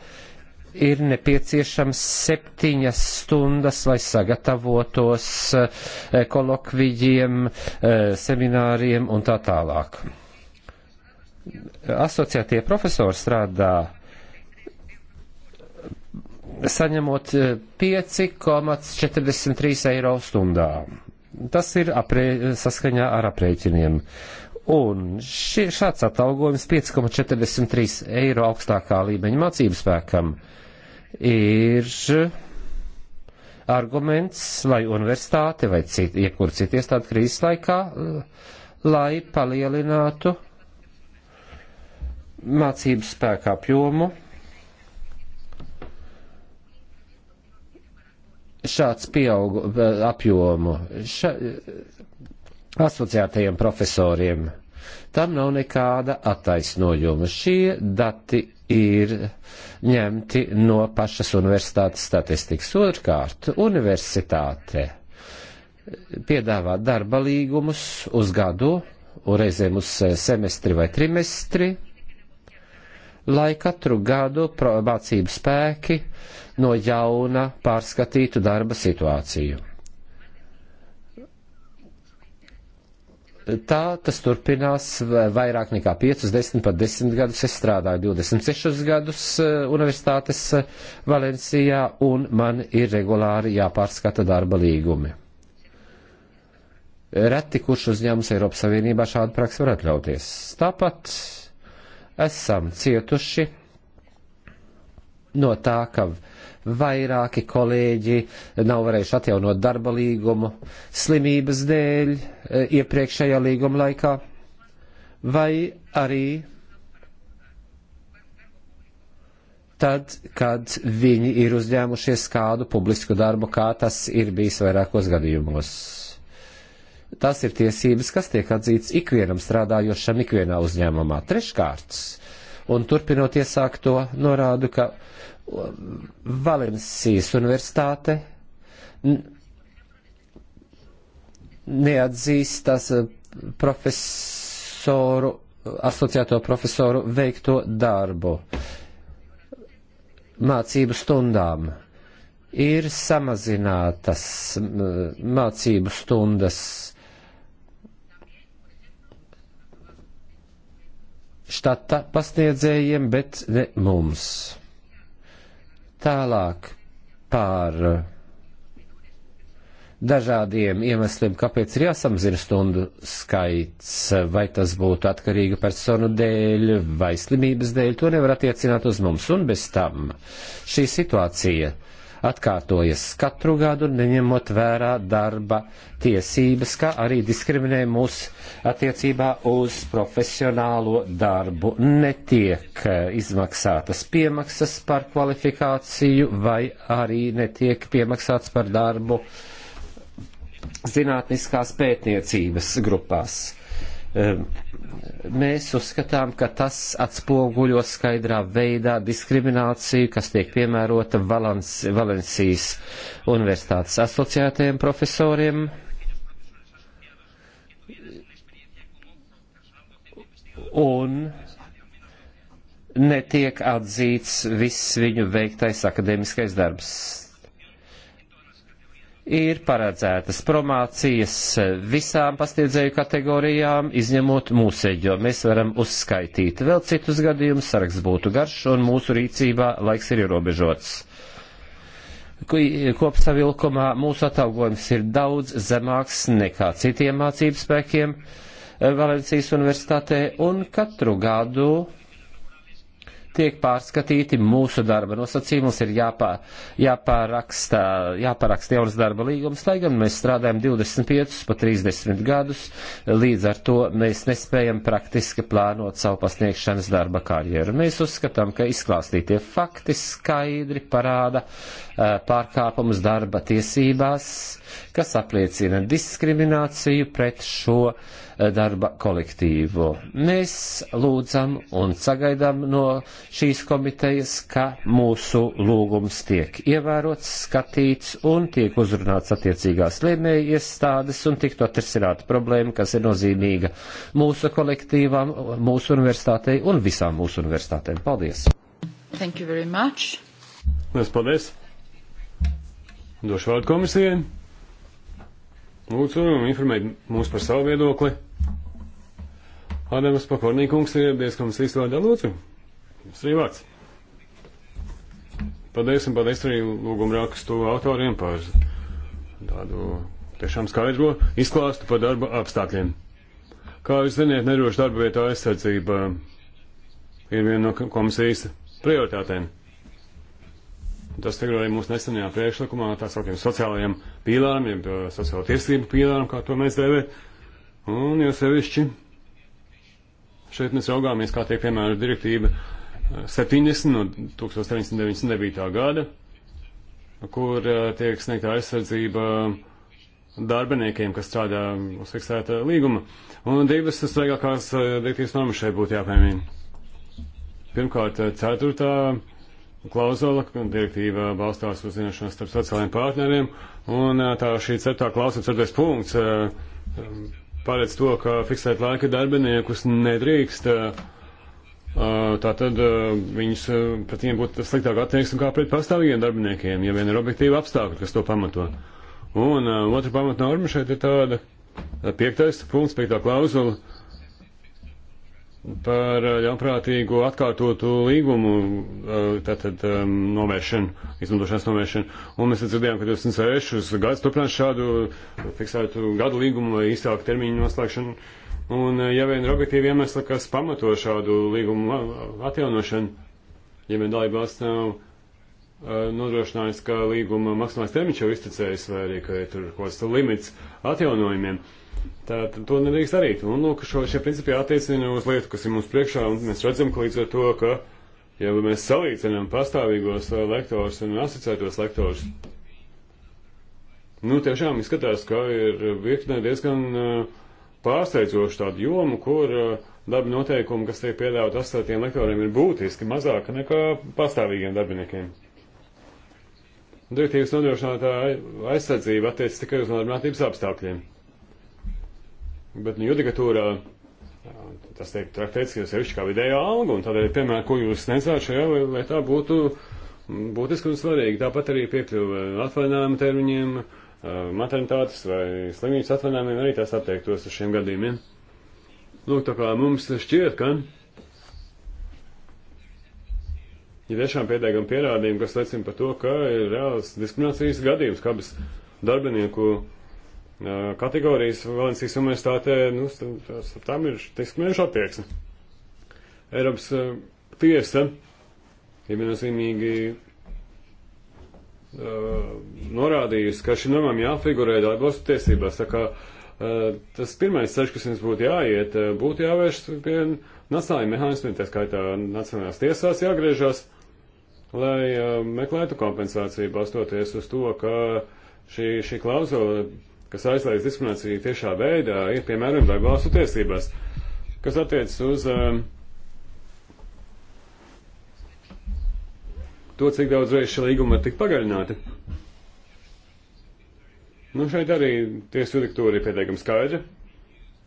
Speaker 3: ir nepieciešams septiņas stundas, lai sagatavotos eh, kolokvijiem, eh, semināriem un tā tālāk. Asociētie profesori strādā saņemot 5,43 eh, eiro stundā. Tas ir aprē, saskaņā ar aprēķiniem. Un šie, šāds atalgojums 5,43 eiro augstākā līmeņa mācību spēkam ir arguments, lai universitāte vai cit, jebkur cita iestāde krīzes laikā, lai palielinātu mācību spēku apjomu šāds pieaugu apjomu ša, asociētajiem profesoriem. Tam nav nekāda attaisnojuma. Šie dati ir ņemti no pašas universitātes statistikas. Otrkārt, universitāte piedāvā darba līgumus uz gadu, un reizēm uz eh, semestri vai trimestri, lai katru gadu mācību spēki uh, no jauna pārskatītu darba situāciju. Tā tas turpinās vairāk nekā 5, 10, pat 10 gadus. Es strādāju 26 gadus eh, universitātes eh, Valencijā, un man ir regulāri jāpārskata darba līgumi. Reti kurš uzņēmums Eiropas Savienībā šādu praksi var atļauties. Tāpat esam cietuši no tā, ka vairāki kolēģi nav varējuši atjaunot darba līgumu slimības dēļ e, iepriekšējā līguma laikā, vai arī tad, kad viņi ir uzņēmušies kādu publisku darbu, kā tas ir bijis vairākos gadījumos. Tas ir tiesības, kas tiek atzīts ikvienam strādājošam ikvienā uzņēmumā. Treškārts, un turpinot iesākt to, norādu, ka Valencijas universitāte neatzīst tās eh, profesoru, asociēto profesoru veikto darbu mācību stundām. Ir samazinātas mācību stundas štata pasniedzējiem, bet ne mums. Tālāk par dažādiem iemesliem, kāpēc ir jāsamazina stundu skaits, vai tas būtu atkarīga personu dēļ vai slimības dēļ, to nevar attiecināt uz mums. Un bez tam šī situācija uh, atkārtojas katru gadu, neņemot vērā darba tiesības, kā arī diskriminē mūs attiecībā uz profesionālo darbu. Netiek eh, izmaksātas piemaksas par kvalifikāciju vai arī netiek piemaksāts par darbu zinātniskās pētniecības grupās Mēs uzskatām, ka tas atspoguļo skaidrā veidā diskrimināciju, kas tiek piemērota Valens, Valencijas universitātes asociētajiem profesoriem. Un netiek atzīts viss viņu veiktais akadēmiskais darbs ir paredzētas promācijas visām pastiedzēju kategorijām, izņemot mūseģo. Mēs varam uzskaitīt vēl citus gadījumus, saraksts būtu garš un mūsu rīcībā laiks ir ierobežots. Kopsavilkumā mūsu atalgojums ir daudz zemāks nekā citiem mācību spēkiem Valencijas universitātē un katru gadu tiek pārskatīti mūsu darba nosacījumi, mums ir jāpā, jāpāraksta, jāpāraksta jaunas darba līgumas, lai gan mēs strādājam 25 pa 30 gadus, līdz ar to mēs nespējam praktiski plānot savu pasniegšanas darba karjeru. Mēs uzskatām, ka izklāstītie fakti skaidri parāda eh, pārkāpumus darba tiesībās, kas apliecina diskrimināciju pret šo uh, Eh, darba kolektīvu. Mēs lūdzam un sagaidām no šīs komitejas, ka mūsu lūgums tiek ievērots, skatīts un tiek uzrunāts attiecīgās lēmēju iestādes un tiktu atrisināta problēma, kas ir nozīmīga mūsu kolektīvām, mūsu universitātei un visām mūsu universitātēm. Paldies!
Speaker 1: Thank you very much.
Speaker 3: Mēs paldies! Došu vārdu komisijai.
Speaker 4: Lūdzu, informējiet mūs par savu viedokli. Ādams Pakornīkungs ir eh, diezgan sīstvārdā lūdzu. Jums arī vārds. Paldies un paldies arī lūgumu rakstu autoriem par tādu tiešām skaidro izklāstu par darba apstākļiem. Kā jūs ziniet, nedroša darba vietā aizsardzība ir viena no komisijas prioritātēm. Tas tagad arī mūsu nesenajā priekšlikumā, tā sauktiem sociālajiem pīlāram, jeb sociālo tiesību pīlāram, kā to mēs dēvē. Un jau sevišķi šeit mēs raugāmies, kā tiek piemēra direktīva 70 no 1999. gada, kur tiek sniegta aizsardzība darbiniekiem, kas strādā uz fiksēta līguma. Un divas svaigākās direktīvas normas šeit būtu jāpiemina. Pirmkārt, ceturtā klauzula, ka direktīva balstās uz zināšanas starp sociālajiem partneriem, un tā šī ceturtā klausula ceturtais punkts um, paredz to, ka fiksēt laika darbiniekus nedrīkst. Tā tad viņus pret viņiem būtu sliktāk attieksme kā pret pastāvīgiem darbiniekiem, ja vien ir objektīva apstākļa, kas to pamato. Un otra pamatnorma šeit ir tāda, piektais punkts, piektā klauzula par eh, ļaunprātīgu atkārtotu līgumu eh, tātad, um, novēršanu, izmantošanas novēršanu. Un mēs dzirdējām, ka 26 gadus turpinās šādu fiksētu gadu līgumu vai īsāku termiņu noslēgšanu. Un ja vien ir objektīvi iemesli, kas pamato šādu līgumu atjaunošanu, ja vien dalībās nav uh, nodrošinājis, ka līguma maksimālais termiņš jau izticējis vai arī, ka ir tur kaut kāds limits atjaunojumiem. Uh, Tātad to nedrīkst darīt. Un, nu, nu, lūk, šo, šie principi attiecina uz lietu, kas ir mums priekšā, un mēs redzam, ka līdz ar to, ka, ja mēs salīdzinām pastāvīgos uh, lektorus un asociētos lektorus, nu, tiešām izskatās, ka ir virknē diezgan uh, pārsteidzoši tādu jomu, kur uh, darba noteikumi, kas tiek piedāvāti asociētiem lektoriem, ir būtiski mazāka nekā pastāvīgiem darbiniekiem. Direktīvas nodrošinātāja aizsardzība attiec tikai uz nodarbinātības apstākļiem. Bet nu, judikatūrā tas tiek traktēts, ka jūs sevišķi kā vidējā alga, un tādēļ, piemēram, ko jūs nesāt šajā lietā būtu mm, būtiski un svarīgi. Tāpat arī piekļuva atvaļinājuma termiņiem, maternitātes vai slimības atvaļinājumiem arī tas attiektos uz šiem gadījumiem. Lūk, tā kā mums šķiet, ka. Ja tiešām pieteikam pierādījumu, kas liecina par to, ka ir reāls diskriminācijas gadījums, ka abas darbinieku kategorijas Valencijas universitātē, nu, tās, tam ir diskriminējuša attieksme. Eiropas uh, tiesa ir viennozīmīgi uh, norādījusi, ka šim normām jāfigurē dalībvalstu tiesībās. Tā kā uh, tas pirmais ceļš, kas jums būtu jāiet, būtu jāvērst pie nacionālajiem mehānismiem, tā skaitā nacionālās tiesās jāgriežas, lai meklētu kompensāciju, balstoties uz to, ka šī, šī klauzula kas aizliedz diskrimināciju tiešā veidā, ir piemēram darbvalstu tiesībās, kas attiecas uz um, to, cik daudz reiz šie līgumi ir tik pagarināti. Nu, šeit arī tiesu judikatūra ir pietiekami skaidra.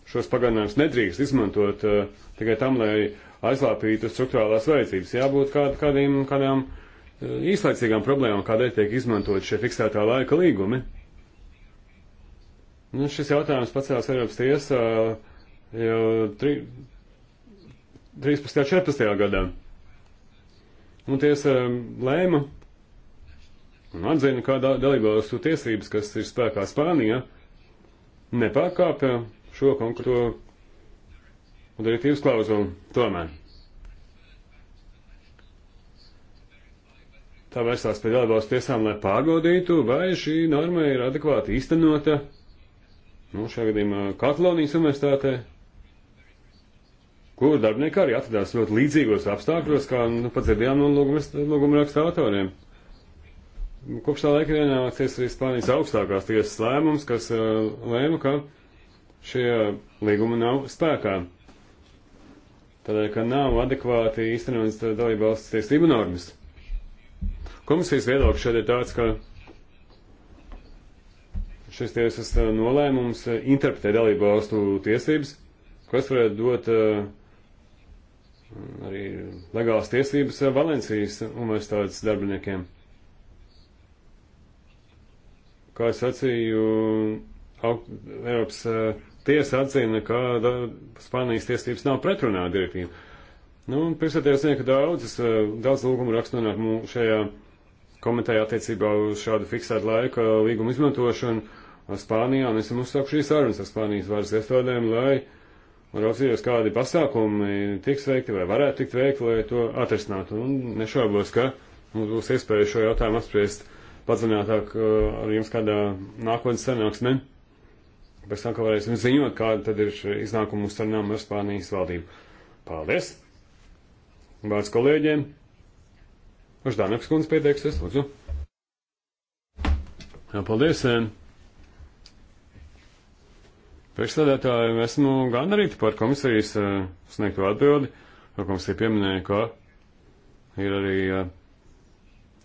Speaker 4: Šos pagarinājumus nedrīkst izmantot uh, tikai tam, lai aizlāpītu struktūrālās vajadzības. Jābūt kād, kādiem, kādām uh, īslaicīgām problēmām, kādēļ tiek izmantot šie fiksētā laika līgumi. Nu, šis jautājums pacēlās Eiropas tiesā jau 13. un 14. gadā. Un tiesa um, lēma un atzina, ka dalībvalstu tiesības, kas ir spēkā Spānijā, nepārkāpja šo konkrēto direktīvas klauzulu tomēr. Tā vērsās pie dalībvalstu tiesām, lai pārbaudītu, vai šī norma ir adekvāti īstenota Nu, šajā gadījumā Katalonijas universitātē, kur darbinieki arī atradās ļoti līdzīgos apstākļos, kā nu, padzirdējām no lūguma raksta autoriem. Nu, kopš tā laika ir ienācies arī Spānijas augstākās tiesas lēmums, kas uh, lēma, ka šie līgumi nav spēkā. Tādēļ, ka nav adekvāti īstenotas dalība valsts tiesību normas. Komisijas viedoklis šeit ir tāds, ka šis tiesas eh, nolēmums eh, interpretē dalību valstu tiesības, kas varētu dot eh, arī legālas tiesības Valencijas universitātes darbiniekiem. Kā es sacīju, Eiropas tiesa atzina, ka Spānijas tiesības nav pretrunā direktīva. Nu, Pirmsēties zina, ka daudzas, daudz lūgumu rakstu nonāk šajā komentēja attiecībā uz šādu fiksētu laika līgumu izmantošanu. Spānijā, un esam uzsākuši sarunas ar Spānijas varas iestādēm, lai raudzītos, kādi pasākumi tiks veikti vai varētu tikt veikti, lai to atrisinātu. Un nešaubos, ka mums būs iespēja šo jautājumu apspriest padziļinātāk uh, ar jums kādā nākotnes sanāksmē. Pēc tam, ka varēsim ziņot, kāda tad ir iznākuma mūsu sarunām ar Spānijas valdību. Paldies! Vārds kolēģiem! Uždāneps kundze pieteiksies, lūdzu. Jā, paldies! Eh. Priekšsēdētāji, esmu gandarīti par komisijas eh, sniegto atbildi, jo komisija pieminēja, ka ir arī eh,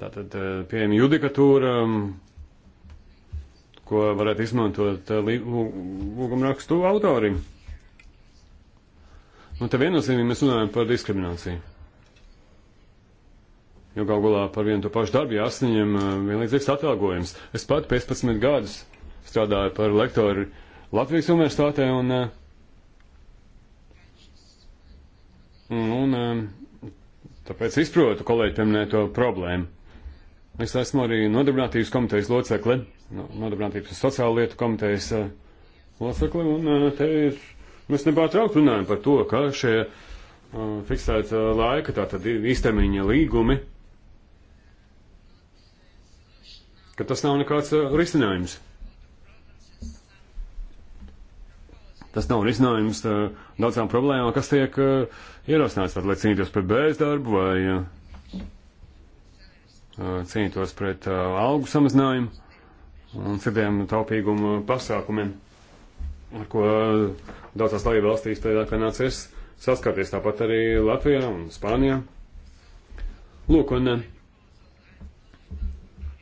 Speaker 4: tātad eh, pieejama judikatūra, mm, ko varētu izmantot lūgumrakstu autori. Nu, te viennozīmīgi mēs runājam par diskrimināciju. Jo galu galā par vienu to pašu darbu jāsaņem vienlīdzīgs atalgojums. Es pat 15 gadus strādāju par lektoru Latvijas universitātē un, eh, un, un eh, tāpēc izprotu kolēģi pieminēto problēmu. Es esmu arī nodarbinātības komitejas locekle, nodarbinātības sociāla lietu komitejas eh, locekle, un te ir, mēs nepārtraukti runājam par to, ka šie fiksēta laika, tātad īstermiņa līgumi, ka tas nav nekāds risinājums. Tas nav risinājums daudzām problēmām, kas tiek ierosināts, tad, lai cīnītos pret bezdarbu vai cīnītos pret algu samazinājumu un citiem taupīgumu pasākumiem, ar ko daudzās dalība valstīs tādā kā nācies saskarties, tāpat arī Latvijā un Spānijā. Lūk, un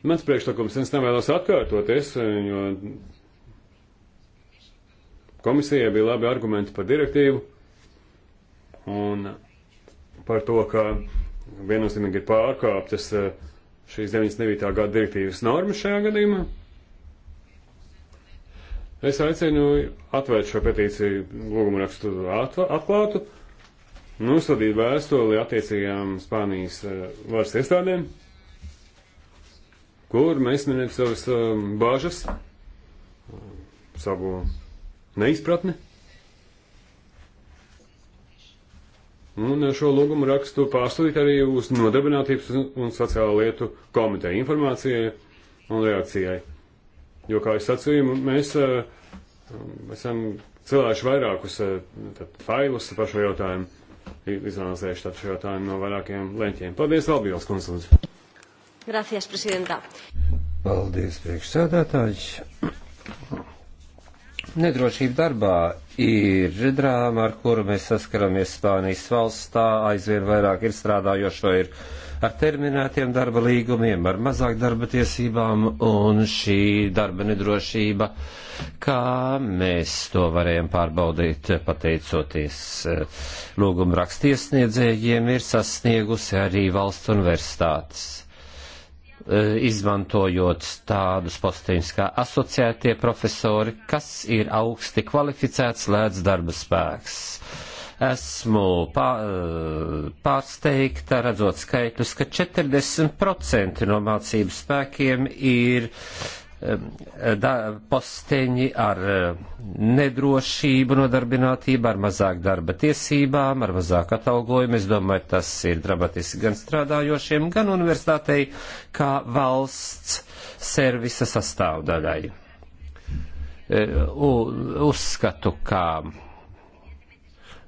Speaker 4: mans priekšlikums, es nevēlos atkārtoties, jo Komisijai bija labi argumenti par direktīvu un par to, ka viennozīmīgi ir pārkāptas eh, šīs 99. gada direktīvas normas šajā gadījumā. Es aicinu atvērt šo petīciju lūgumu rakstu atklātu, nosodīt vēstuli attiecīgām Spānijas eh, varas iestādēm, kur mēs minējam savas eh, bāžas, savu neizpratni. Un šo lūgumu rakstu pārsūtīt arī uz Nodarbinātības un sociālo lietu komiteju informācijai un reakcijai. Jo, kā es sacīju, mēs uh, esam cilvēši vairākus uh, failus par šo jautājumu izanalizējuši tad šo jautājumu no vairākiem leņķiem. Paldies, Albijas konsults.
Speaker 2: Gracias, prezidentā.
Speaker 3: Paldies, priekšsēdētājs. Nedrošība darbā ir drāma, ar kuru mēs saskaramies Spānijas valstā. Aizvien vairāk ir strādājošo ir ar terminētiem darba līgumiem, ar mazāk darba tiesībām, un šī darba nedrošība, kā mēs to varējam pārbaudīt pateicoties eh, lūguma rakstiesniedzējiem, ir sasniegusi arī valsts universitātes Eh, izmantojot tādus posteņus kā asociētie profesori, kas ir augsti kvalificēts lēdz darba spēks. Esmu eh, pārsteigta, redzot skaitļus, ka 40% no mācību spēkiem ir uh, da, posteņi ar e, nedrošību nodarbinātību, ar mazāk darba tiesībām, ar mazāk atalgojumu. Es domāju, tas ir dramatiski gan strādājošiem, gan universitātei, kā valsts servisa sastāvdaļai. E, uzskatu, ka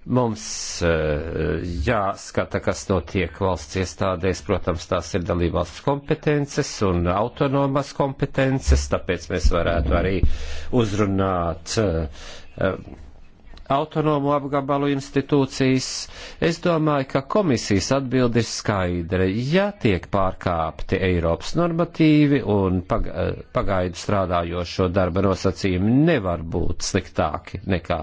Speaker 3: Mums eh, jāskata, kas notiek valsts iestādēs, protams, tās ir dalībvalsts kompetences un autonomas kompetences, tāpēc mēs varētu arī uzrunāt eh, autonomu apgabalu institūcijas. Es domāju, ka komisijas atbildi ir skaidra. Ja tiek pārkāpti Eiropas normatīvi un eh, pagaidu strādājošo darba nosacījumi nevar būt sliktāki nekā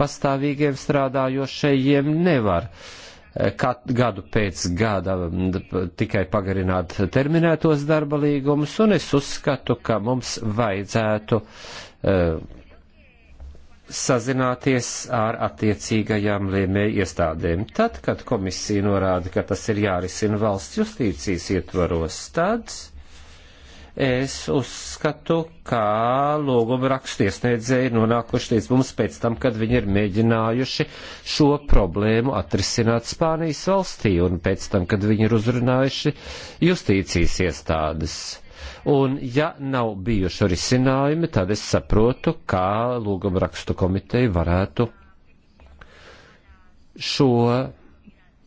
Speaker 3: pastāvīgiem strādājošajiem nevar eh, kat, gadu pēc gada tikai pagarināt terminētos darba līgumus, un es uzskatu, ka mums vajadzētu uh, sazināties ar attiecīgajām lēmēju iestādēm. Tad, kad komisija norāda, ka tas ir jārisina valsts justīcijas ietvaros, tad es uzskatu, kā lūguma rakstu iesniedzēji ir nonākuši līdz mums pēc tam, kad viņi ir mēģinājuši šo problēmu atrisināt Spānijas valstī un pēc tam, kad viņi ir uzrunājuši justīcijas iestādes. Un ja nav bijuši risinājumi, tad es saprotu, kā lūguma rakstu komiteja varētu šo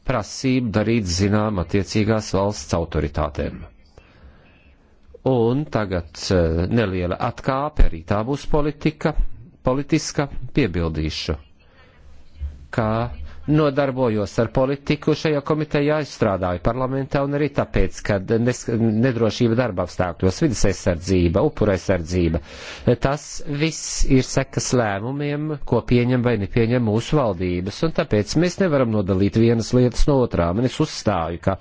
Speaker 3: prasību darīt zinām attiecīgās valsts autoritātēm un tagad eh, neliela atkāpe, arī tā būs politika, politiska, piebildīšu, kā nodarbojos ar politiku šajā komitejā, strādāju parlamentā un arī tāpēc, ka nedrošība darba apstākļos, vidas aizsardzība, upura aizsardzība, tas viss ir sekas lēmumiem, ko pieņem vai nepieņem mūsu valdības, un tāpēc mēs nevaram nodalīt vienas lietas no otrām, un es uzstāju, ka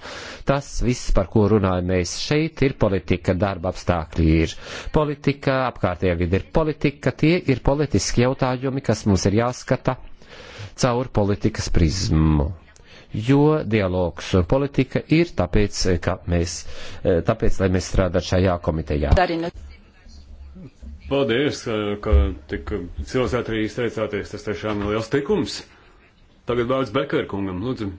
Speaker 3: tas viss, par ko runājam mēs šeit, ir politika, darba apstākļi ir politika, apkārtējā vidi ir politika, tie ir politiski jautājumi, kas mums ir jāskata caur politikas prizmu. Jo dialogs un politika ir tāpēc, ka mēs, eh, tāpēc, lai mēs strādātu šajā komitejā.
Speaker 2: Darina.
Speaker 4: Paldies, ka tik cilvēcēt arī izteicāties, tas tiešām ir liels tikums. Tagad vārds Bekara kungam, lūdzu.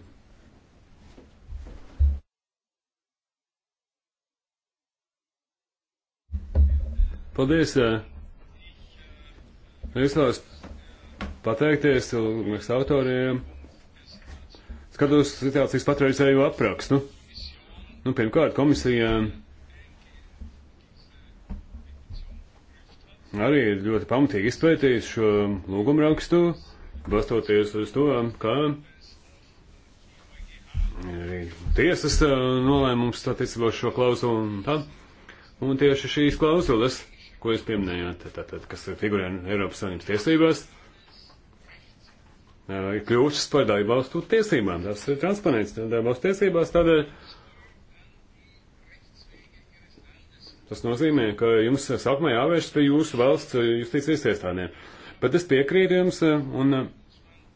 Speaker 4: Paldies! Eh. Es vēlos pateikties cilvēks autoriem. Skatos situācijas patreizējo aprakstu. Nu, pirmkārt, komisija arī ir ļoti pamatīgi izpētījis šo lūgumu rakstu, balstoties uz to, ka arī tiesas nolēmums attiecībā uz šo klauzulu un tā. Un tieši šīs klauzulas, ko jūs pieminējāt, tātad, kas figurē Eiropas Savienības tiesībās, ir kļūstas par dalībvalstu tiesībām. Tas ir transparents dalībvalstu tiesībās, tādēļ tas nozīmē, ka jums sākumā jāvēršas pie jūsu valsts justīcijas iestādēm. Bet es piekrītu jums, un,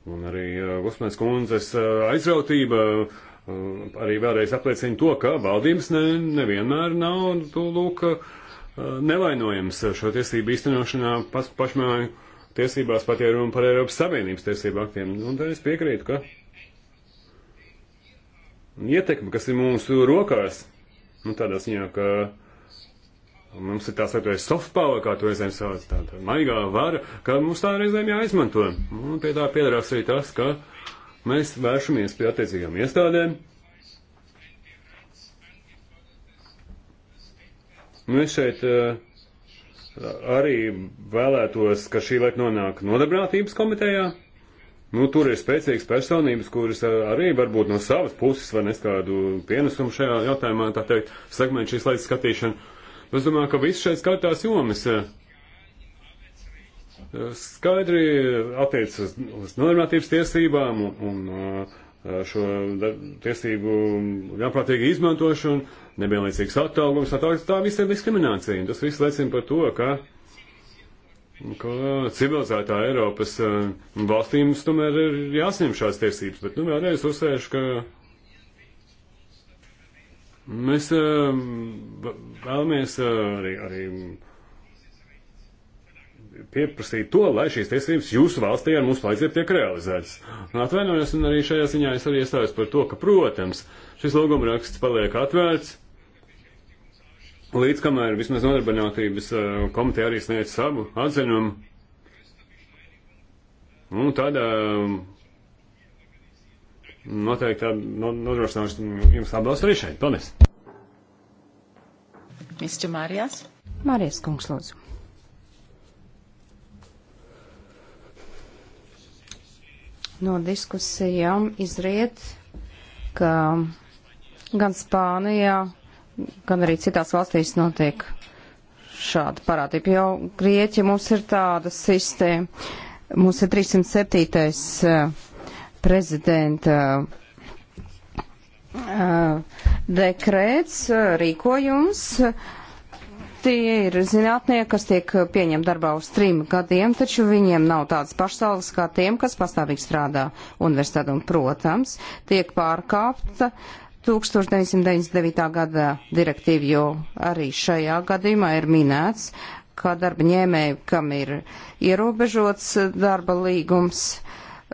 Speaker 4: un arī Gusmēns kundzes aizrautība arī vēlreiz apliecina to, ka valdības ne, nevienmēr nav, tu nu, lūk, nevainojams šo tiesību īstenošanā pašmāju tiesībās, pat ja runa par Eiropas Savienības tiesību aktiem. Un tad es piekrītu, ka ietekme, kas ir mūsu rokās, nu tādā ziņā, ka mums ir tā saucamais soft power, kā to reizēm sauc, tā, tā maigā vara, ka mums tā reizēm jāizmanto. Un pie tā piedarās arī tas, ka mēs vēršamies pie attiecīgām iestādēm. Mēs šeit uh, arī vēlētos, ka šī lieta nonāk nodarbinātības komitejā. Nu, tur ir spēcīgas personības, kuras eh, arī varbūt no savas puses var neskādu pienesumu šajā jautājumā, tā teikt, segmentu šīs lietas skatīšanu. Es domāju, ka viss šeit skatās jomas eh, eh, skaidri attiecas uz nodarbinātības tiesībām un, un šo tiesību ļaunprātīgu izmantošanu, nevienlīdzīgs atalgojums, tā, tā viss ir diskriminācija. Un tas viss liecina par to, ka, ka civilizētā Eiropas valstīm tomēr ir jāsņem šās tiesības, bet nu vēlreiz uzsvēršu, ka mēs vēlamies arī, arī pieprasīt to, lai šīs tiesības jūsu valstī ar mums palīdzību tiek realizētas. Un atvainojos, un arī šajā ziņā es arī iestājos par to, ka, protams, šis lūgumraksts paliek atvērts, līdz kamēr vismaz nodarbinātības eh, komiteja arī sniedz savu atziņumu. Un tādā eh, noteikti nodrošināšu jums atbalstu arī šeit. Paldies!
Speaker 1: Mr. Marijas. Marijas kungs, lūdzu. No diskusijām izriet, ka gan Spānijā, gan arī citās valstīs notiek šāda parādība. Jau Grieķi mums ir tāda sistēma. Mums ir 307. Eh, prezidenta eh, dekrēts, eh, rīkojums Tie ir zinātnieki, kas tiek pieņemti darbā uz trim gadiem, taču viņiem nav tādas pašsalgas kā tiem, kas pastāvīgi strādā universitātē. Un, protams, tiek pārkāpta 1999. gada direktīva, jo arī šajā gadījumā ir minēts, kā darba ņēmēji, kam ir ierobežots darba līgums,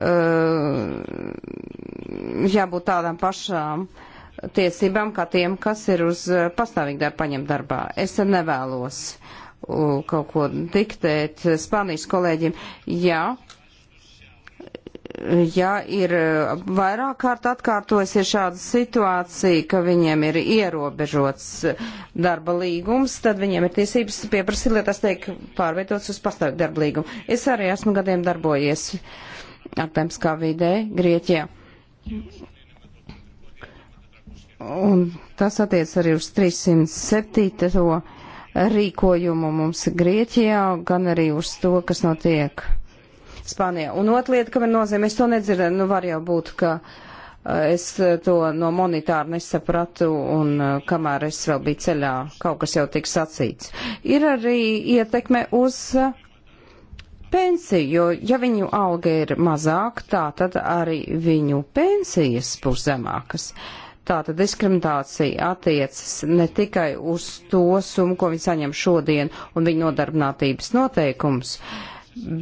Speaker 1: uh, jābūt tādām pašām uh, tiesībām kā tiem, kas ir uz eh, pastāvīgi darba paņem darbā. Es nevēlos kaut ko diktēt eh, Spānijas kolēģim. Jā, jā ir eh, vairāk kārt atkārtojusies šāda situācija, ka viņiem ir ierobežots darba līgums, tad viņiem ir tiesības pieprasīt, lai tas tiek pārvietots uz pastāvīgi darba līgumu. Es arī esmu gadiem darbojies ar Temskā vidē, Grieķijā. Un tas attiec arī uz 307. rīkojumu mums Grieķijā, gan arī uz to, kas notiek Spānijā. Un otra lieta, kam ir nozīme, es to nedzirdēju, nu var jau būt, ka eh, es eh, to no monitāra nesapratu, un eh, kamēr es vēl biju ceļā, kaut kas jau tika sacīts. Ir arī ietekme uz pensiju, jo ja viņu alga ir mazāk, tā tad arī viņu pensijas būs zemākas. Uh, Tātad diskriminācija attiecas ne tikai uz to summu, ko viņi saņem šodien un viņa nodarbinātības noteikums,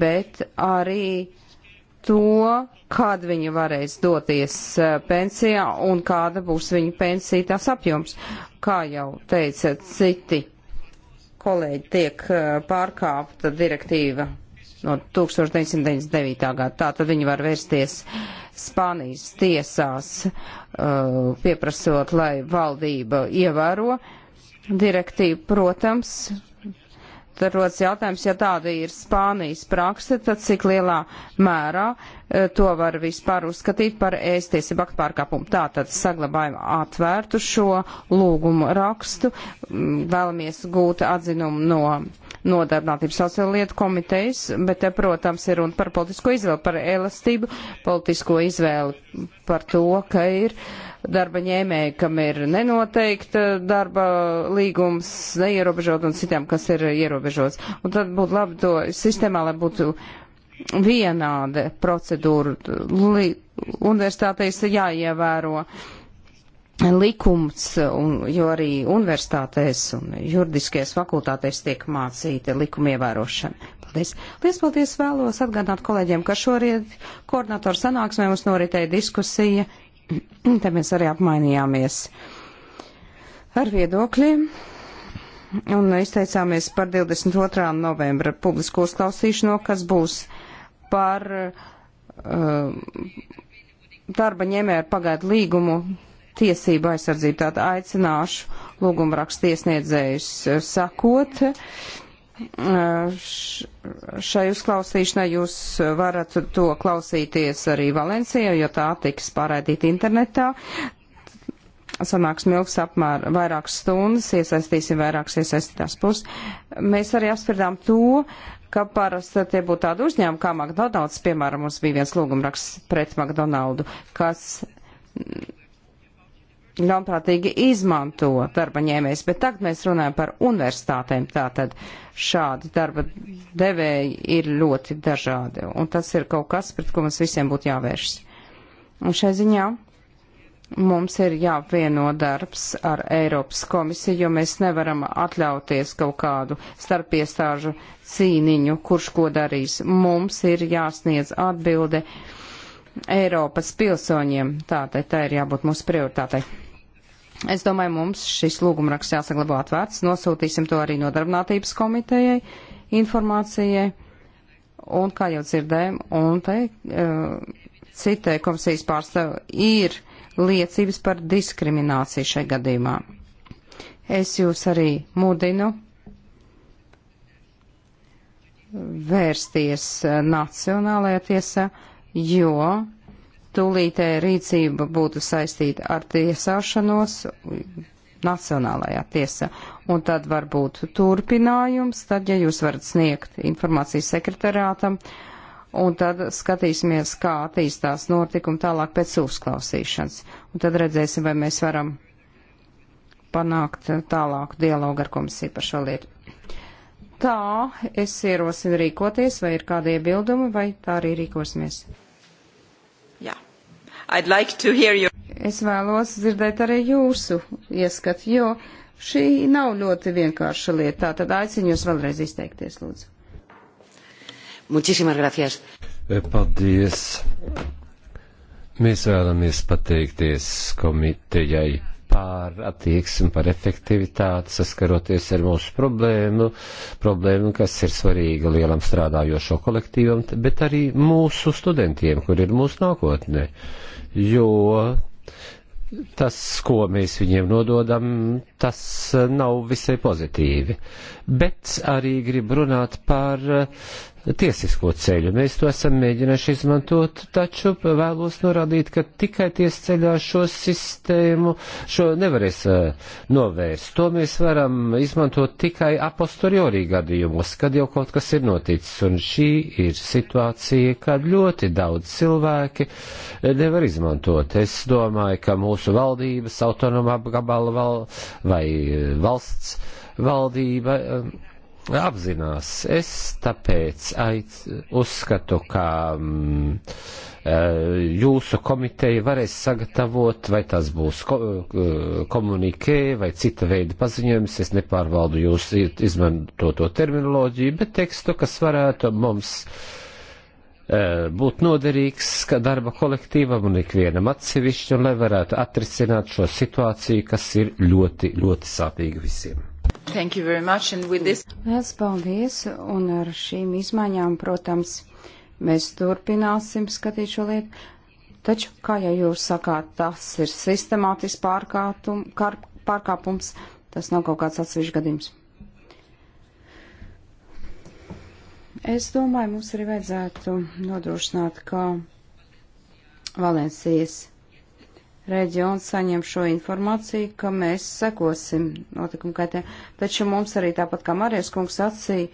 Speaker 1: bet arī to, kad viņi varēs doties eh, pensijā un kāda būs viņa pensija tās apjoms. Kā jau teica citi kolēģi, tiek eh, pārkāpta direktīva no 1999. gada. Tā tad viņi var vērsties Spānijas tiesās, uh, pieprasot, lai valdība ievēro direktīvu. Protams, Tad rodas jautājums, ja tāda ir Spānijas prakse, tad cik lielā mērā e, to var vispār uzskatīt par ēstiesību aktu pārkāpumu. Tātad saglabājam atvērtu šo lūgumu rakstu, vēlamies gūt atzinumu no nodarbinātības sociālo lietu komitejas, bet te, protams, ir runa par politisko izvēli, par elastību, politisko izvēli par to, ka ir. Uh, darba ņēmēji, kam ir nenoteikta darba līgums, neierobežot un citiem, kas ir ierobežots. Un tad būtu labi to sistēmā, lai būtu vienāda procedūra. Universitātēs jāievēro likums, un, jo arī universitātēs un juridiskajās fakultātēs tiek mācīta likuma ievērošana. Paldies. Lies paldies vēlos atgādināt kolēģiem, ka šorīt koordinatoru sanāksmē mums noritēja diskusija Tad mēs arī apmainījāmies ar viedokļiem un izteicāmies par 22. novembra publisko uzklausīšanu, kas būs par uh, darba ņēmēju pagaidu līgumu tiesību aizsardzību. Tātad aicināšu lūgumrakstu iesniedzējus sakot. Uh, Šai uzklausīšanai jūs varat to klausīties arī Valencijā, jo tā tiks pārraidīta internetā. Sanāks milgs apmēr vairākas stundas, iesaistīsim vairākas iesaistītās puses. Mēs arī apspriedām to, ka parasti tie būtu tādi uzņēmumi kā McDonald's, piemēram, mums bija viens lūgumraksts pret McDonaldu, kas ļaunprātīgi izmanto darba ņēmējs, bet tagad mēs runājam par universitātēm. Tātad šādi darba devēji ir ļoti dažādi, un tas ir kaut kas, pret ko mums visiem būtu jāvēršas. Un šai ziņā mums ir jāapvieno darbs ar Eiropas komisiju, jo mēs nevaram atļauties kaut kādu starpiestāžu cīniņu, kurš ko darīs. Mums ir jāsniedz atbilde. Uh, Eiropas pilsoņiem. Tātad tā ir jābūt mūsu prioritātei. Es domāju, mums šis lūgumraksts jāsaglabā atvērts. Nosūtīsim to arī nodarbinātības komitejai informācijai. Un, kā jau dzirdējām, un te uh, eh, citai komisijas pārstāv ir liecības par diskrimināciju šai gadījumā. Es jūs arī mudinu vērsties eh, Nacionālajā tiesā. Uh, jo tūlītēja rīcība būtu saistīta ar tiesāšanos Nacionālajā tiesā. Un tad var būt turpinājums, tad, ja jūs varat sniegt informāciju sekretariātam, un tad skatīsimies, kā attīstās notikumi tālāk pēc uzklausīšanas. Un tad redzēsim, vai mēs varam panākt tālāku dialogu ar komisiju par šo lietu. Tā, es ierosinu rīkoties, vai ir kādi iebildumi, vai tā arī rīkosimies. I'd like to hear you. Es vēlos dzirdēt arī jūsu ieskatu, jo šī nav ļoti vienkārša lieta. Tad aicinu jūs vēlreiz izteikties, lūdzu.
Speaker 2: Muchísimas gracias.
Speaker 3: E, paldies. Mēs vēlamies pateikties komitejai par attieksmi, par efektivitāti, saskaroties ar mūsu problēmu, problēmu, kas ir svarīga lielam strādājošo kolektīvam, bet arī mūsu studentiem, kur ir mūsu nākotne. Uh, jo tas, ko mēs viņiem nododam, tas nav visai pozitīvi. Bet arī gribu runāt par tiesisko ceļu. Mēs to esam mēģinājuši izmantot, taču vēlos norādīt, ka tikai tiesa ceļā šo sistēmu šo nevarēs e, novērst. To mēs varam izmantot tikai apostoriorī gadījumos, kad jau kaut kas ir noticis. Un šī ir situācija, kad ļoti daudz cilvēki e, nevar izmantot. Es domāju, ka mūsu valdības, autonoma apgabala val vai e, valsts valdība apzinās. Es tāpēc aic, uzskatu, ka mm, eh, jūsu komiteja varēs sagatavot, vai tas būs ko, eh, komunikē vai cita veida paziņojums. Es nepārvaldu jūs izmantoto terminoloģiju, bet tekstu, kas varētu mums eh, būt noderīgs darba kolektīvam un ikvienam atsevišķi, un lai varētu atrisināt šo situāciju, kas ir ļoti, ļoti sāpīga
Speaker 1: visiem. Thank you very much. And with this... Lielas paldies. Un ar šīm izmaiņām, protams, mēs turpināsim skatīt šo lietu. Taču, kā jau jūs sakāt, tas ir sistemātisks pārkāpums. Tas nav kaut kāds atsevišķs gadījums. Es domāju, mums arī vajadzētu nodrošināt, ka Valencijas reģions saņem šo informāciju, ka mēs sekosim notikumu kaitē. Taču mums arī tāpat kā Marijas kungs sacīja,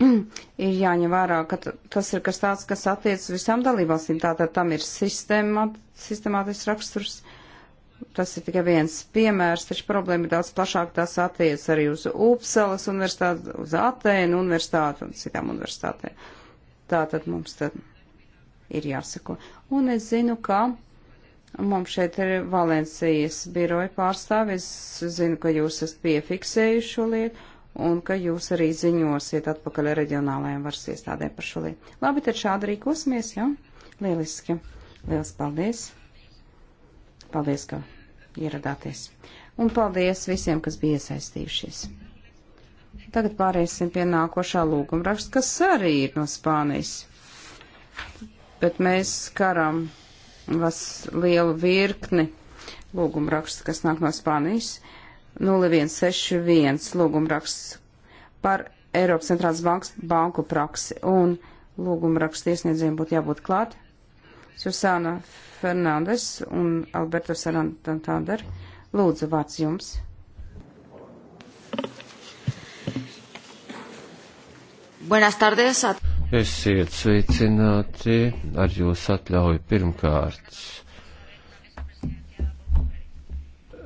Speaker 1: ir jāņem vērā, ka tas ir kas tāds, kas attiec visām dalībvalstīm. Tātad tam ir sistemāt, sistemātisks raksturs. Tas ir tikai viens piemērs, taču problēma ir daudz plašāk. Tas attiec arī uz Upsalas universitāti, uz Atēnu universitāti un citām universitātēm. Tātad mums tad ir jāsako. Un es zinu, ka Mums šeit ir Valencijas biroja pārstāvis. Zinu, ka jūs esat piefiksējuši šo lietu un ka jūs arī ziņosiet atpakaļ reģionālajiem varas iestādēm par šo lietu. Labi, tad šādi rīkosimies, jā? Lieliski. Lielas paldies. Paldies, ka ieradāties. Un paldies visiem, kas bija iesaistījušies. Tagad pāriesim pie nākošā lūguma raksta, kas arī ir no Spānijas. Bet mēs karam vas lielu virkni lūgumu raksts, kas nāk no Spānijas. 0161 lūgumu raksts par Eiropas centrālās bankas banku praksi un lūgumu rakstu iesniedzējiem būtu jābūt klāt. Susāna Fernandes un Alberto Sarantantander. Lūdzu, vārds jums. Buenas tardes.
Speaker 3: Esiet sveicināti ar jūs atļauju pirmkārt.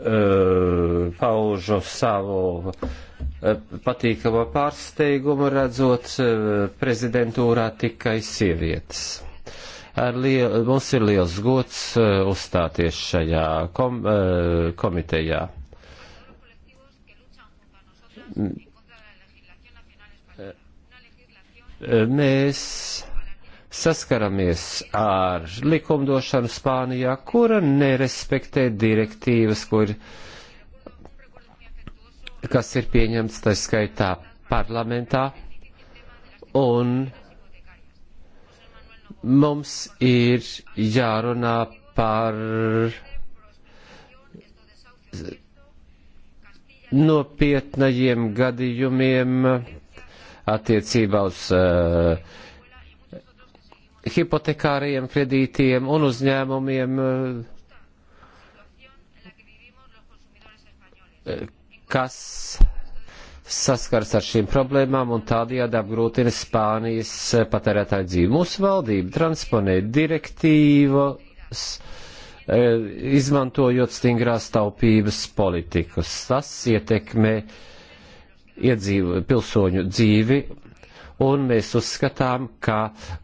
Speaker 3: Eh, paužu savu eh, patīkamo pārsteigumu redzot eh, prezidentūrā tikai sievietes. Ar liel, mums ir liels gods uzstāties šajā kom, komitejā mēs saskaramies ar likumdošanu Spānijā, kura nerespektē direktīvas, kur, kas ir pieņemts tā skaitā parlamentā, un mums ir jārunā par nopietnajiem gadījumiem, attiecībā uz uh, eh, hipotekārajiem kredītiem un uzņēmumiem, uh, kas saskars ar šīm problēmām un tādējādi apgrūtina Spānijas eh, patērētāju dzīvi. Mūsu valdība transponē direktīvas, izmantojot stingrās taupības politikas. Tas ietekmē uh, iedzīvu pilsoņu dzīvi, un mēs uzskatām, ka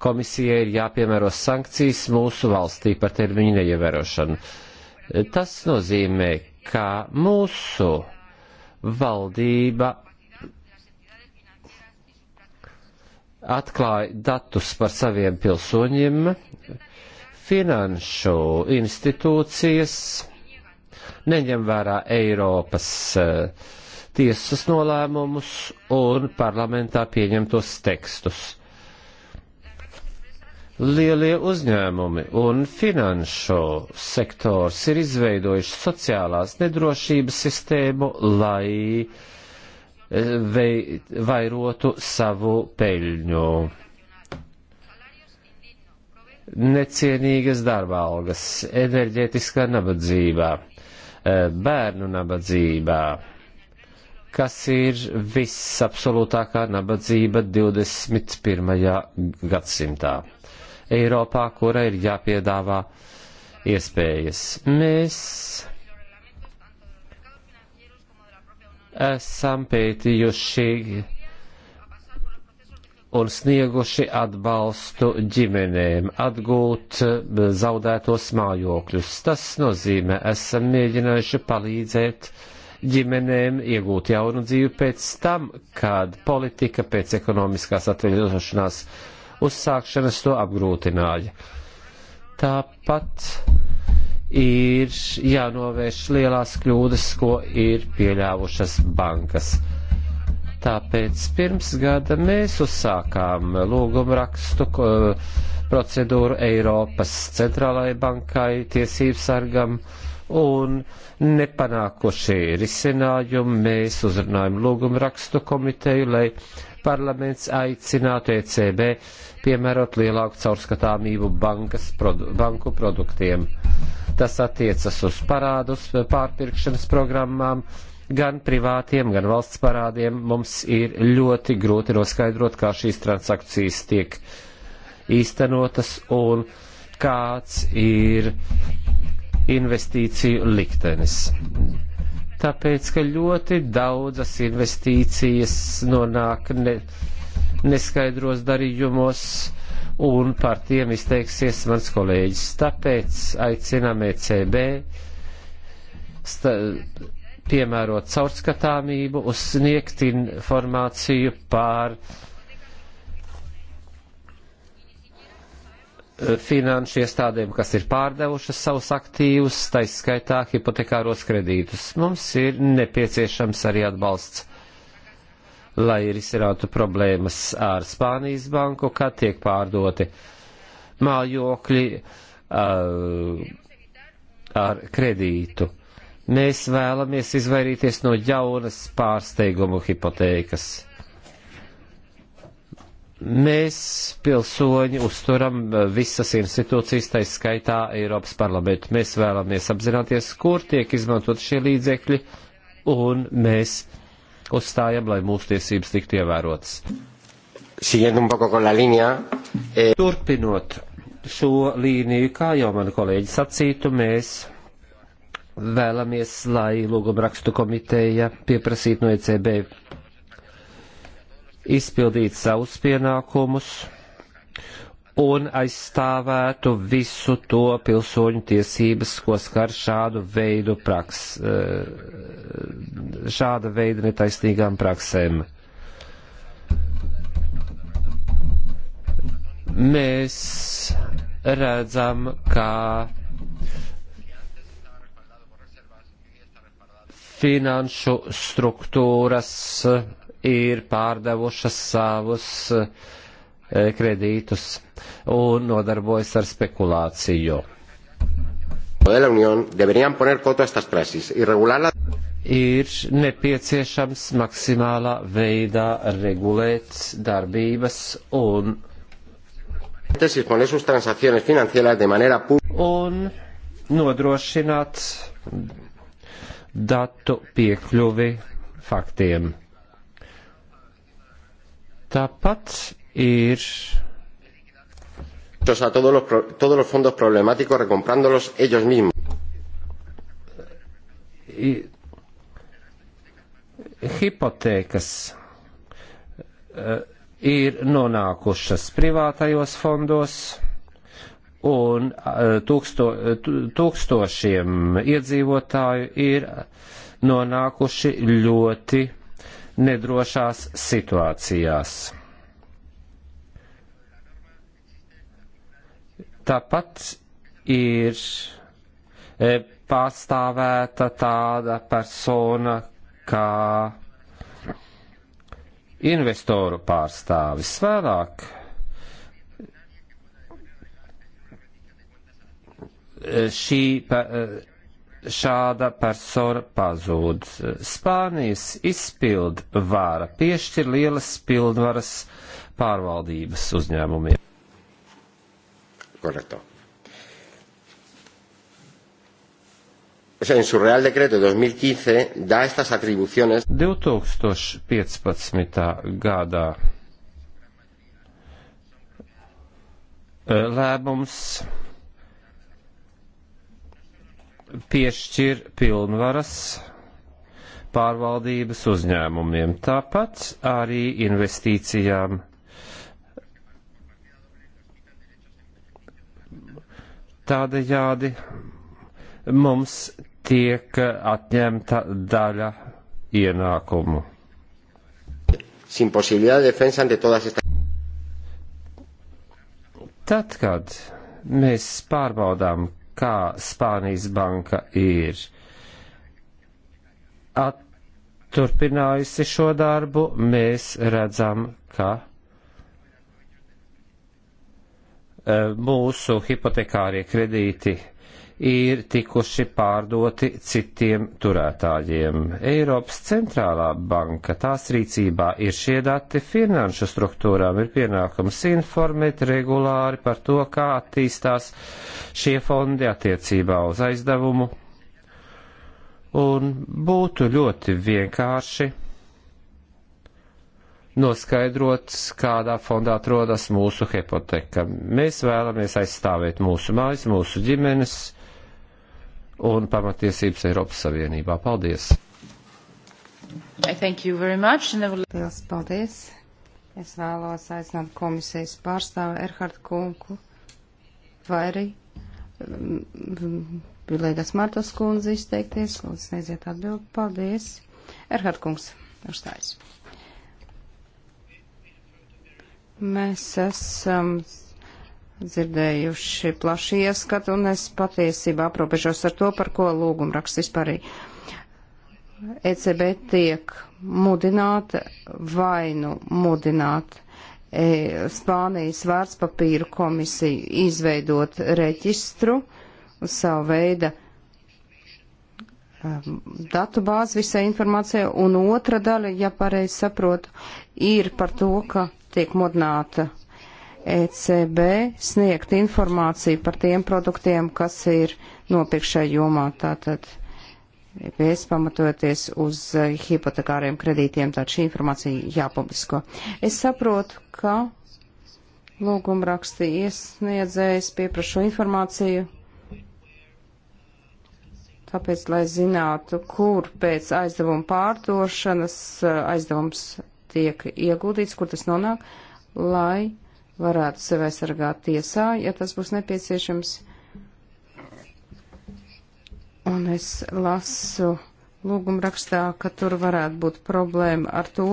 Speaker 3: komisijai ir jāpiemēro sankcijas mūsu valstī par termiņu neievērošanu. Tas nozīmē, ka mūsu valdība atklāja datus par saviem pilsoņiem, finanšu institūcijas neņem vērā Eiropas uh, tiesas nolēmumus un parlamentā pieņemtos tekstus. Lielie uzņēmumi un finanšu sektors ir izveidojuši sociālās nedrošības sistēmu, lai eh, vei, vairotu savu peļņu. Necienīgas darba algas, enerģētiskā nabadzībā, eh, bērnu nabadzībā kas ir visabsolūtākā nabadzība 21. gadsimtā. Eiropā, kura ir jāpiedāvā iespējas. Mēs esam pētījuši un snieguši atbalstu ģimenēm atgūt eh, zaudētos mājokļus. Tas nozīmē, esam mēģinājuši palīdzēt uh, ģimenēm iegūt jaunu dzīvi pēc tam, kad politika pēc ekonomiskās atveļošanās uzsākšanas to apgrūtināja. Tāpat ir jānovērš lielās kļūdas, ko ir pieļāvušas bankas. Tāpēc pirms gada mēs uzsākām lūgumrakstu eh, procedūru Eiropas centrālajai bankai, tiesību sargam, uh, un nepanākošie risinājumi. Mēs uzrunājam lūgumu rakstu komiteju, lai parlaments aicinātu ECB piemērot lielāku caurskatāmību bankas, produ, banku produktiem. Tas attiecas uz parādus, pārpirkšanas programmām, gan privātiem, gan valsts parādiem. Mums ir ļoti grūti noskaidrot, kā šīs transakcijas tiek īstenotas un kāds ir investīciju liktenis. Tāpēc, ka ļoti daudzas investīcijas nonāk ne, neskaidros darījumos, un par tiem izteiksies mans kolēģis. Tāpēc aicinām ECB piemērot caurskatāmību, uzsniegt informāciju pār uh, finanšu iestādēm, kas ir pārdevušas savus aktīvus, taiskaitā hipotekāros kredītus. Mums ir nepieciešams arī atbalsts lai risinātu problēmas ar Spānijas banku, kad tiek pārdoti mājokļi uh, ar kredītu. Mēs vēlamies izvairīties no jaunas pārsteigumu hipotēkas mēs pilsoņi uzturam eh, visas institūcijas, tā skaitā Eiropas parlamentu. Mēs vēlamies apzināties, kur tiek izmantot šie līdzekļi, un mēs uzstājam, lai mūsu tiesības tiktu ievērotas. Eh, Turpinot šo līniju, kā jau man kolēģi sacītu, mēs vēlamies, lai lūgumrakstu komiteja pieprasītu no ECB izpildīt savus pienākumus un aizstāvētu visu to pilsoņu tiesības, ko skar šādu veidu praks, eh, šāda veida netaisnīgām praksēm. Mēs redzam, ka finanšu struktūras uh, ir pārdevušas savus eh, kredītus un nodarbojas ar spekulāciju. Ir nepieciešams maksimālā veidā regulēt darbības un, un nodrošināt datu piekļuvi faktiem. Tāpat ir. A todos los, todos los fondos problemáticos recomprándolos ellos mismos. Hipotēkas eh, ir nonākušas privātajos fondos un eh, tūksto, tūkstošiem iedzīvotāju ir nonākuši ļoti nedrošās situācijās. Tāpat ir e, pārstāvēta tāda persona kā investoru pārstāvis. Vēlāk e, šī e, šāda persona pazūd. Spānijas izpildu vāra piešķir lielas pilnvaras pārvaldības uzņēmumiem. Correcto. en su Real Decreto 2015 da estas atribuciones. 2015. gadā eh, lēmums piešķir pilnvaras pārvaldības uzņēmumiem, tāpat arī investīcijām. Tādējādi mums tiek atņemta daļa ienākumu. Sin posibilidad de defensa ante todas estas. Tad, kad mēs pārbaudām, kā Spānijas banka ir turpinājusi šo darbu, mēs redzam, ka eh, mūsu hipotekārie kredīti uh, ir tikuši pārdoti citiem turētājiem. Eiropas centrālā banka tās rīcībā ir šie dati, finanšu struktūrām ir pienākums informēt regulāri par to, kā attīstās šie fondi attiecībā uz aizdevumu. Un būtu ļoti vienkārši noskaidrot, kādā fondā atrodas mūsu hipoteka. Mēs vēlamies aizstāvēt mūsu mājas, mūsu ģimenes, un pamatiesības Eiropas Savienībā. Paldies!
Speaker 1: Lielas paldies! Es vēlos aicināt komisijas pārstāvu Erhardu Kunku vai arī Vilēgas mm, mm, Martas kundze izteikties. Lūdzu, sniedziet atbildi. Paldies! Erhard Kungs, uzstājas. Mēs esam dzirdējuši plaši ieskatu, un es patiesībā aprobežos ar to, par ko lūgumraksts vispār ir. ECB tiek mudināta vai nu mudināt e, Spānijas vārtspapīru komisiju izveidot reģistru savu veidu um, datu bāzi visai informācijai, un otra daļa, ja pareizi saprotu, ir par to, ka tiek modināta ECB sniegt informāciju par tiem produktiem, kas ir nopirkšai jomā. Tātad EPS pamatoties uz e, hipotekāriem kredītiem, tāda šī informācija jāpublisko. Es saprotu, ka lūguma raksti iesniedzējs pieprašo informāciju. Tāpēc, lai zinātu, kur pēc aizdevuma pārdošanas e, aizdevums tiek ieguldīts, kur tas nonāk, lai varētu sevi aizsargāt tiesā, ja tas būs nepieciešams. Un es lasu lūgumrakstā, ka tur varētu būt problēma ar to,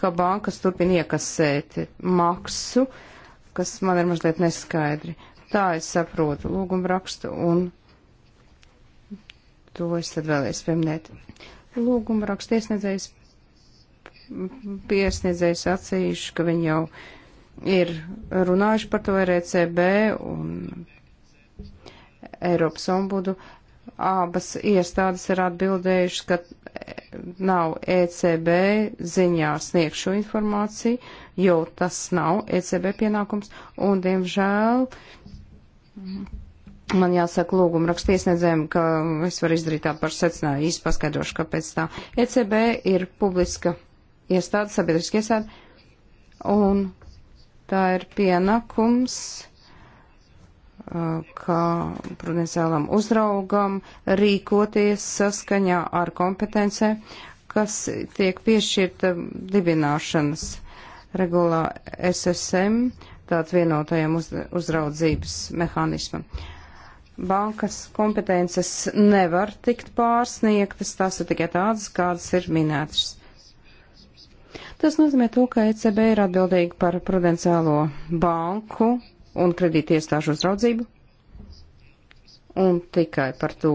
Speaker 1: ka bankas turpina iekasēt maksu, kas man ir mazliet neskaidri. Tā es saprotu lūgumrakstu un to es tad vēlēs pieminēt. Lūgumrakstu iesniedzējs piesniedzējs acīšu, ka viņi jau ir runājuši par to ar e ECB un Eiropas ombudu. Abas iestādes ir atbildējušas, ka nav ECB ziņā sniegt šo informāciju, jo tas nav ECB pienākums, un, diemžēl, man jāsaka lūguma rakstiesniedzējiem, ka es varu izdarīt tādu par secinājumu, īsti paskaidrošu, kāpēc tā. ECB ir publiska iestāde, sabiedriska iestāde, un Tā ir pienākums, uh, kā prudenciālam uzraugam rīkoties saskaņā ar kompetencē, kas tiek piešķirta dibināšanas regulā SSM, tātad vienotajam uz, uzraudzības mehānismam. Bankas kompetences nevar tikt pārsniegtas, tās ir tikai tādas, kādas ir minētas. Tas nozīmē to, ka ECB ir atbildīga par prudenciālo banku un kredītiestāžu uzraudzību. Un tikai par to.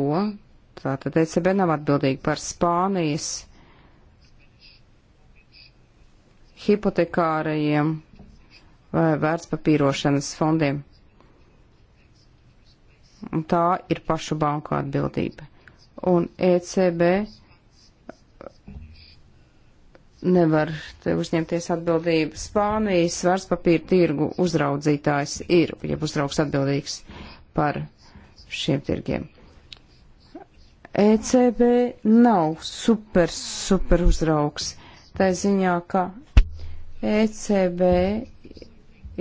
Speaker 1: Tātad ECB nav atbildīga par Spānijas hipotekārajiem vai vērtspapīrošanas fondiem. Un tā ir pašu banku atbildība. Un ECB nevar te uzņemties atbildību. Spānijas svarspapīra tirgu uzraudzītājs ir, ja uzraugs atbildīgs par šiem tirgiem. ECB nav super, super uzraugs. Tā ziņā, ka ECB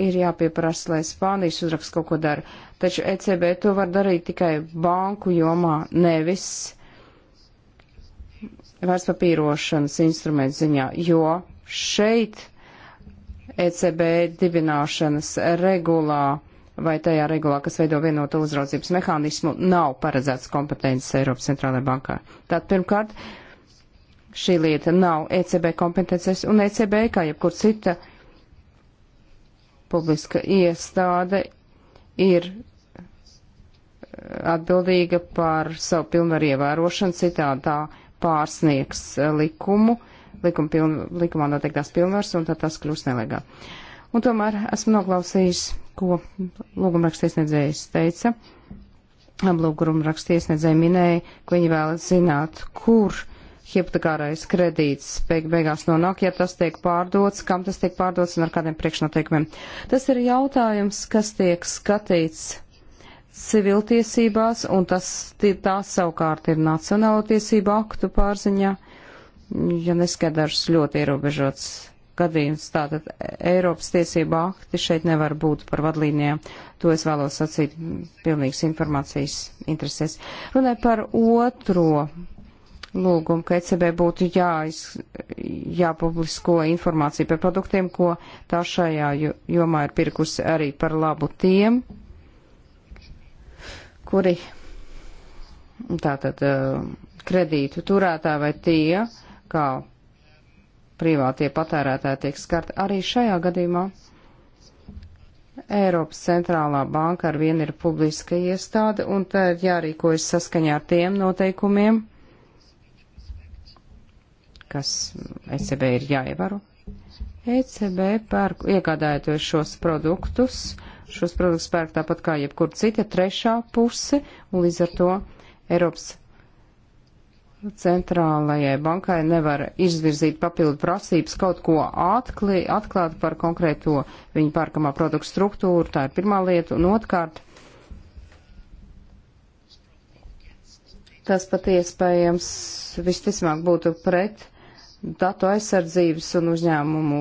Speaker 1: ir jāpieprasa, lai Spānijas uzraks kaut ko dara. Taču ECB to var darīt tikai banku jomā, nevis vērtspapīrošanas instrumentu ziņā, jo šeit ECB dibināšanas regulā vai tajā regulā, kas veido vienotu uzraudzības mehānismu, nav paredzēts kompetences Eiropas centrālajai bankai. Tātad pirmkārt, šī lieta nav ECB kompetences, un ECB, kā jebkur cita publiska iestāde, ir eh, atbildīga par savu pilnvaru ievērošanu, citādi tā pārsniegs e, likumu, likuma piln, likumā noteiktās pilnvars, un tad tas kļūst nelegāli. Un tomēr esmu noklausījis, ko lūgumrakstiesniedzējs teica. Lūgumrakstiesniedzēji minēja, ka viņi vēlas zināt, kur hipotekārais kredīts beig beigās nonāk, ja tas tiek pārdots, kam tas tiek pārdots un ar kādiem priekšnoteikumiem. Tas ir jautājums, kas tiek skatīts civiltiesībās, un tas, tās savukārt ir nacionālo tiesību aktu pārziņā, ja neskatās ļoti ierobežots gadījums. Tātad Eiropas tiesība akti šeit nevar būt par vadlīnijām. To es vēlos sacīt pilnīgas informācijas interesēs. Runāj par otro lūgumu, ka ECB būtu jāiz, jāpublisko informācija par produktiem, ko tā šajā jomā ir pirkusi arī par labu tiem, kuri tātad eh, kredītu turētāji vai tie, kā privātie patērētāji tiek skarti. Arī šajā gadījumā Eiropas centrālā banka ar vienu ir publiska iestāde un tā ir jārīkojas saskaņā ar tiem noteikumiem, kas ECB ir jāievaro. ECB pērk iegādājoties šos produktus šos produktus pērk tāpat kā jebkur cita trešā puse, un līdz ar to Eiropas centrālajai bankai nevar izvirzīt papildu prasības kaut ko atkli, atklāt par konkrēto viņu pārkamā produktu struktūru, tā ir pirmā lieta, un otrkārt, tas pat iespējams visticamāk būtu pret datu aizsardzības un uzņēmumu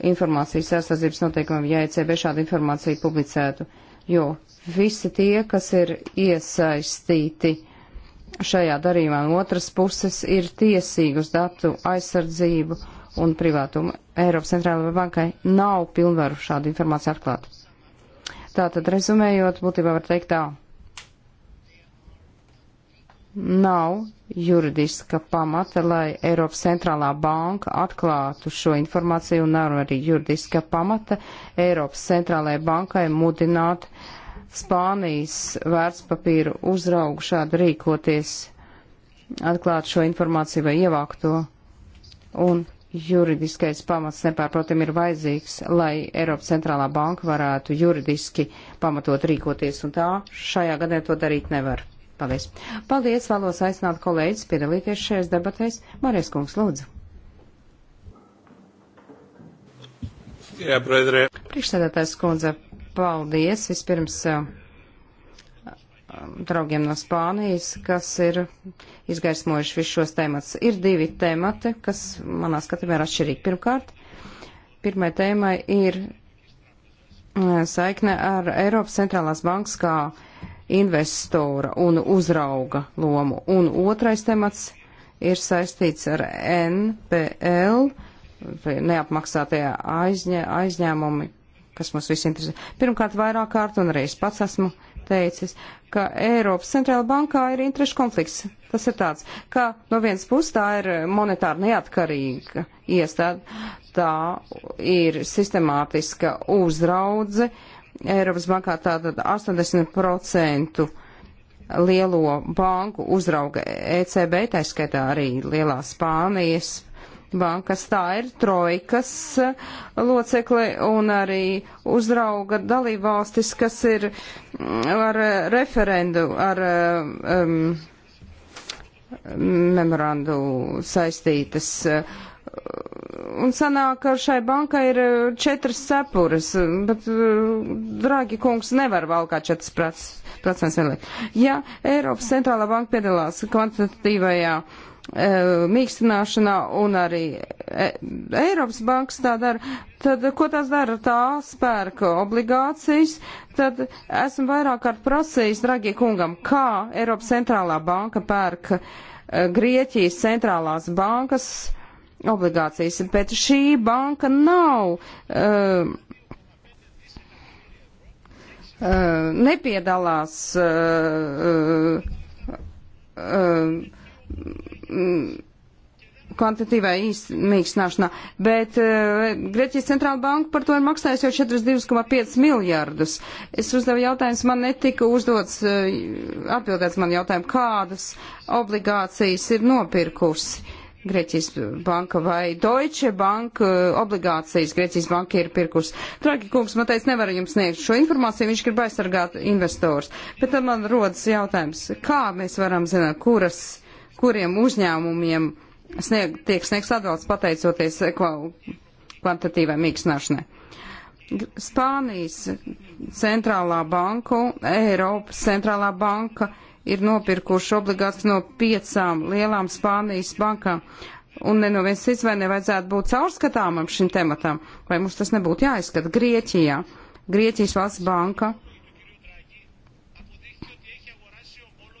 Speaker 1: informācijas aizsardzības noteikumiem, ja ECB šādu informāciju publicētu, jo visi tie, kas ir iesaistīti šajā darījumā no otras puses, ir tiesīgi uz datu aizsardzību un privātumu. Eiropas centrālajai bankai nav pilnvaru šādu informāciju atklāt. Tātad, rezumējot, būtībā var teikt tā. Nav juridiska pamata, lai Eiropas centrālā banka atklātu šo informāciju un nav arī juridiska pamata Eiropas centrālajai bankai mudināt Spānijas vērtspapīru uzraugu šādu rīkoties, atklāt šo informāciju vai ievākt to. Un juridiskais pamats nepārprotam ir vajadzīgs, lai Eiropas centrālā banka varētu juridiski pamatot rīkoties, un tā šajā gadē to darīt nevar. Paldies. Paldies, vēlos aicināt kolēģis piedalīties šajās debatēs. Marijas kungs, lūdzu.
Speaker 4: Jā, prezidē.
Speaker 1: Priekšsēdētājs kundze, paldies vispirms draugiem no Spānijas, kas ir izgaismojuši visus šos tēmats. Ir divi tēmati, kas manā skatījumā ir atšķirīgi. Pirmkārt, pirmai tēmai ir saikne ar Eiropas centrālās bankas kā investora un uzrauga lomu. Un otrais temats ir saistīts ar NPL, neapmaksātajā aizņē, aizņēmumi, kas mums visi interesē. Pirmkārt, vairāk kārt, un arī es pats esmu teicis, ka Eiropas centrāla bankā ir interešu konflikts. Tas ir tāds, ka no vienas puses tā ir monetāri neatkarīga iestāde, tā ir sistemātiska uzraudze, uh, Eiropas bankā tātad 80% lielo banku uzrauga ECB, tā skaitā arī lielā Spānijas bankas. Tā ir trojkas locekle un arī uzrauga dalībvalstis, kas ir mm, ar eh, referendu, ar um, memorandu saistītas. Uh, Un sanāk, ka šai bankai ir e, četras sepuras, bet, e, dragi kungs, nevar valkāt četras procentus vienlaik. Ja Eiropas centrālā banka piedalās kvantitatīvajā e, mīkstināšanā un arī e, Eiropas bankas tā dara, tad ko tās dara? Tā spērka obligācijas, tad esmu vairāk kārt prasījis, dragi kungam, kā Eiropas centrālā banka pērk e, Grieķijas centrālās bankas obligācijas, bet šī banka nav. Uh, uh nepiedalās uh, eh, uh, kvantitīvai īstenīšanā, bet uh, Grieķijas centrāla banka par to ir maksājusi jau 42,5 miljārdus. Es uzdevu jautājumus, man netika uzdots, uh, atbildēts man jautājumu, kādas obligācijas ir nopirkusi. Grieķijas banka vai Deutsche Bank eh, obligācijas Grieķijas banka ir pirkus. Dragi kungs, man teica, nevaru jums sniegt šo informāciju, viņš grib aizsargāt investors. Bet tad man rodas jautājums, kā mēs varam zināt, kuras, kuriem uzņēmumiem snieg, tiek sniegts atbalsts pateicoties kvantitīvai mīkstināšanai. Spānijas centrālā banka, Eiropas centrālā banka ir nopirkuši obligāts no piecām lielām Spānijas bankām. Un neviens cits vai nevajadzētu būt caurskatāmam šim tematam, vai mums tas nebūtu jāizskata Grieķijā. Grieķijas valsts banka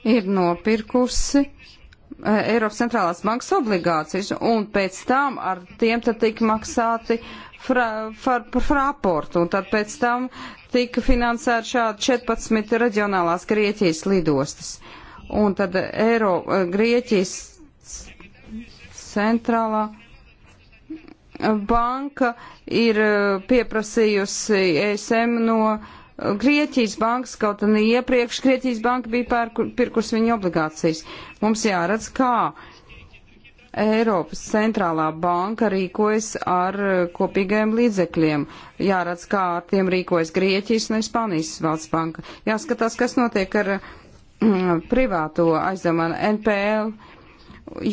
Speaker 1: ir nopirkusi eh, Eiropas centrālās bankas obligācijas, un pēc tam ar tiem tad tika maksāti fra, fra, par fraportu, un tad pēc tam tika finansēta šādi 14 reģionālās Grieķijas lidostas. Un tad Eiro, eh, Grieķijas centrālā eh, banka ir eh, pieprasījusi ESM no Grieķijas bankas, kaut arī iepriekš Grieķijas banka bija pērku, pirkus viņa obligācijas. Mums jāredz, kā Eiropas centrālā banka rīkojas ar kopīgiem līdzekļiem. Jāredz, kā ar tiem rīkojas Grieķijas un Spānijas valsts banka. Jāskatās, kas notiek ar mm, privāto aizdevumu NPL,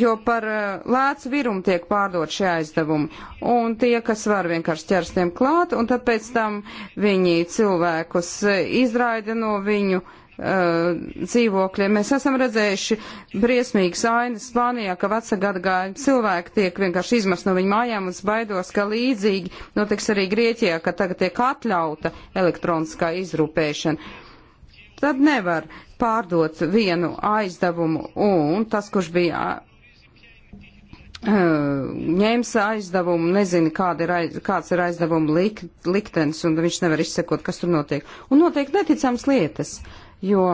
Speaker 1: jo par eh, lēcu virumu tiek pārdot šie aizdevumi. Un tie, kas var vienkārši ķers tiem klāt, un tad pēc tam viņi cilvēkus eh, izraida no viņu Uh, dzīvokļiem. Mēs esam redzējuši briesmīgas ainas Spānijā, ka veca gadagājuma cilvēki tiek vienkārši izmest no viņu mājām un es baidos, ka līdzīgi notiks arī Grieķijā, ka tagad tiek atļauta elektroniskā izrūpēšana. Tad nevar pārdot vienu aizdevumu un tas, kurš bija uh, ņēmis aizdevumu, nezina, kāda ir, aiz, kāds ir aizdevuma lik, liktenis, un viņš nevar izsekot, kas tur notiek. Un notiek neticams lietas. Uh, jo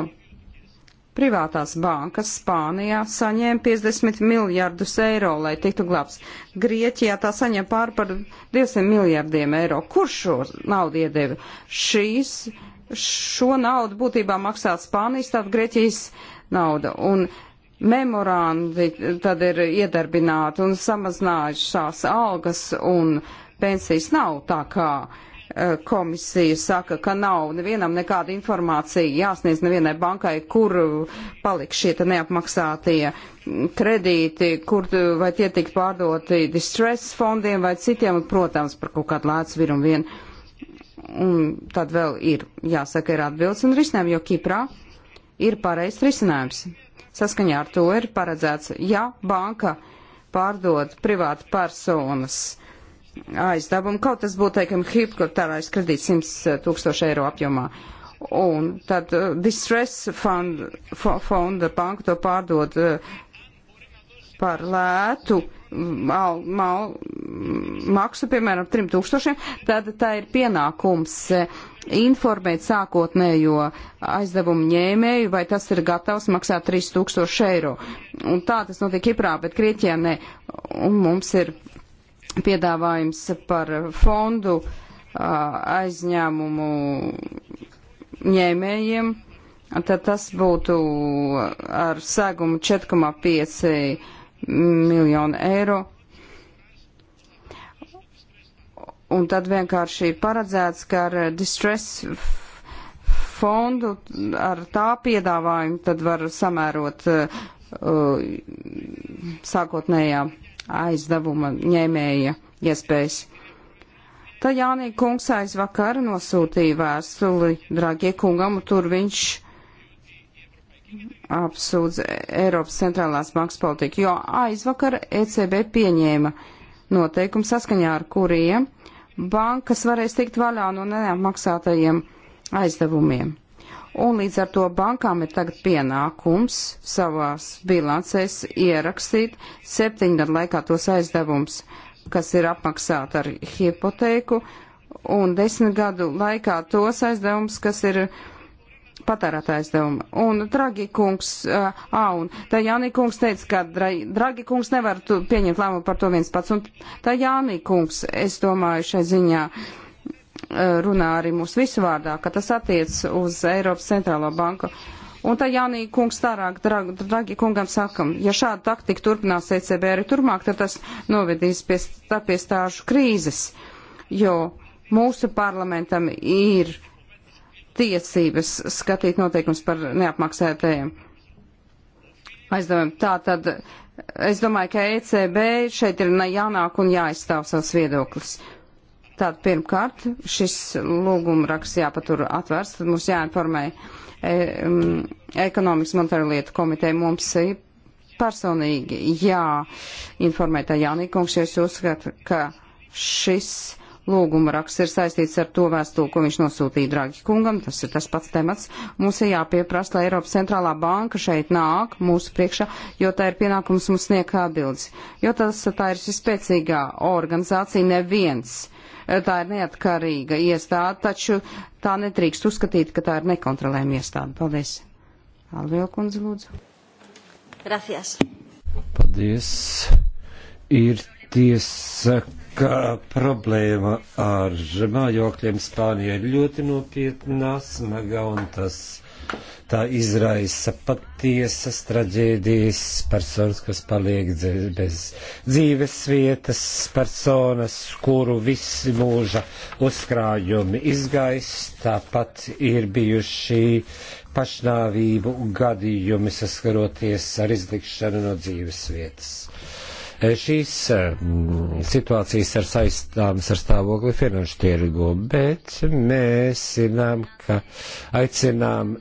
Speaker 1: privātās bankas Spānijā saņēma 50 miljardus eiro, lai tiktu glābs. Grieķijā tā saņem pār par 200 miljardiem eiro. Kurš šo naudu iedeva? Šīs, šo naudu būtībā maksā Spānijas, tad Grieķijas nauda. Un memorandi tad ir iedarbināti un samazinājušās algas un pensijas nav tā kā. Uh, Eh, komisija saka, ka nav nevienam nekāda informācija jāsniedz nevienai bankai, kur palika šie neapmaksātie kredīti, kur vai tie tika pārdoti distress fondiem vai citiem, protams, par kaut kādu lētsviru un vienu. Un tad vēl ir jāsaka, ir atbildes un risinājumi, jo Kiprā ir pareizs risinājums. Saskaņā ar to ir paredzēts, ja banka pārdod privāta personas aizdevumu, kaut tas būtu, teikam, hipkotārais kredīts 100 eh, tūkstoši eiro apjomā. Un tad uh, distress fund, fonda banka to pārdod uh, par lētu mm, mal, mal, mm, maksu, piemēram, 3000, tad tā ir pienākums informēt sākotnējo aizdevumu ņēmēju, vai tas ir gatavs maksāt 3000 eiro. Un tā tas notiek Kiprā, bet Krieķijā ne. Un mums ir piedāvājums par fondu uh, aizņēmumu ņēmējiem, tad tas būtu ar segumu 4,5 miljonu eiro. Un tad vienkārši ir paredzēts, ka ar distress fondu, ar tā piedāvājumu, tad var samērot uh, sākotnējā aizdevuma ņēmēja iespējas. Tad Jānī kungs aizvakar nosūtīja vēstuli Dragie kungam, un tur viņš apsūdz Eiropas centrālās bankas politiku, jo aizvakar ECB pieņēma noteikumu saskaņā ar kuriem bankas varēs tikt vaļā no neapmaksātajiem aizdevumiem un līdz ar to bankām ir tagad pienākums savās bilancēs ierakstīt septiņgadu laikā tos aizdevums, kas ir apmaksāti ar hipoteiku, un desmit gadu laikā tos aizdevums, kas ir patērētā aizdevuma. Un Dragi kungs, uh, ā, un tā Jānī kungs teica, ka dra, Dragi kungs nevar tu, pieņemt lēmumu par to viens pats, un tā Jānī kungs, es domāju, šai ziņā. Uh, Eh, runā arī mūsu visu vārdā, ka tas attiec uz Eiropas centrālo banku. Un tā Jānī kungs tārāk, dragi, dragi kungam sakam, ja šāda taktika turpinās ECB arī turmāk, tad tas novedīs pie, tā pie stāžu krīzes, jo mūsu parlamentam ir tiesības skatīt noteikums par neapmaksātajiem aizdevumiem. Tā tad es domāju, ka ECB šeit ir jānāk un jāizstāv savs viedoklis. Uh, Tātad pirmkārt šis lūgumraksts jāpatur atvērts, tad mums jāinformē e, um, ekonomikas monetāra lietu komiteja mums personīgi jāinformē tā Jānīkungs, ja es uzskatu, ka šis lūguma raksts ir saistīts ar to vēstuli, ko viņš nosūtīja Dragi kungam, tas ir tas pats temats. Mums ir jāpieprasa, lai Eiropas centrālā banka šeit nāk mūsu priekšā, jo tā ir pienākums mums sniegt atbildes. Jo tas, tā ir vispēcīgā organizācija, neviens Eh, tā ir neatkarīga iestāde, taču tā netrīkst uzskatīt, ka tā ir nekontrolējama iestāde. Paldies. Alvio kundze, lūdzu. Gracias.
Speaker 3: Paldies. Ir tiesa, ka problēma ar mājokļiem Spānijā ir ļoti nopietnā, smaga un tas tā izraisa patiesas traģēdijas, personas, kas paliek bez dzīves vietas, personas, kuru visi mūža uzkrājumi izgaist, tāpat ir bijuši pašnāvību gadījumi saskaroties ar izlikšanu no dzīves vietas. E, šīs e, situācijas ir saistāmas ar stāvokli finanšu tirgu, bet mēs zinām, ka aicinām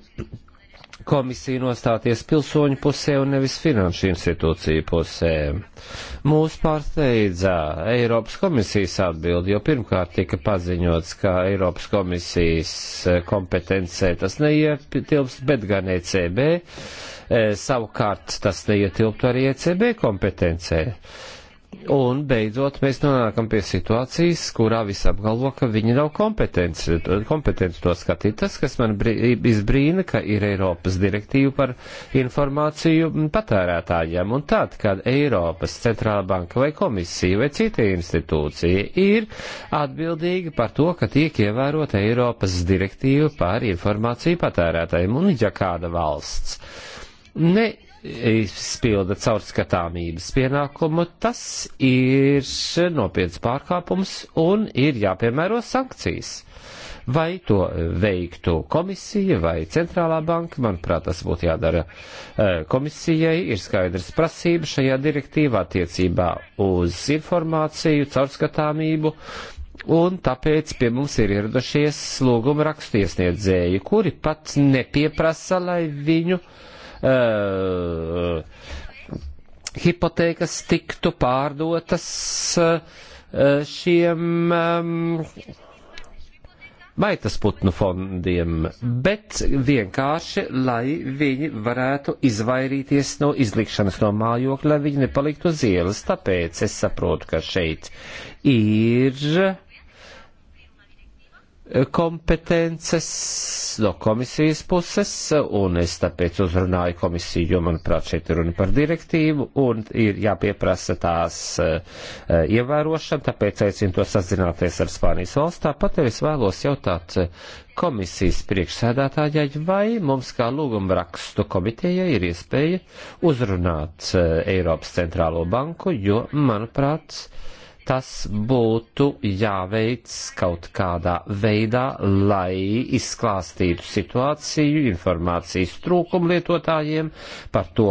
Speaker 3: komisija nostāties pilsoņu pusē un nevis finanšu institūciju pusē. Mūs pārsteidza Eiropas komisijas atbildi, jo pirmkārt tika paziņots, ka Eiropas komisijas kompetencē tas neietilps, bet gan ECB. E, savukārt tas neietilptu arī ECB kompetencē. Un beidzot, mēs nonākam pie situācijas, kurā visi apgalvo, ka viņi nav kompetenti, kompetenti to skatīt. Tas, kas man izbrīna, ka ir Eiropas direktīva par informāciju patērētājiem. Un tad, kad Eiropas centrāla banka vai komisija vai cita institūcija ir atbildīga par to, ka tiek ievērota Eiropas direktīva par informāciju patērētājiem. Un ja kāda valsts ne izpilda caurskatāmības pienākumu, tas ir nopietns pārkāpums un ir jāpiemēro sankcijas. Vai to veiktu komisija vai centrālā banka, manuprāt, tas būtu jādara e, komisijai, ir skaidrs prasība šajā direktīvā attiecībā uz informāciju, caurskatāmību, un tāpēc pie mums ir ieradušies lūguma rakstu iesniedzēji, kuri pat nepieprasa, lai viņu uh, uh, hipotekas tiktu pārdotas uh, šiem um, ehm, maitasputnu fondiem, bet vienkārši, lai viņi varētu izvairīties no izlikšanas no mājokļa, lai viņi nepaliktu uz ielas. Tāpēc es saprotu, ka šeit ir kompetences no komisijas puses, un es tāpēc uzrunāju komisiju, jo, manuprāt, šeit ir runa par direktīvu, un ir jāpieprasa tās uh, ievērošana, tāpēc aicinu to sazināties ar Spānijas valsts. Tāpat es vēlos jautāt eh, komisijas priekšsēdātājai, vai mums kā lūgumrakstu komitejai ir iespēja uzrunāt uh, Eiropas centrālo banku, jo, manuprāt, uh, tas būtu jāveic kaut kādā veidā, lai izklāstītu situāciju, informācijas trūkumu lietotājiem par to,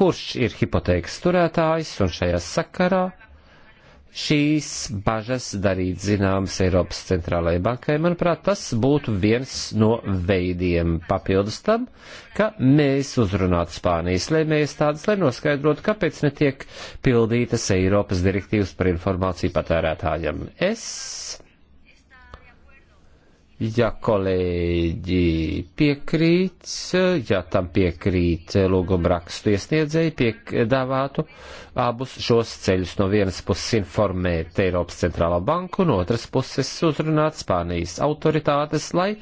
Speaker 3: kurš ir hipotēkas turētājs un šajā sakarā šīs bažas darīt zināmas Eiropas centrālajai bankai. Manuprāt, tas būtu viens no veidiem papildus tam, ka mēs uzrunātu Spānijas lēmējas tādas, lai noskaidrotu, kāpēc netiek pildītas Eiropas direktīvas par informāciju patērētājiem. Es Ja kolēģi piekrīt, ja tam piekrīt lūguma rakstu iesniedzēji, piedāvātu abus šos ceļus no vienas puses informēt Eiropas centrālā banku, no otras puses uzrunāt Spānijas autoritātes, lai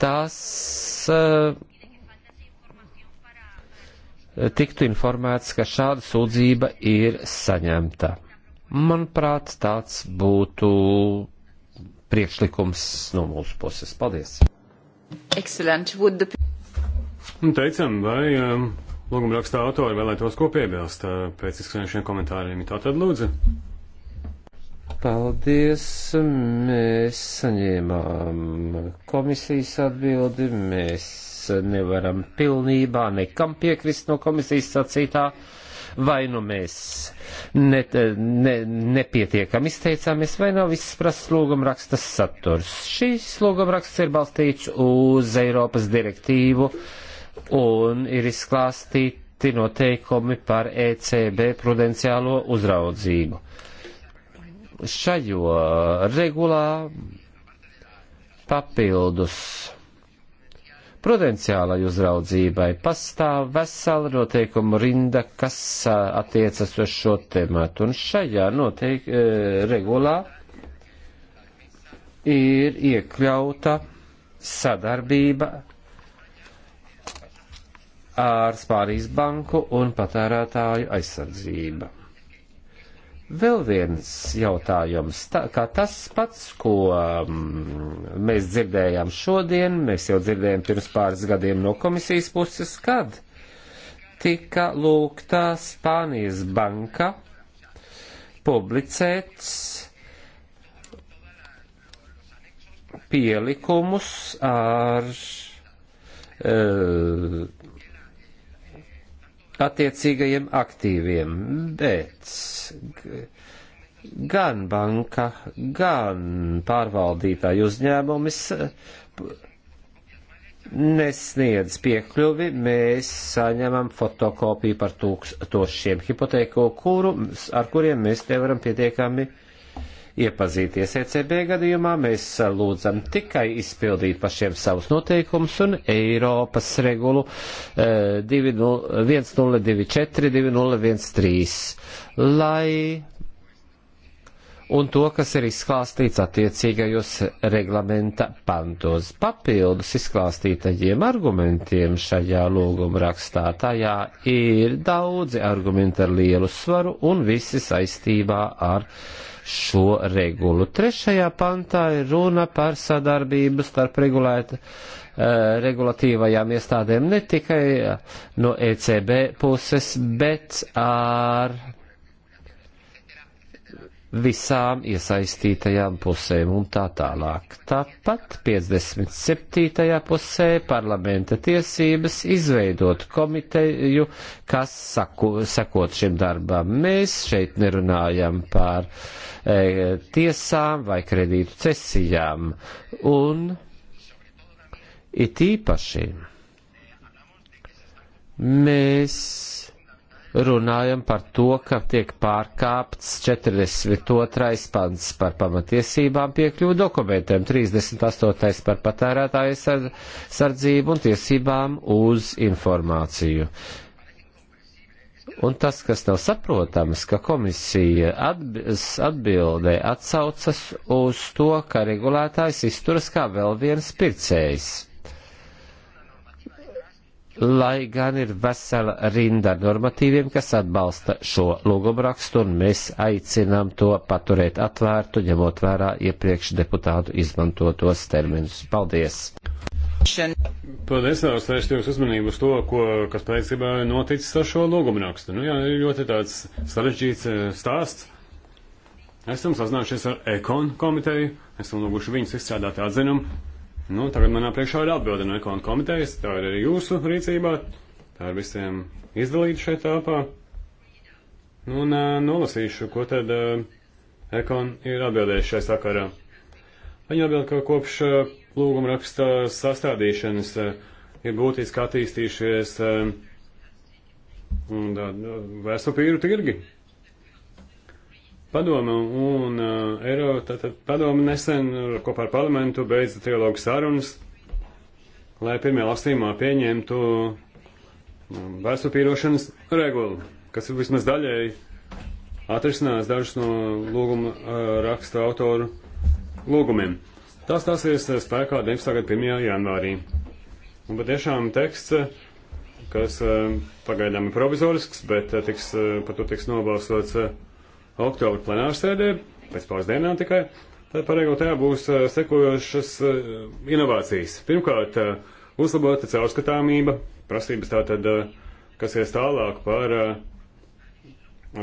Speaker 3: tās uh, tiktu informēts, ka šāda sūdzība ir saņemta. Manuprāt, tāds būtu priekšlikums no mūsu puses. Paldies!
Speaker 1: Excellent. Would the...
Speaker 4: Un nu, teicam, vai um, lūguma rakstā autori vēlētos ko piebilst uh, pēc izskanējušiem komentāriem. Tā tad lūdzu.
Speaker 3: Paldies. Mēs saņēmām komisijas atbildi. Mēs nevaram pilnībā nekam piekrist no komisijas sacītā. Uh, vai nu mēs ne, ne, nepietiekam izteicāmies, vai nav viss prasts lūgumrakstas saturs. Šīs lūgumraksts ir balstīts uz Eiropas direktīvu un ir izklāstīti noteikumi par ECB prudenciālo uzraudzību. Šajo regulā papildus prudenciālai uzraudzībai pastāv vesela noteikumu rinda, kas attiecas uz šo tematu. Un šajā noteik, regulā ir iekļauta sadarbība ar Spānijas banku un patērētāju aizsardzību. Vēl viens jautājums, tā, kā tas pats, ko um, mēs dzirdējām šodien, mēs jau dzirdējām pirms pāris gadiem no komisijas puses, kad tika lūgta Spānijas banka publicēt pielikumus ar uh, attiecīgajiem aktīviem, bet gan banka, gan pārvaldītāji uzņēmumis nesniedz piekļuvi, mēs saņemam fotokopiju par tūkstošiem hipotēku, kuru, ar kuriem mēs nevaram pietiekami iepazīties. ECB gadījumā mēs lūdzam tikai izpildīt pašiem savus noteikumus un Eiropas regulu eh, 1024, 2013, lai un to, kas ir izklāstīts attiecīgajos reglamenta pantos. Papildus izklāstītajiem argumentiem šajā lūguma rakstā tajā ir daudzi argumenti ar lielu svaru un visi saistībā ar uh, šo regulu. Trešajā pantā ir runa par sadarbību starp regulēta, eh, regulatīvajām iestādēm ne tikai no ECB puses, bet ar visām iesaistītajām pusēm un tā tālāk. Tāpat 57. pusē parlamenta tiesības izveidot komiteju, kas saku, sakot šim darbam. Mēs šeit nerunājam par e, tiesām vai kredītu cesijām un it īpaši mēs runājam par to, ka tiek pārkāpts 42. pants par pamatiesībām piekļuvu dokumentiem, 38. par patērētāju sardzību un tiesībām uz informāciju. Un tas, kas nav saprotams, ka komisija atbildē atsaucas uz to, ka regulētājs izturas kā vēl viens pircējs lai gan ir vesela rinda normatīviem, kas atbalsta šo lūgumrakstu, un mēs aicinām to paturēt atvērtu, ņemot vērā iepriekš deputātu izmantotos terminus. Paldies!
Speaker 4: Paldies, Nāvis, vērst jūs uzmanību uz to, ko, kas patiesībā noticis ar šo lūgumrakstu. Nu jā, ļoti tāds sarežģīts eh, stāsts. Esam sazinājušies ar Ekon komiteju, esam lūguši viņus izstrādāt atzinumu Nu, tagad manā priekšā ir atbilde no ekonomikas komitejas, tā ir arī jūsu rīcībā, tā ir visiem izdalīta šeit tāpā. Nu, un nolasīšu, ko tad ekon ir atbildējuši šai sakarā. Viņa atbild, ka kopš lūguma raksta sastādīšanas ir būtiski attīstījušies vēstupīru tirgi. Padoma un uh, Eiro, tātad padoma nesen kopā ar parlamentu beidza trilogu sarunas, lai pirmajā lasījumā pieņemtu um, vēstupīrošanas regulu, kas vismaz daļēji atrisinās dažus no lūguma uh, raksta autoru lūgumiem. Tas tas ir spēkā 19. gada 1. janvārī. Un patiešām teksts, uh, kas uh, pagaidām ir provizorisks, bet uh, tiks, uh, par to tiks nobalsots. Uh, oktobra plenārsēdē, pēc pāris dienām tikai, tad pareigo tajā būs eh, sekojošas eh, inovācijas. Pirmkārt, eh, uzlabota caurskatāmība, prasības tātad, kas ies tālāk par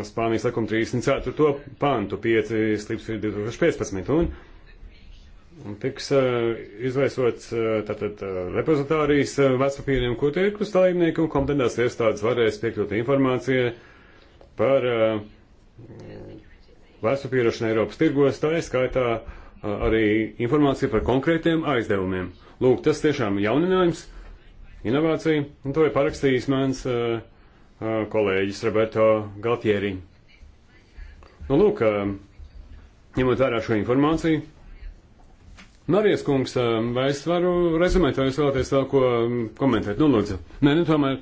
Speaker 4: Spānijas likuma 34. pantu 5 slips 2015. Un, un tiks izvaisots tātad repozitārijas vecpapīriem, ko tirkus dalībnieki un kompetentās iestādes varēs piekļūt informācijai par uh, vēstu pierašana Eiropas tirgos, tā ir skaitā arī informācija par konkrētiem aizdevumiem. Lūk, tas tiešām jauninājums, inovācija, un to ir parakstījis mans uh, kolēģis Roberto Galtieri. Nu, lūk, ņemot vērā šo informāciju, Marijas kungs, vai es varu rezumēt, vai jūs vēlaties vēl ko komentēt? Nu, lūdzu. Nē, nu, tomēr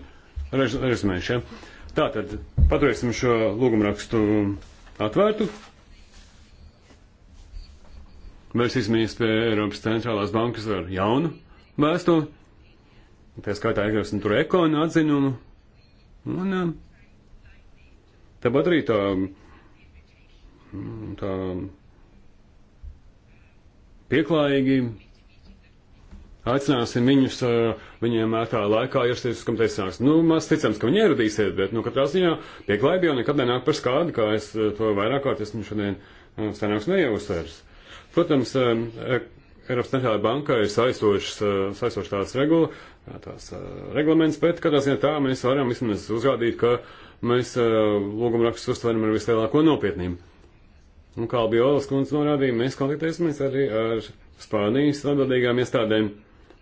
Speaker 4: rezumēšu, ja. Tātad, paturēsim šo lūgumrakstu atvērtu vērsīsimies pie Eiropas centrālās bankas ar jaunu vēstuli. Tā skaitā iekļausim tur ekonu atzinumu. Un um, tāpat arī tā, mm, tā pieklājīgi aicināsim viņus, uh, viņiem ētā laikā ierasties, kam teicinās, nu, maz ticams, ka viņi ieradīsies, bet, nu, katrā ziņā pieklājība jau nekad nenāk par skādu, kā es uh, to vairāk kārt esmu šodien uh, sanāks neieuzsvers. Protams, eh, eh, Eiropas Centrālajā bankā ir eh, saistošas tādas regula, tās reglaments, bet katrā ziņā tā mēs varam vismaz uzrādīt, ka mēs lūgumrakstus uztveram ar vislielāko nopietnību. Un kā Biolas kundze norādīja, mēs kontaktēsimies arī ar Spānijas atbildīgām iestādēm.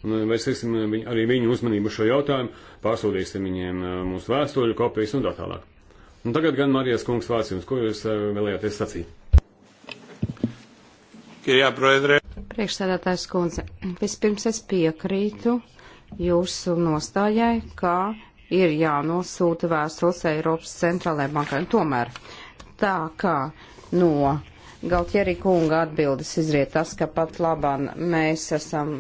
Speaker 4: Vērsīsim viņ, arī viņu uzmanību šo jautājumu, pārsūtīsim viņiem mūsu vēstuļu kopijas un tā tālāk. Un tagad gan Marijas kungs vārds jums, ko jūs vēlējāties sacīt? Priekšsēdētājs
Speaker 1: kundze, vispirms es piekrītu jūsu nostājai, ka ir jānosūta vēstules Eiropas centrālajai bankai. Tomēr tā kā no Galtieri kunga atbildes izriet tas, ka pat labāk mēs esam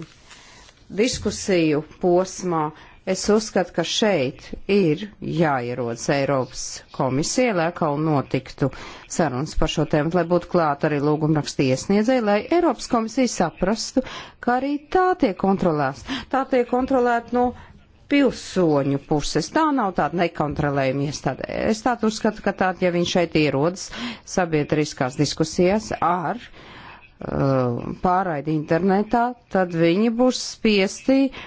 Speaker 1: diskusiju posmā Es uzskatu, ka šeit ir jāierodas Eiropas komisija, lai atkal notiktu sarunas par šo tēmu, lai būtu klāt arī lūgumraksta iesniedzēji, lai Eiropas komisija saprastu, ka arī tā tiek kontrolēts. Tā tiek kontrolēta no pilsoņu puses. Tā nav tāda nekontrolējuma iestāde. Es tādu uzskatu, ka tāda, ja viņš šeit ierodas sabiedriskās diskusijās ar uh, pārraidi internetā, tad viņi būs spiesti uh,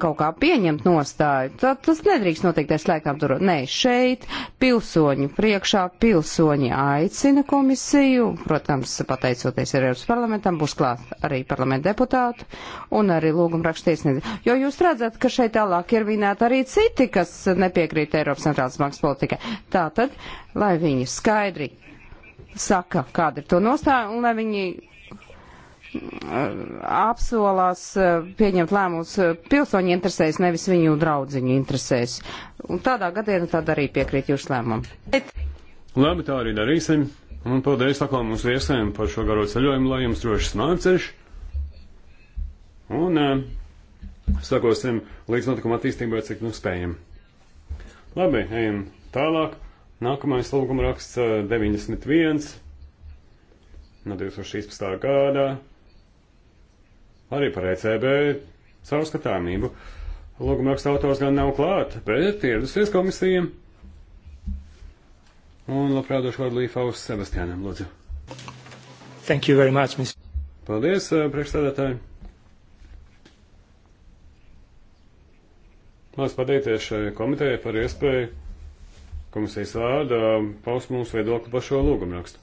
Speaker 1: kaut kā pieņemt nostāju. Tad tas nedrīkst notikt ar slēgtām durvīm. Nē, šeit pilsoņu priekšā pilsoņi aicina komisiju, protams, pateicoties Eiropas parlamentam, būs klāt arī parlamenta deputātu un arī lūguma rakstiesniedzi. Jo jūs redzat, ka šeit tālāk ir minēta arī citi, kas nepiekrīt Eiropas centrālas bankas politikai. Tātad, lai viņi skaidri saka, kāda ir to nostāja, un lai viņi apsolās eh, pieņemt lēmumus eh, pilsoņu interesēs, nevis viņu draudziņu interesēs. Un tādā gadienā tad arī piekrīt jūsu lēmumam.
Speaker 4: Labi, tā arī darīsim. Un paldies sakām mūsu viesiem par šo garo ceļojumu, lai jums drošs nāceļš. Un uh, sakosim līdz notikuma attīstībai, cik nu spējam. Labi, ejam tālāk. Nākamais lūguma raksts 91 no 2016. gada arī par ECB caurskatāmību. Lūguma raksta autors gan nav klāt, bet ieradusies komisija. Un labprāt došu vārdu Līfaus Sebastianam, lūdzu. Thank you very much, Ms. Paldies, eh, priekšstādātāji. Mēs pateikties šai komitejai par iespēju komisijas vārdā paust mūsu viedokli par šo lūgumrakstu.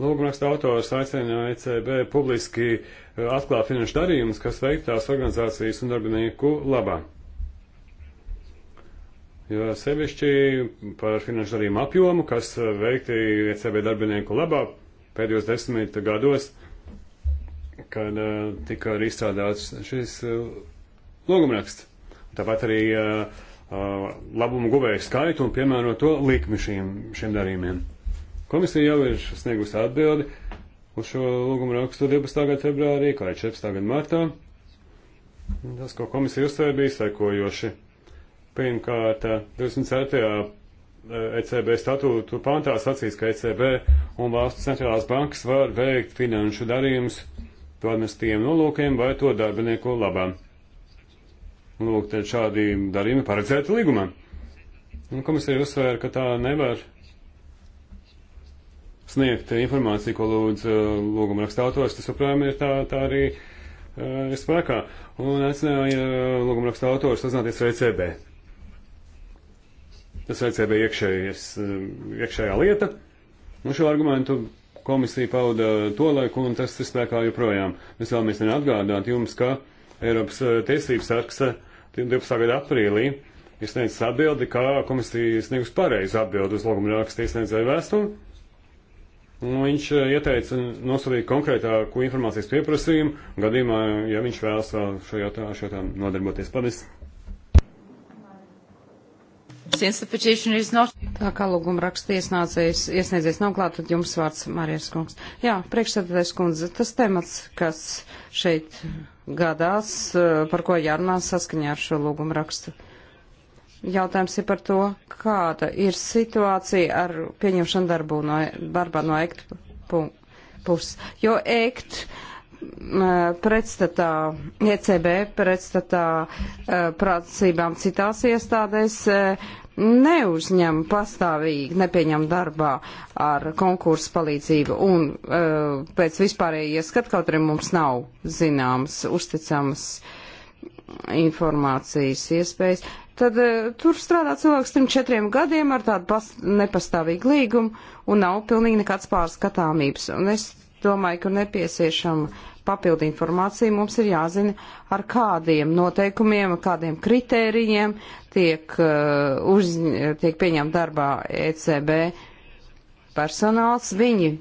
Speaker 4: Lūgumraksta autors aicina ECB publiski uh, atklāt finanšu darījumus, kas veiktās organizācijas un darbinieku labā. Jo sevišķi par finanšu darījumu apjomu, kas veikti ECB darbinieku labā pēdējos desmit gados, kad eh, tika arī izstrādāts šis eh, logumraksts. Tāpat arī eh, labumu guvēju skaitu un piemērot to likmi šiem, šiem darījumiem. Komisija jau ir sniegusi atbildi, uz šo lūgumu rakstu 12. gada februārī, kā arī 14. gada martā. Tas, ko komisija uzsver, bija sekojoši. Pirmkārt, 24. ECB eh, e statūtu pantā sacīs, ka ECB un valsts centrālās bankas var veikt finanšu darījumus to administratīviem nolūkiem vai to darbinieku labā. Lūk, tad šādi darījumi paredzēti līgumā. Un komisija uzsvēra, ka tā nevar sniegt informāciju, ko lūdz uh, lūguma rakstautors, tas joprojām ir tā, tā arī uh, ir spēkā. Un aicināja uh, lūguma rakstautors sazināties ar ECB. Tas ECB iekšējies, iekšējā lieta. Un šo argumentu komisija pauda to laiku, un tas ir spēkā joprojām. Mēs vēlamies atgādāt jums, ka Eiropas tiesības sargs 12. gada aprīlī ir sniedzis atbildi, ka komisija sniegus pareizi atbildi uz lūguma rakstu iesniedzēju vēstuli Un viņš eh, ieteica nosūtīt konkrētāku informācijas pieprasījumu, gadījumā, ja viņš vēlas vēl šo jautājumu nodarboties. Paldies!
Speaker 1: Not... Tā kā lūguma raksta iesnācējs, iesniedzējs nav klāt, tad jums vārds Marijas kungs. Jā, priekšsēdētājs kundze, tas temats, kas šeit gadās, eh, par ko jārunā saskaņā ar šo lūguma rakstu. Jautājums ir par to, kāda ir situācija ar pieņemšanu darbu no, darbā no ekt puses. Jo ekt pretstatā, ECB pretstatā e, prātsībām citās iestādēs e, neuzņem pastāvīgi, nepieņem darbā ar konkursu palīdzību un e, pēc vispārējie ieskat, kaut arī mums nav zināmas, uzticamas informācijas iespējas tad e, tur strādā cilvēks trim četriem gadiem ar tādu pas, nepastāvīgu līgumu un nav pilnīgi nekāds pārskatāmības. Un es domāju, ka nepieciešama papildu informācija mums ir jāzina, ar kādiem noteikumiem, ar kādiem kritērijiem tiek, uh, uz, tiek pieņem darbā ECB personāls. Viņi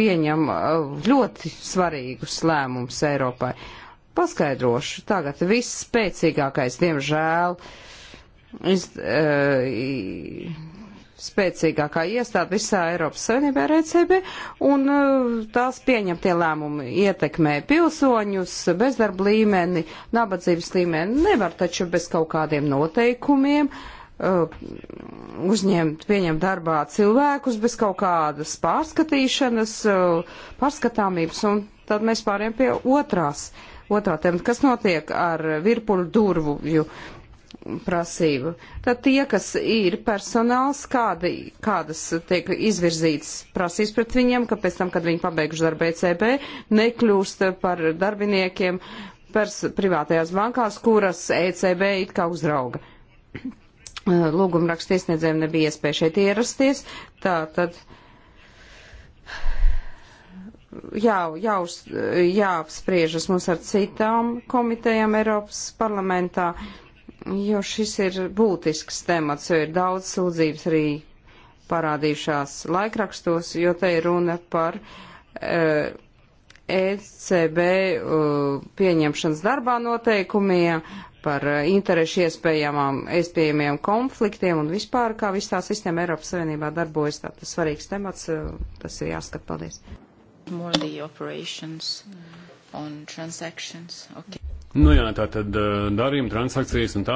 Speaker 1: pieņem uh, ļoti svarīgus lēmumus Eiropai. Paskaidrošu tagad viss spēcīgākais, diemžēl. Uh, iz, e, spēcīgākā iestāde visā Eiropas Savienībā ir ECB, un eh, tās pieņemtie lēmumi ietekmē pilsoņus, bezdarba līmeni, nabadzības līmeni. Nevar taču bez kaut kādiem noteikumiem uh, uzņemt, pieņemt darbā cilvēkus bez kaut kādas pārskatīšanas, uh, pārskatāmības, un tad mēs pāriem pie otrās. Otrā tēma, kas notiek ar virpuļu durvju prasību. Tad tie, kas ir personāls, kādi, kādas tiek izvirzītas prasības pret viņiem, ka pēc tam, kad viņi pabeiguši darbu ECB, nekļūst par darbiniekiem pers privātajās bankās, kuras ECB it kā uzrauga. Lūguma rakstiesniedzējiem nebija iespēja šeit ierasties, tā tad jā, jā, jāapspriežas mums ar citām komitejām Eiropas parlamentā. Uh, jo šis ir būtisks temats, jo ir daudz sūdzības arī parādījušās laikrakstos, jo te ir runa par uh, eh, ECB uh, eh, pieņemšanas darbā noteikumiem, par uh, interešu iespējamām, iespējamiem konfliktiem un vispār, kā viss tā sistēma Eiropas Savienībā darbojas. Tā tas svarīgs temats, uh, tas ir jāskat. Paldies. More the operations on transactions. Okay.
Speaker 4: Nu jā, tā tad darījuma transakcijas un tā.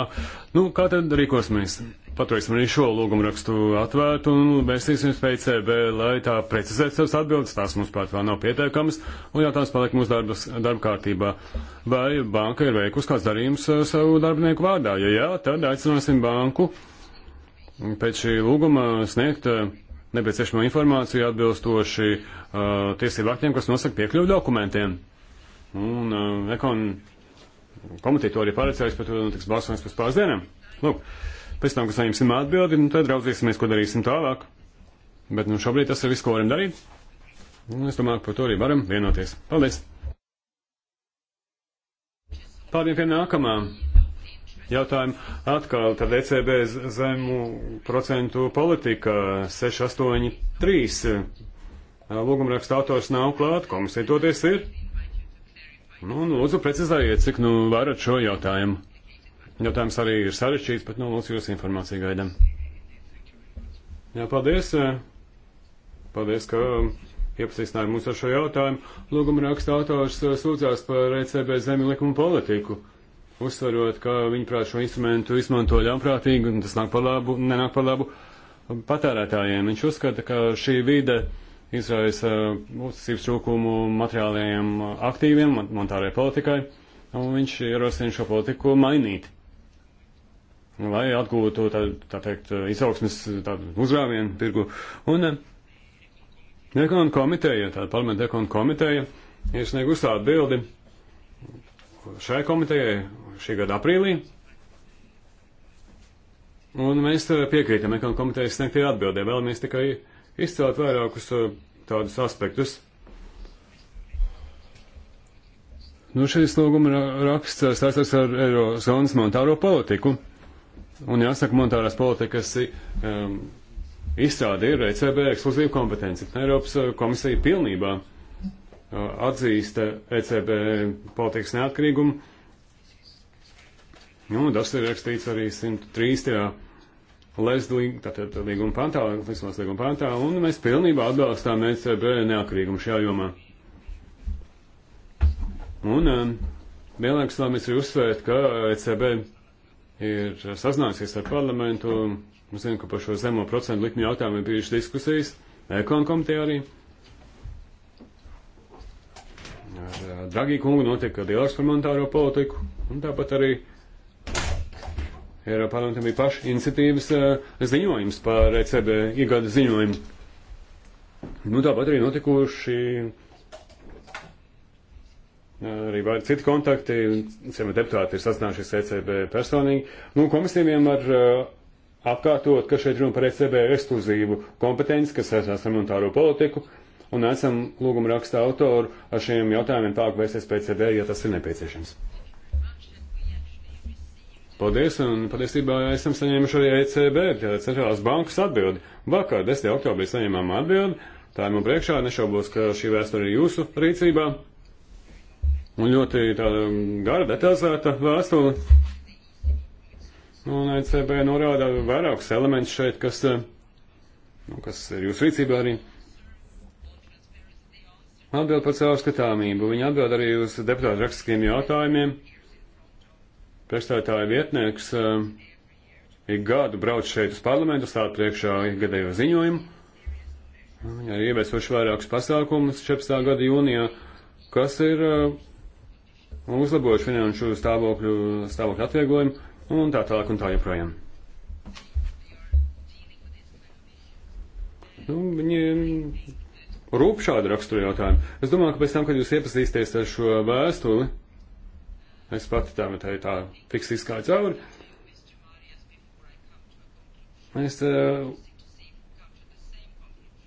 Speaker 4: Nu, kā tad rīkosimies? Paturēsim arī šo lūgumu rakstu atvērtu un vērsīsimies pēc CB, lai tā precizētu savas atbildes. Tās mums pat vēl nav pietiekamas un jā, tās paliek mūsu darbas, darba kārtībā. Vai banka ir veikusi kāds darījums savu darbinieku vārdā? Ja jā, tad aicināsim banku pēc šī lūguma sniegt nepieciešamo informāciju atbilstoši uh, tiesību aktiem, kas nosaka piekļuvu dokumentiem. Un uh, ekon Komiteja to arī paredzējusi, par to notiks nu, balsojums pēc pāris dienām. Lūk, pēc tam, kad saņemsim atbildi, nu, tad raudzīsimies, ko darīsim tālāk. Bet nu, šobrīd tas ir viss, ko varam darīt. Un nu, es domāju, par to arī varam vienoties. Paldies! Pāriem pie nākamā jautājuma. Atkal tad ECB zemu procentu politika 683. Lūgumraksta autors nav klāt, komisija toties ir. Nu, lūdzu, precizējiet, cik nu varat šo jautājumu. Jautājums arī ir sarežģīts, bet nu, lūdzu, jūs informāciju gaidām. Jā, paldies. Paldies, ka iepazīstināja mūs ar šo jautājumu. Lūguma raksta autors sūdzās par ECB zemju likumu politiku, uzsverot, ka viņuprāt šo instrumentu izmanto ļaunprātīgi un tas nāk par labu, nenāk par labu patērētājiem. Viņš uzskata, ka šī vide izraisa uh, uzticības trūkumu materiālajiem uh, aktīviem, monetārai politikai, un viņš ierosina šo politiku mainīt, lai atgūtu, tā, tā teikt, uh, izaugsmes tādu uzrāvienu tirgu. Un ekonomika komiteja, tāda parlamenta ekonomika komiteja, ir sniegusi atbildi šai komitejai šī gada aprīlī. Un mēs piekrītam ekonomika komitejas sniegtajai atbildē. Vēlamies tikai izcelt vairākus uh, tādus aspektus. Nu, šis lūguma raksts uh, saistās ar Eirozonas monetāro politiku. Un jāsaka, monetārās politikas um, izstrāde ir ECB ekskluzīva kompetence. Eiropas uh, komisija pilnībā uh, atzīst ECB politikas neatkarīgumu. Nu, tas ir rakstīts arī 103. Les līguma, tātad līguma pantā, Lisabonas līguma pantā, un mēs pilnībā atbalstām ECB neatkarīgumu šajā jomā. Un um, vienlaikus vēlamies arī uzsvērt, ka ECB ir sazinājusies ar parlamentu, mēs zinām, ka par šo zemo procentu likmi jautājumu ir bijušas diskusijas, ekonu komiteja arī. Ar uh, Dragī kungu notika dialogs par monetāro politiku, un tāpat arī Eiropā parlamentam bija paša iniciatīvas eh, ziņojums par ECB iegādu ziņojumu. Nu, tāpat arī notikuši eh, arī vēl citi kontakti, ciem deputāti ir sazinājušies ECB personīgi. Nu, komisija vienmēr eh, atkārtot, ka šeit runa par ECB ekskluzīvu kompetenci, kas saistās ar monetāro politiku, un esam lūguma raksta autoru ar šiem jautājumiem tālāk vērsties pēc ECB, ja tas ir nepieciešams. Paldies, un patiesībā esam saņēmuši arī ECB, centrālās bankas atbildi. Vakar, 10. oktobrī, saņēmām atbildi. Tā ir man priekšā, nešaubos, ka šī vēsture ir jūsu rīcībā. Un ļoti tāda um, gara, detalizēta vēstule. Un ECB norāda vairākus elementus šeit, kas, uh, nu, kas ir jūsu rīcībā arī. Atbild par caurskatāmību. Viņi atbild arī uz deputātu rakstiskiem jautājumiem priekšstādātāja vietnieks eh, ik gadu brauc šeit uz parlamentu, stāv priekšā ikgadējo ziņojumu. Viņi ir ieviesuši vairākus pasākumus 14. gada jūnijā, kas ir eh, uzlabojuši finanšu stāvokļu, stāvokļu atvieglojumu un tā tālāk un tā joprojām. Nu, viņi rūp šādu raksturu jautājumu. Es domāju, ka pēc tam, kad jūs iepazīsties ar šo vēstuli, Es pati tam tā, tā fiksīju kā cauri. Es uh, eh,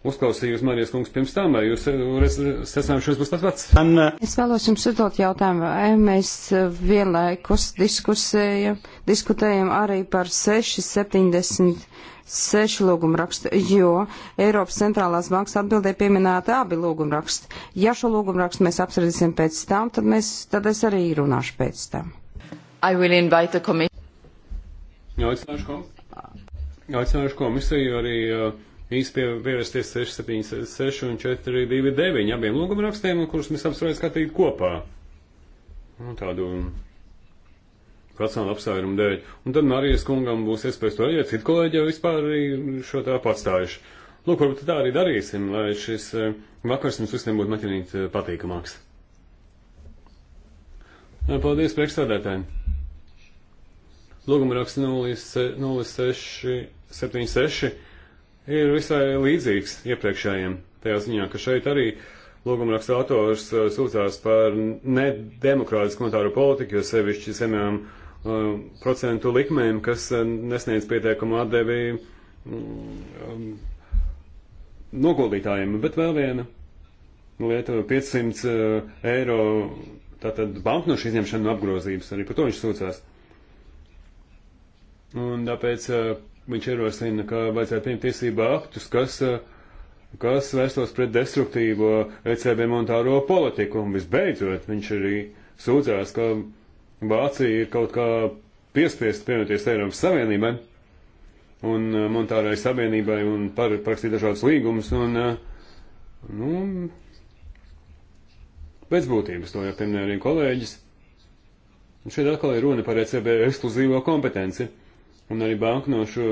Speaker 4: uzklausīju uz Marijas kungs pirms tam, vai jūs eh, sasnājušies būs tas pats? Eh,
Speaker 1: es vēlos jums uzdot jautājumu, vai mēs eh, vienlaikus diskusējam, diskutējam arī par 670 seši lūgumraksti, jo Eiropas centrālās bankas atbildē pieminēta abi lūgumraksti. Ja šo lūgumrakstu mēs apsardīsim pēc tam, tad, mēs, tad es arī runāšu pēc tam.
Speaker 4: Aicināšu komisiju arī. Uh, īsti pie, pievērsties 676 un 429 abiem lūgumrakstiem, kurus mēs apsvarējam skatīt kopā. Un nu, tādu racionālu apsvērumu dēļ. Un tad Marijas kungam būs iespējas to redzēt, citi kolēģi jau vispār arī šo tā patstājuši. Lūk, varbūt tā arī darīsim, lai šis eh, vakars mums visiem būtu maķinīt eh, patīkamāks. Eh, paldies priekšsādētājiem! Lūguma raksts 0676 ir visai līdzīgs iepriekšējiem. Tajā ziņā, ka šeit arī lūgumraksta autors uh, sūdzās par nedemokrātisku monetāru politiku, jo sevišķi zemēm uh, procentu likmēm, kas uh, nesniedz pietiekumu atdevi mm, um, noguldītājiem. Bet vēl viena lieta - 500 eiro tātad banknošu izņemšana no apgrozības. Arī par to viņš sūdzās. Un tāpēc Viņš ierosina, ka vajadzētu pieņemt tiesību aktus, kas, eh, kas vērstos pret destruktīvo ECB monetāro politiku. Un visbeidzot, viņš arī sūdzās, ka Vācija ir kaut kā piespiest pievienoties Eiropas Savienībai un eh, monetārai savienībai un par, parakstīt dažādas līgumus. Un, eh, nu, pēc būtības to jau pieminēja arī kolēģis. Un šeit atkal ir runa par ECB ekskluzīvo kompetenci un arī banknošu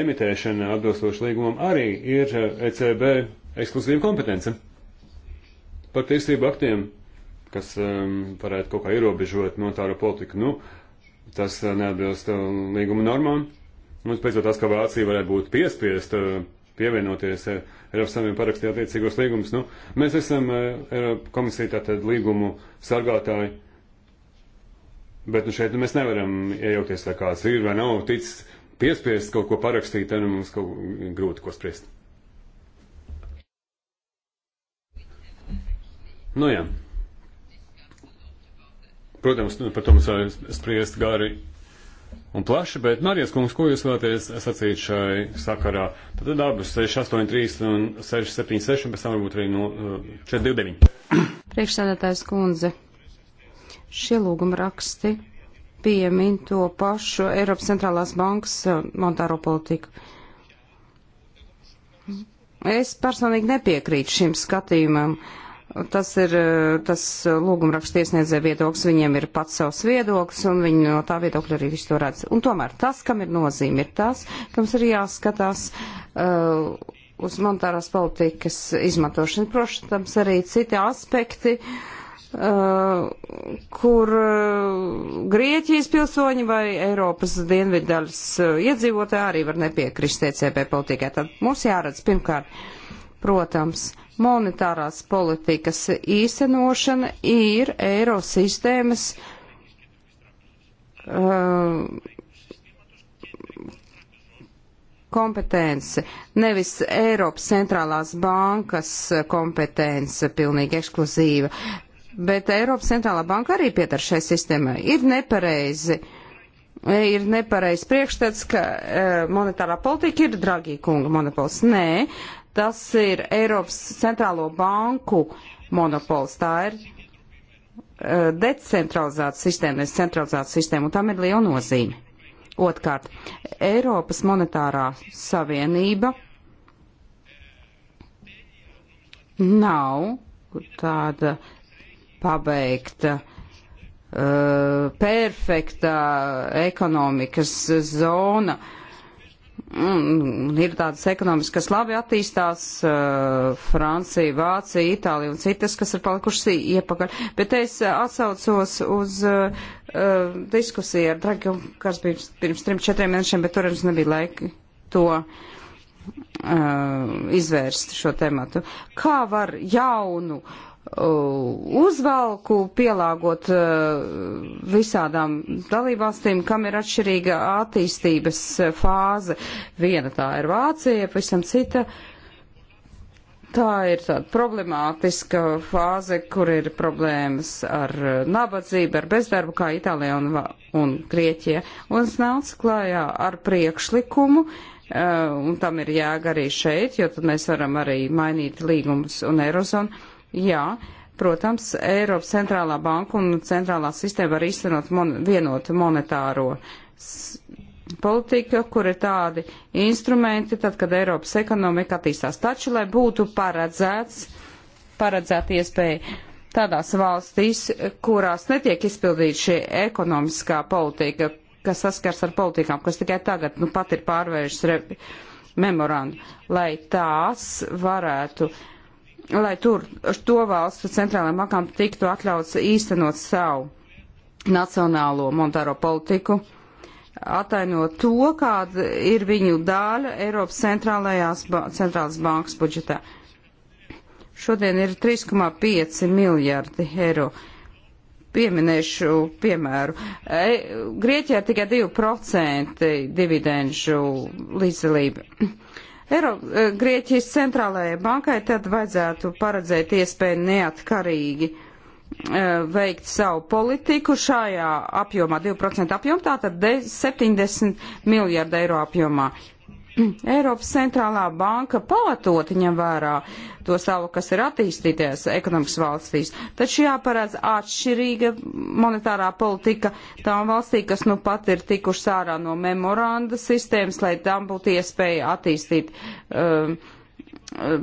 Speaker 4: emitēšana atbilstoši līgumam arī ir ECB eh, e ekskluzīva kompetence. Par tiesību aktiem, kas um, varētu kaut kā ierobežot monetāro politiku, nu, tas uh, neatbilst uh, līguma normām. Mums pēc tas, ka Vācija varētu būt piespiest uh, pievienoties uh, Eiropas Savienībai parakstīt attiecīgos līgumus, nu, mēs esam uh, Eiropa komisija tātad līgumu sargātāji. Uh, Bet nu, šeit nu, mēs nevaram iejaukties, vai kāds ir vai nav ticis piespiest kaut ko parakstīt, tad mums kaut grūti ko spriest. Nu jā. Protams, nu, par to mums vēl spriest gari un plaši, bet Marijas kungs, ko jūs vēlaties sacīt šai sakarā? Tad abas 683 un 676, un pēc tam varbūt arī no nu, 429.
Speaker 1: Eh, Priekšsēdētājs kundze. Šie lūguma raksti piemin to pašu Eiropas centrālās bankas eh, monetāro politiku. Es personīgi nepiekrītu šim skatījumam. Tas ir eh, tas eh, lūgumraksts tiesniedzē viedoklis, viņiem ir pats savs viedoklis, un viņi no tā viedokļa arī visu to redz. Un tomēr tas, kam ir nozīme, ir tas, ka mums ir jāskatās uh, uz monetārās politikas izmantošanu. Protams, arī citi aspekti. Uh, Uh, kur uh, Grieķijas pilsoņi vai Eiropas dienvidaļas uh, iedzīvotāji arī var nepiekrist ECB politikai. Tad mums jāredz pirmkārt, protams, monetārās politikas īstenošana ir Eirosistēmas uh, kompetence, nevis Eiropas centrālās bankas kompetence pilnīgi ekskluzīva bet Eiropas centrālā banka arī piedar šai sistēmai. Ir nepareizi, ir nepareizi priekšstats, ka e, monetārā politika ir Dragī kunga monopols. Nē, tas ir Eiropas centrālo banku monopols. Tā ir e, decentralizēta sistēma, nevis centralizēta sistēma, un tam ir liela nozīme. Otkārt, Eiropas monetārā savienība nav tāda pabeigta uh, perfekta ekonomikas zona. Un ir tādas ekonomikas, kas labi attīstās, uh, Francija, Vācija, Itālija un citas, kas ir palikušas iepakaļ. Bet es uh, atsaucos uz uh, uh, diskusiju ar Dragi, kas bija pirms trim, četriem mēnešiem, bet tur mums nebija laika to uh, izvērst šo tematu. Kā var jaunu uh, Uh, uzvalku pielāgot uh, visādām dalībvalstīm, kam ir atšķirīga attīstības uh, fāze. Viena tā ir Vācija, pavisam cita. Tā ir tāda problemātiska fāze, kur ir problēmas ar nabadzību, ar bezdarbu, kā Itālijā un, un Grieķija. Un es nācu klājā ar priekšlikumu, un tam ir jāga arī šeit, jo tad mēs varam arī mainīt līgumus un Eirozonu Jā, protams, Eiropas centrālā banka un centrālā sistēma var iztenot mon vienotu monetāro politika, kur ir tādi instrumenti, tad, kad Eiropas ekonomika attīstās. Taču, lai būtu paredzēts, paredzēta iespēja tādās valstīs, kurās netiek izpildīta šī ekonomiskā politika, kas saskars ar politikām, kas tikai tagad, nu pat ir pārvēršas memorandu, lai tās varētu uh, lai tur to valstu centrālajām bankām tiktu atļauts īstenot savu nacionālo monetāro politiku, atainot to, kāda ir viņu dāļa Eiropas centrālajās ba centrālās bankas budžetā. Šodien ir 3,5 miljardi eiro. Pieminēšu piemēru. E, Grieķijā ir tikai 2% dividendžu līdzdalība Eiro, eh, Grieķijas centrālajai bankai tad vajadzētu paredzēt iespēju neatkarīgi eh, veikt savu politiku šajā apjomā, 2% apjomā, tātad 70 miljārdu eiro apjomā. Eiropas centrālā banka pamatoti ņem vērā to savu, kas ir attīstīties ekonomikas valstīs, taču jāparādz atšķirīga monetārā politika tām valstī, kas nu pat ir tikušas ārā no memoranda sistēmas, lai tam būtu iespēja attīstīt um,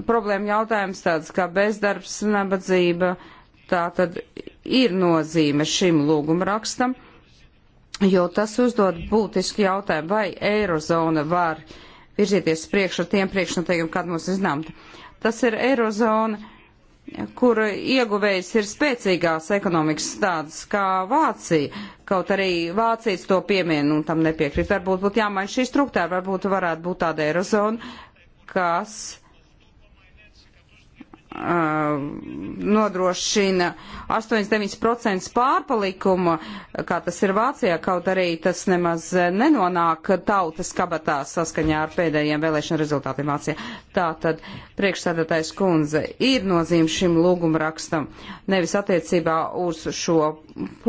Speaker 1: problēmu jautājums tāds kā bezdarbs, nabadzība. Tā tad ir nozīme šim lūgumrakstam, jo tas uzdod būtisku jautājumu, vai Eirozona var uh, virzieties priekš ar tiem priekšnoteikumiem, kāda mums ir zināma. Tas ir Eirozona, kur ieguvējs ir spēcīgās ekonomikas tādas kā Vācija, kaut arī Vācijas to piemien nu, un tam nepiekrīt. Varbūt būtu jāmaina šī struktūra, varbūt varētu būt tāda Eirozona, kas Uh, nodrošina 8-9% pārpalikuma, kā tas ir Vācijā, kaut arī tas nemaz uh, nenonāk tautas kabatā saskaņā ar pēdējiem vēlēšanu rezultātiem Vācijā. Tātad priekšsēdētājs kundze ir nozīme šim lūgumrakstam nevis attiecībā uz šo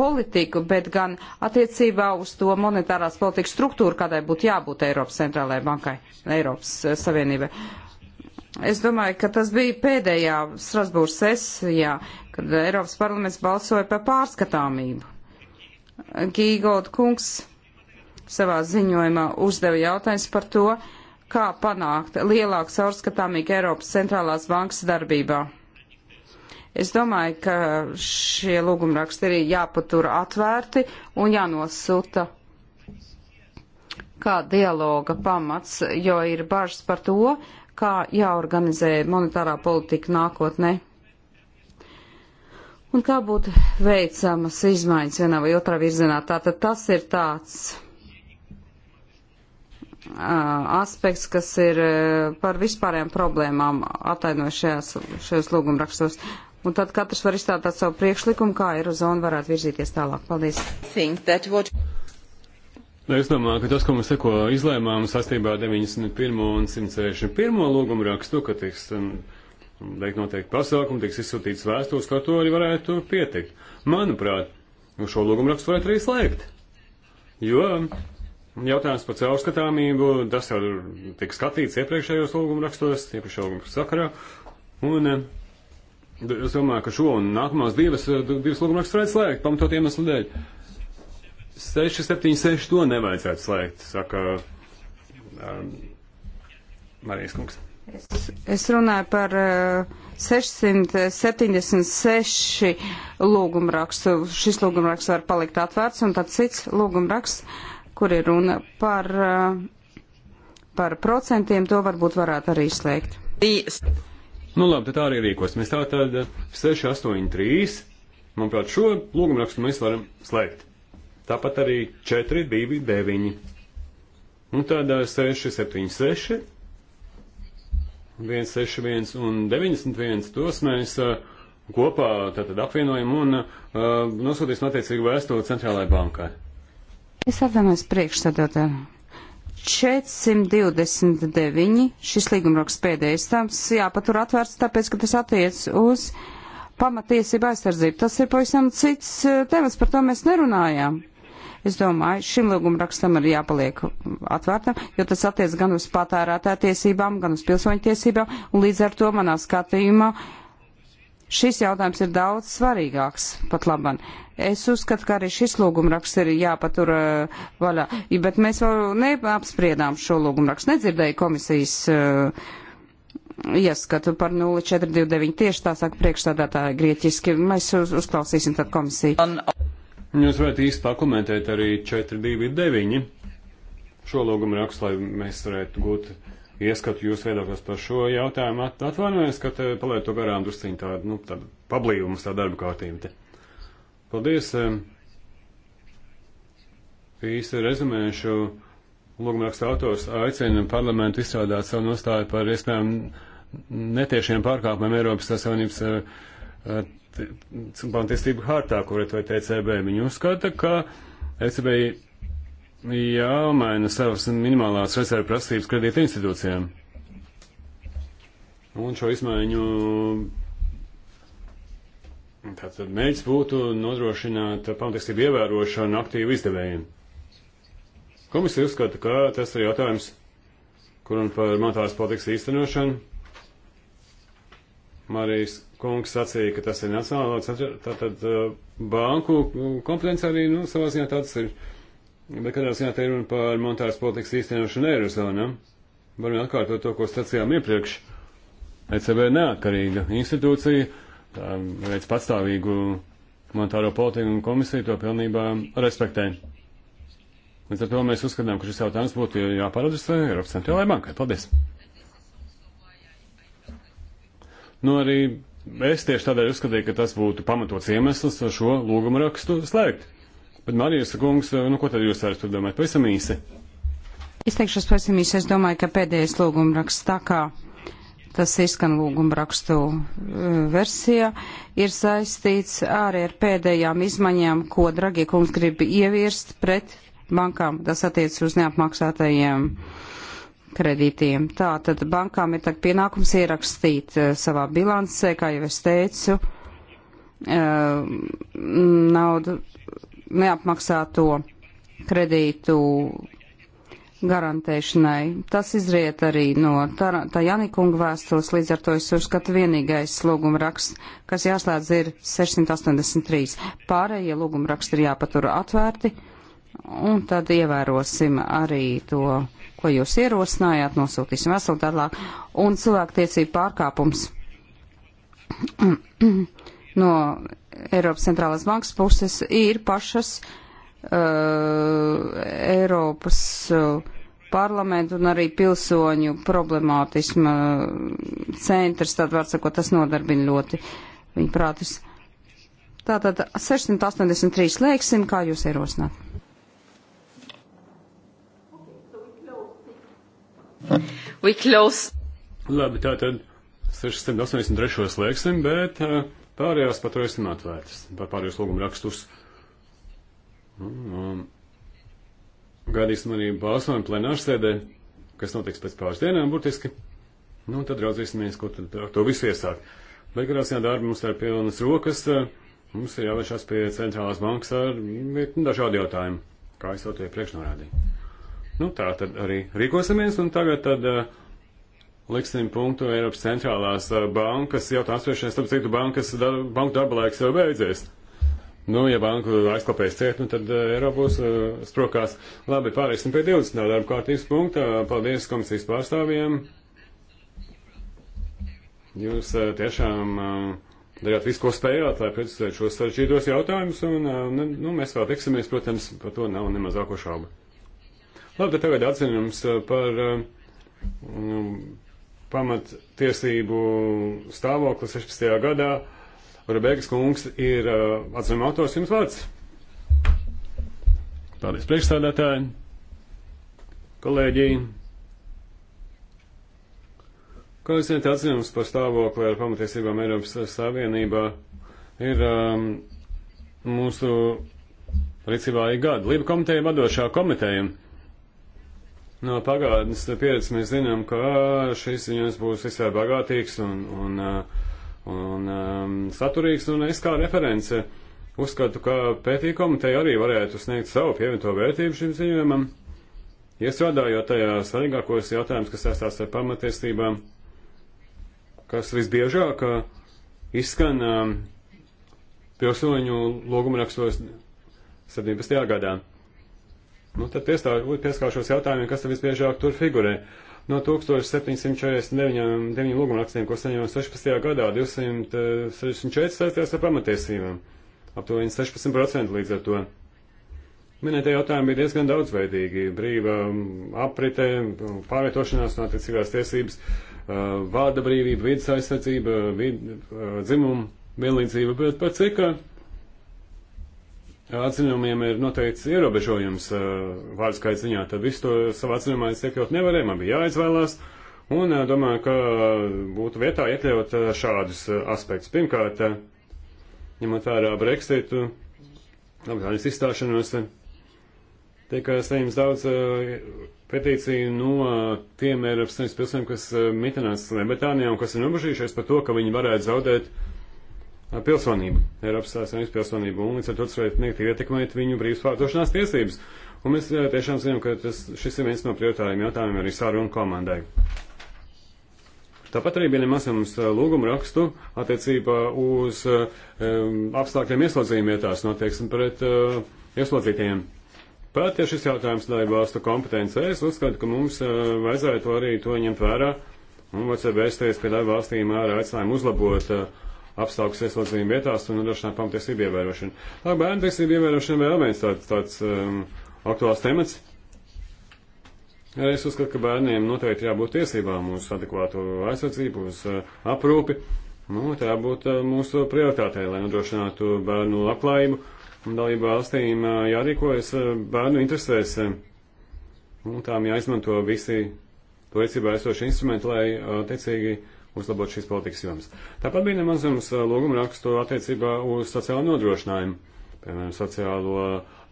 Speaker 1: politiku, bet gan attiecībā uz to monetārās politikas struktūru, kādai būtu jābūt Eiropas centrālajai bankai, Eiropas uh, Savienībai Es domāju, ka tas bija pēdējā Strasbūras sesijā, kad Eiropas parlaments balsoja par pārskatāmību. Gīgold kungs savā ziņojumā uzdeva jautājums par to, kā panākt lielāku caurskatāmību Eiropas centrālās bankas darbībā. Es domāju, ka šie lūgumraksti ir jāpatura atvērti un jānosūta kā dialoga pamats, jo ir bažas par to, uh, kā jāorganizē monetārā politika nākotnē. Un kā būtu veicamas izmaiņas vienā vai otrā virzienā? Tātad tas ir tāds uh, aspekts, kas ir uh, par vispārējām problēmām atainošajās šajos lūgumrakstos. Un tad katrs var izstādāt savu priekšlikumu, kā Eirozona varētu virzīties tālāk. Paldies.
Speaker 4: Nu, es domāju, ka tas, ko mēs tikko izlēmām sastībā 91. un 161. lūgumu rakstu, ka tiks veikt um, noteikti pasākumi, tiks izsūtīts vēstules, ka to arī varētu pietikt. Manuprāt, šo lūgumu rakstu varētu arī slēgt. Jo um, jautājums par caurskatāmību, tas jau tika skatīts iepriekšējos lūgumu rakstos, iepriekšējā lūgumu sakarā. Un um, es domāju, ka šo un nākamās divas, divas lūgumu rakstus varētu slēgt, pamatot iemeslu dēļ. 676 to nevajadzētu slēgt, saka um, Marijas kungs. Es,
Speaker 1: es runāju par uh, 676 uh, lūgumrakstu. Šis lūgumraksts var palikt atvērts, un tad cits lūgumraksts, kur ir runa par, uh, par procentiem, to varbūt varētu arī slēgt.
Speaker 4: Nu labi, tad tā arī rīkosimies. Tātad 683, manuprāt, šo lūgumrakstu mēs varam slēgt. Tāpat arī 4, 2, 9. Un tādā 6, 7, 6, 1, 6, 1 un 91. Tos mēs kopā tātad apvienojam un uh, nosūtīsim attiecīgu vēstuli centrālajai bankai.
Speaker 1: Es atvainojos priekšstādātāju. 429, šis līgumraksts pēdējais tams, jāpatur atvērts, tāpēc, ka tas attiec uz pamatiesību aizsardzību. Tas ir pavisam cits temats, par to mēs nerunājām. Es domāju, šim lūgumrakstam ir jāpaliek atvērtam, jo tas attiec gan uz patērētāju tiesībām, gan uz pilsoņu tiesībām, un līdz ar to manā skatījumā šis jautājums ir daudz svarīgāks pat laban. Es uzskatu, ka arī šis lūgumraksts ir jāpatur uh, vaļā, bet mēs vēl neapspriedām šo lūgumrakstu, nedzirdēju komisijas uh, ieskatu par 0429. Tieši tā saka priekšstādātāja grieķiski. Mēs uz, uzklausīsim tad komisiju.
Speaker 4: Jūs varat īsti pakomentēt arī 429 šo lūgumu rakstu, lai mēs varētu gūt ieskatu jūs viedokļos par šo jautājumu. Atvainojos, ka te palaidu to garām drusciņu tādu, nu, tādu pablīvumus tā darba kārtību te. Paldies. Īsti rezumēšu lūgumu rakstu autors aicina parlamentu izstrādāt savu nostāju par iespējām netiešiem pārkāpumiem Eiropas Savienības eh, bantiestību hārtā, kur ir to ECB. Viņi uzskata, ka ECB jāmaina savas minimālās rezervu prasības kredīta institūcijām. Un šo izmaiņu tātad mērķis būtu nodrošināt pamatiestību ievērošanu aktīvu izdevējiem. Komisija uzskata, ka tas ir jautājums, kur un par monetāras politikas īstenošanu. Marijas kungs sacīja, ka tas ir nacionālo tātad, uh, banku kompetence arī, nu, savā ziņā tāds ir. Bet kādā ziņā te ir runa par monetāras politikas īstenošanu Eirozonā. Varam atkārtot to, ko sacījām iepriekš. ECB ir neatkarīga institūcija, tā veids patstāvīgu monetāro politiku un komisiju to pilnībā respektē. Līdz ar to mēs uzskatām, ka šis jautājums būtu jāparadusē Eiropas centrālajai bankai. Paldies! Nu, arī Es tieši tādēļ uzskatīju, ka tas būtu pamatots iemesls šo lūgumu rakstu slēgt. Bet, Marijas kungs, nu ko tad jūs varat tur domāt? Pavisam īsi.
Speaker 1: Izteikšos pavisam īsi. Es domāju, ka pēdējais lūgumu raksts tā kā tas izskan lūguma rakstu uh, versijā, ir saistīts arī ar pēdējām izmaiņām, ko Dragie kungs grib ieviest pret bankām. Tas attiec uz neapmaksātajiem uh, kredītiem. Tātad bankām ir tagad pienākums ierakstīt eh, savā bilancē, kā jau es teicu, eh, naudu neapmaksāto kredītu garantēšanai. Tas izriet arī no tā, tā Janikunga vēstos, līdz ar to es uzskatu vienīgais lūguma raksts, kas jāslēdz ir 683. Pārējie lūguma raksti ir jāpatura atvērti, un tad ievērosim arī to ko jūs ierosinājāt, nosūtīsim veselu tālāk, un cilvēktiesību pārkāpums no Eiropas centrālās bankas puses ir pašas uh, Eiropas uh, parlamentu un arī pilsoņu problemātisma centrs, tad var sakot, tas nodarbina ļoti viņu prātus. Tātad 683 lēksim, kā jūs ierosināt?
Speaker 4: We close. Labi, tātad 683. slēgsim, bet eh, pārējās paturēsim atvērtas. Par pārējos lūgumu rakstus. Um, gaidīsim arī balsojumu plenārsēdē, kas notiks pēc pāris dienām burtiski. Nu, tad raudzīsimies, ko tad ar to visu iesāk. Bet garāsajā darba mums ir pilnas rokas. Eh, mums ir jāvēršās pie centrālās bankas ar mm, dažādu jautājumu, kā es jau te priekšnorādīju. Nu, tā tad arī rīkosimies, un tagad tad uh, liksim punktu Eiropas centrālās uh, bankas jautājums vēršanai, starp citu, bankas, da, banku darba laiks jau beidzies. Nu, ja banku aizklapēs ciet, nu tad uh, eh, Eiropa būs uh, sprokās. Labi, pārēsim pie 20. darba kārtības punkta. Paldies komisijas pārstāvjiem. Jūs uh, tiešām. Uh, darāt visu, ko spējāt, lai precizētu šos sarežģītos jautājumus, un nu, mēs vēl tiksimies, protams, par to nav nemazāko šaubu. Labi, bet tagad atzinums uh, par nu, uh, mm, pamattiesību stāvokli 16. gadā. Rebeka Skungs ir uh, atzinuma autors jums vārds. Paldies priekšstādātāji, kolēģi. Kā jūs zināt, atzinums par stāvokli ar pamatiesībām Eiropas Savienībā ir um, mūsu rīcībā ir gada. Lība komiteja vadošā komiteja No pagātnes pieredzes mēs zinām, ka šis ziņojums būs visai bagātīgs un, un, uh, un um, saturīgs, un es kā reference uzskatu, ka pētī komiteja arī varētu sniegt savu pievienoto vērtību šim ziņojumam, iestrādājot tajā svarīgākos jautājumus, kas saistās ar pamatiesībām, kas visbiežāk uh, izskan um, pilsoņu logumrakstos 17. gadā. Nu, tad pieskāršos jautājumiem, kas tad visbiežāk tur figurē. No 1749 lūgumrakstiem, ko saņēmām 16. gadā, 264 saistījās ar pamatiesībām. Aptuveni 16% līdz ar to. Minētie jautājumi bija diezgan daudzveidīgi. Brīva um, aprite, um, pārvietošanās no attiecīgās tiesības, uh, vārda brīvība, vidas aizsardzība, vid, uh, dzimuma vienlīdzība, bet par cik atzinumiem ir noteikts ierobežojums eh, vārdu skaits ziņā, tad visu to savā atzinumā es iekļaut nevarēju, man bija jāizvēlās. Un eh, domāju, ka būtu vietā iekļaut eh, šādus aspektus. Pirmkārt, ņemot vērā Brexitu, Lielbritānijas izstāšanos, tiek saņemts daudz petīciju no tiem Eiropas Savienības pilsēm, kas mitinās Lielbritānijā un kas ir nobežījušies par to, ka viņi varētu zaudēt uh, pilsonību, Eiropas Savienības pilsonību, un līdz ar to tas varētu negatīvi ietekmēt viņu brīvas pārdošanās tiesības. Un mēs tiešām zinām, ka tas, šis ir viens no prioritāriem jautājumiem arī sarunu komandai. Tāpat arī bija masams lūgumu rakstu attiecībā uz um, apstākļiem ieslodzījuma vietās notieksim pret uh, ieslodzītajiem. Pat ja šis jautājums laiba valstu kompetencē, es uzskatu, ka mums uh, vajadzētu arī to ņemt vērā un vajadzētu vērsties pie laiba valstīm ar aicinājumu uzlabot uh, apstākļus ieslodzījuma vietās un nodrošināt pamatiesību ievērošanu. Tā bērnu tiesību ievērošana vēl viens tāds, tāds um, aktuāls temats. Es uzskatu, ka bērniem noteikti jābūt tiesībām uz adekvātu aizsardzību, uz uh, aprūpi. Nu, tā būtu uh, mūsu prioritātei, lai nodrošinātu bērnu labklājību. Un dalību valstīm uh, jārīkojas uh, bērnu interesēs. Uh, un tām jāizmanto visi to rīcībā esošie instrumenti, lai uh, attiecīgi uh, uzlabot šīs politikas jomas. Tāpat bija nemazums eh, lūguma rakstu attiecībā uz sociālo nodrošinājumu, piemēram, sociālo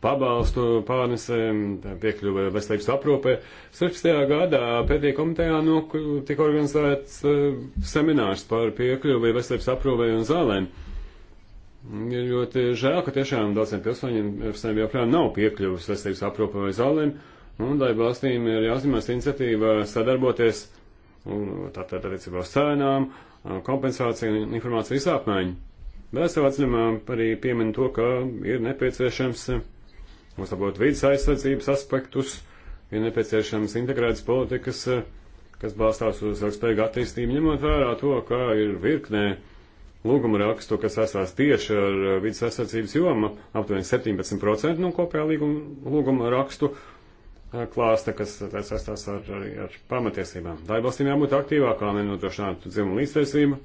Speaker 4: pabalstu pārnesēm, piekļuve veselības aprūpē. 16. gadā pēdējā komitejā nu, tika organizēts eh, seminārs par piekļuvi veselības aprūpē un zālēm. Ir ļoti žēl, ka tiešām daudziem pilsoņiem joprojām nav piekļuvis veselības aprūpē vai zālēm, un lai valstīm ir jāuzņemās iniciatīva sadarboties un tātad attiecībā uz cenām, kompensāciju un informācijas apmaiņu. Vēl savā atzinumā arī piemin to, ka ir nepieciešams uzlabot vidas aizsardzības aspektus, ir nepieciešams integrētas politikas, kas balstās uz ilgspējīgu attīstību, ņemot vērā to, ka ir virknē lūguma rakstu, kas sasās tieši ar vidas aizsardzības jomu, aptuveni 17% no kopējā līguma, lūguma rakstu, klāsta, kas saistās ar, ar, ar pamatiesībām. Daļbalstīm jābūt aktīvākām, lai nodrošinātu dzimumu līdztiesību,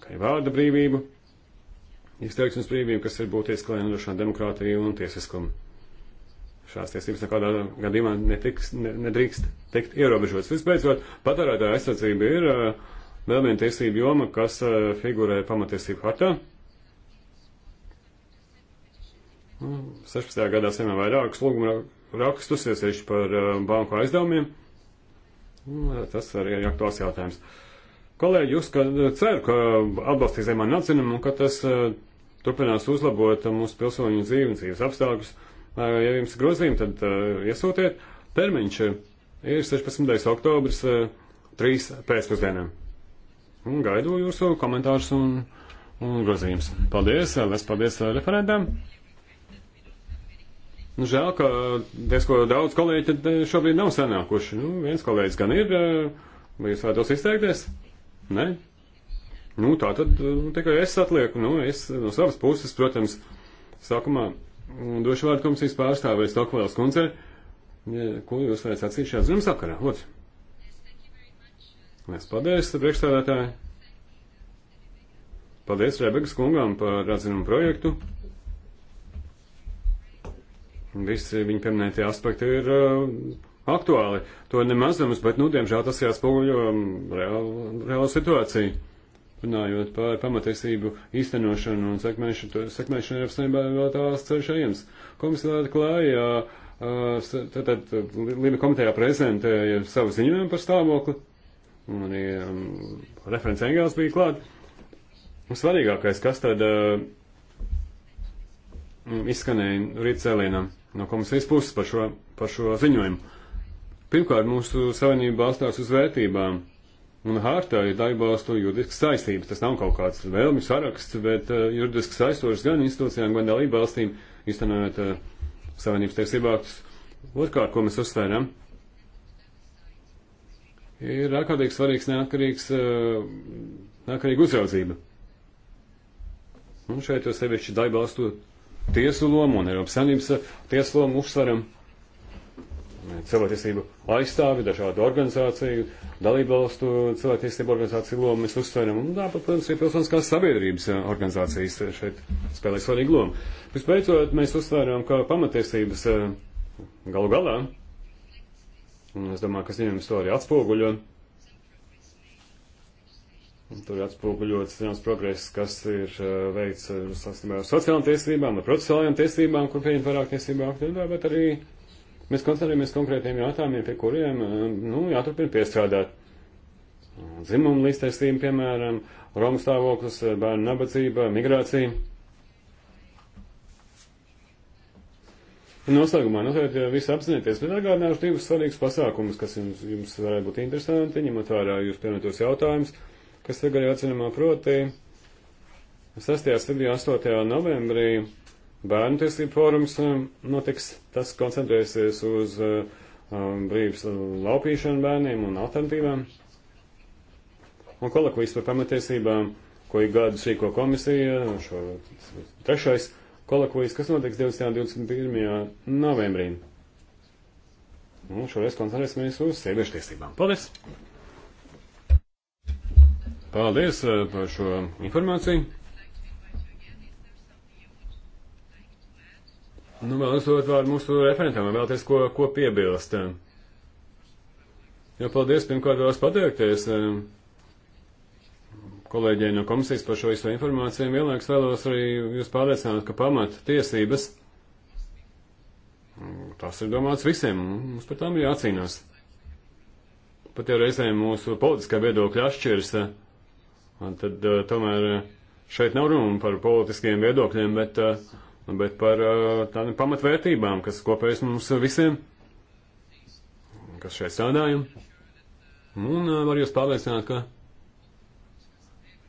Speaker 4: kā arī vārda brīvību, izteiksmes brīvību, kas ir būtiski, lai nodrošinātu demokrātiju un tiesiskumu. Šās tiesības nekādā gadījumā netiks, ne, nedrīkst tikt ierobežotas. Visbeidzot, patērētāja aizsardzība ir uh, vēl viena tiesība joma, kas uh, figurē pamatiesību hartā. 16. Nu, gadā saimē vairākus lūgumu rakstus, iesevišķi par eh, banku aizdevumiem. Nu, tas arī ir aktuāls jautājums. Kolēģi, jūs eh, ceru, ka atbalstīsiet mani atzinumu un ka tas eh, turpinās uzlabot mūsu pilsoņu dzīvi un dzīves apstākļus. Ja jums grozījumi, tad iesūtiet. Termiņš ir 16. oktobris 3 pēcpusdienām. Un gaidu jūsu komentārus un, un grozījumus. Paldies, liels paldies referendam! Nu, žēl, ka diezko daudz kolēģi eh, šobrīd nav sanākuši. Nu, viens kolēģis gan ir, eh, vai jūs vēlatos izteikties? Nē? Nu, tā tad eh, nu, tikai es atlieku. Nu, es no savas puses, protams, sākumā mm, došu vārdu komisijas pārstāvēju Stokvēlas kundzei. Ko jūs varat sacīt šajā ziņas sakarā? Lūdzu. Mēs paldies, priekšstādātāji. Paldies Rebekas kungām par atzinumu projektu. Visi viņa pieminētie aspekti ir uh, aktuāli. To ir nemazums, bet, nu, diemžēl tas jāspoguļo um, reāla situācija. Runājot par pamatiesību īstenošanu un sekmēšanu, sekmēšanu Eiropas Savienībā vēl tās ceļš ejams. Komisāra klājā, uh, tātad uh, Lība komitejā prezentēja savu ziņojumu par stāvokli, un arī um, referents Engels bija klāt. Svarīgākais, kas tad uh, izskanēja rīt cēlienam? no komisijas puses par šo, par šo ziņojumu. Pirmkārt, mūsu savienība balstās uz vērtībām, un hārtā ir daļbalstu juridiskas saistības. Tas nav kaut kāds vēlmju saraksts, bet uh, eh, juridiski saistošs gan institūcijām, gan dalībvalstīm, iztenojot uh, eh, savienības tiesību aktus. Otrkārt, ko mēs uzsvērām, ir ārkārtīgi svarīgs neatkarīgs, uh, neatkarīga uzraudzība. Un šeit jau sevišķi daļbalstu tiesu lomu un Eiropas Savienības tiesu lomu uzsveram. Cilvēktiesību aizstāvi, dažādu organizāciju, dalībvalstu cilvēktiesību organizāciju lomu mēs uzsveram. Un tāpat, protams, ir pilsoniskās sabiedrības organizācijas šeit spēlē svarīgu lomu. Vispēcot, mēs uzsveram, ka pamatiesības eh, galu galā, un es domāju, ka ziņojums to arī atspoguļo, Tur atspoguļots zināms progress, kas ir uh, veikts uh, nu, saistībā ar sociālām tiesībām, ar procesuālajām tiesībām, kur pieņem vairāk tiesību aktu, bet arī mēs koncentrējamies konkrētiem jautājumiem, pie kuriem, uh, nu, jāturpina piestrādāt. Dzimuma līdztiesība, piemēram, Romas stāvoklis, bērnu nabadzība, migrācija. Noslēgumā noteikti visi apzināties, bet atgādināšu divus svarīgus pasākumus, kas jums, jums varētu būt interesanti, ņemot vērā jūs pieminētos jautājumus kas sagaļo atzinumā proti 6. 7. 8. novembrī bērnu tiesību fórums eh, notiks. Tas koncentrēsies uz eh, um, brīvs laupīšanu bērniem un alternatīvām. Un kolekvijas par pamatiesībām, ko ik gadu šīko komisija, šo trešais kolekvijas, kas notiks 20. un 21. novembrī. Un nu, šoreiz koncentrēsimies uz sieviešu tiesībām. Paldies! Paldies eh, par šo informāciju. Nu, vēl uzdot vārdu mūsu referentam, vēlties ko, ko piebilst. Jā, paldies, pirmkārt vēlos pateikties eh, kolēģiem no komisijas par šo visu informāciju. Vienlaiks vēlos arī jūs pārliecināt, ka pamata tiesības, mm, tās ir domāts visiem, mums par tām ir jācīnās. Pat jau reizēm mūsu politiskā viedokļa atšķiras. Eh, Un tad eh, tomēr eh, šeit nav runa par politiskiem viedokļiem, bet, eh, bet par tādām pamatvērtībām, kas kopējas mums visiem, kas šeit strādājam. Un var jūs pārliecināt, ka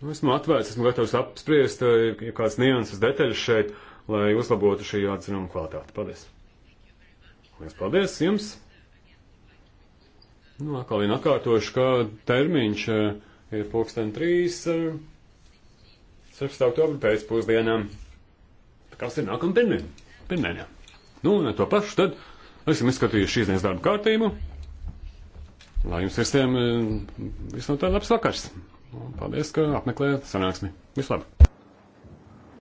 Speaker 4: nu, esmu atvērts, esmu gatavs apspriest, ja kāds nianses detaļas šeit, lai uzlabotu šī atzinuma kvalitāti. Paldies! Lielas paldies jums! Nu, atkal vien atkārtošu, ka termiņš uh, ir pulksten 3, 16. Eh, oktobra pēcpusdienām. Kas ir nākamā pirmdien? Pirmdien, jā. Nu, un ar to pašu tad esam izskatījuši šīs dienas darba kārtību. Lai jums visiem eh, visnotaļ labs vakars. Paldies, ka apmeklējāt sanāksmi. Vislabāk!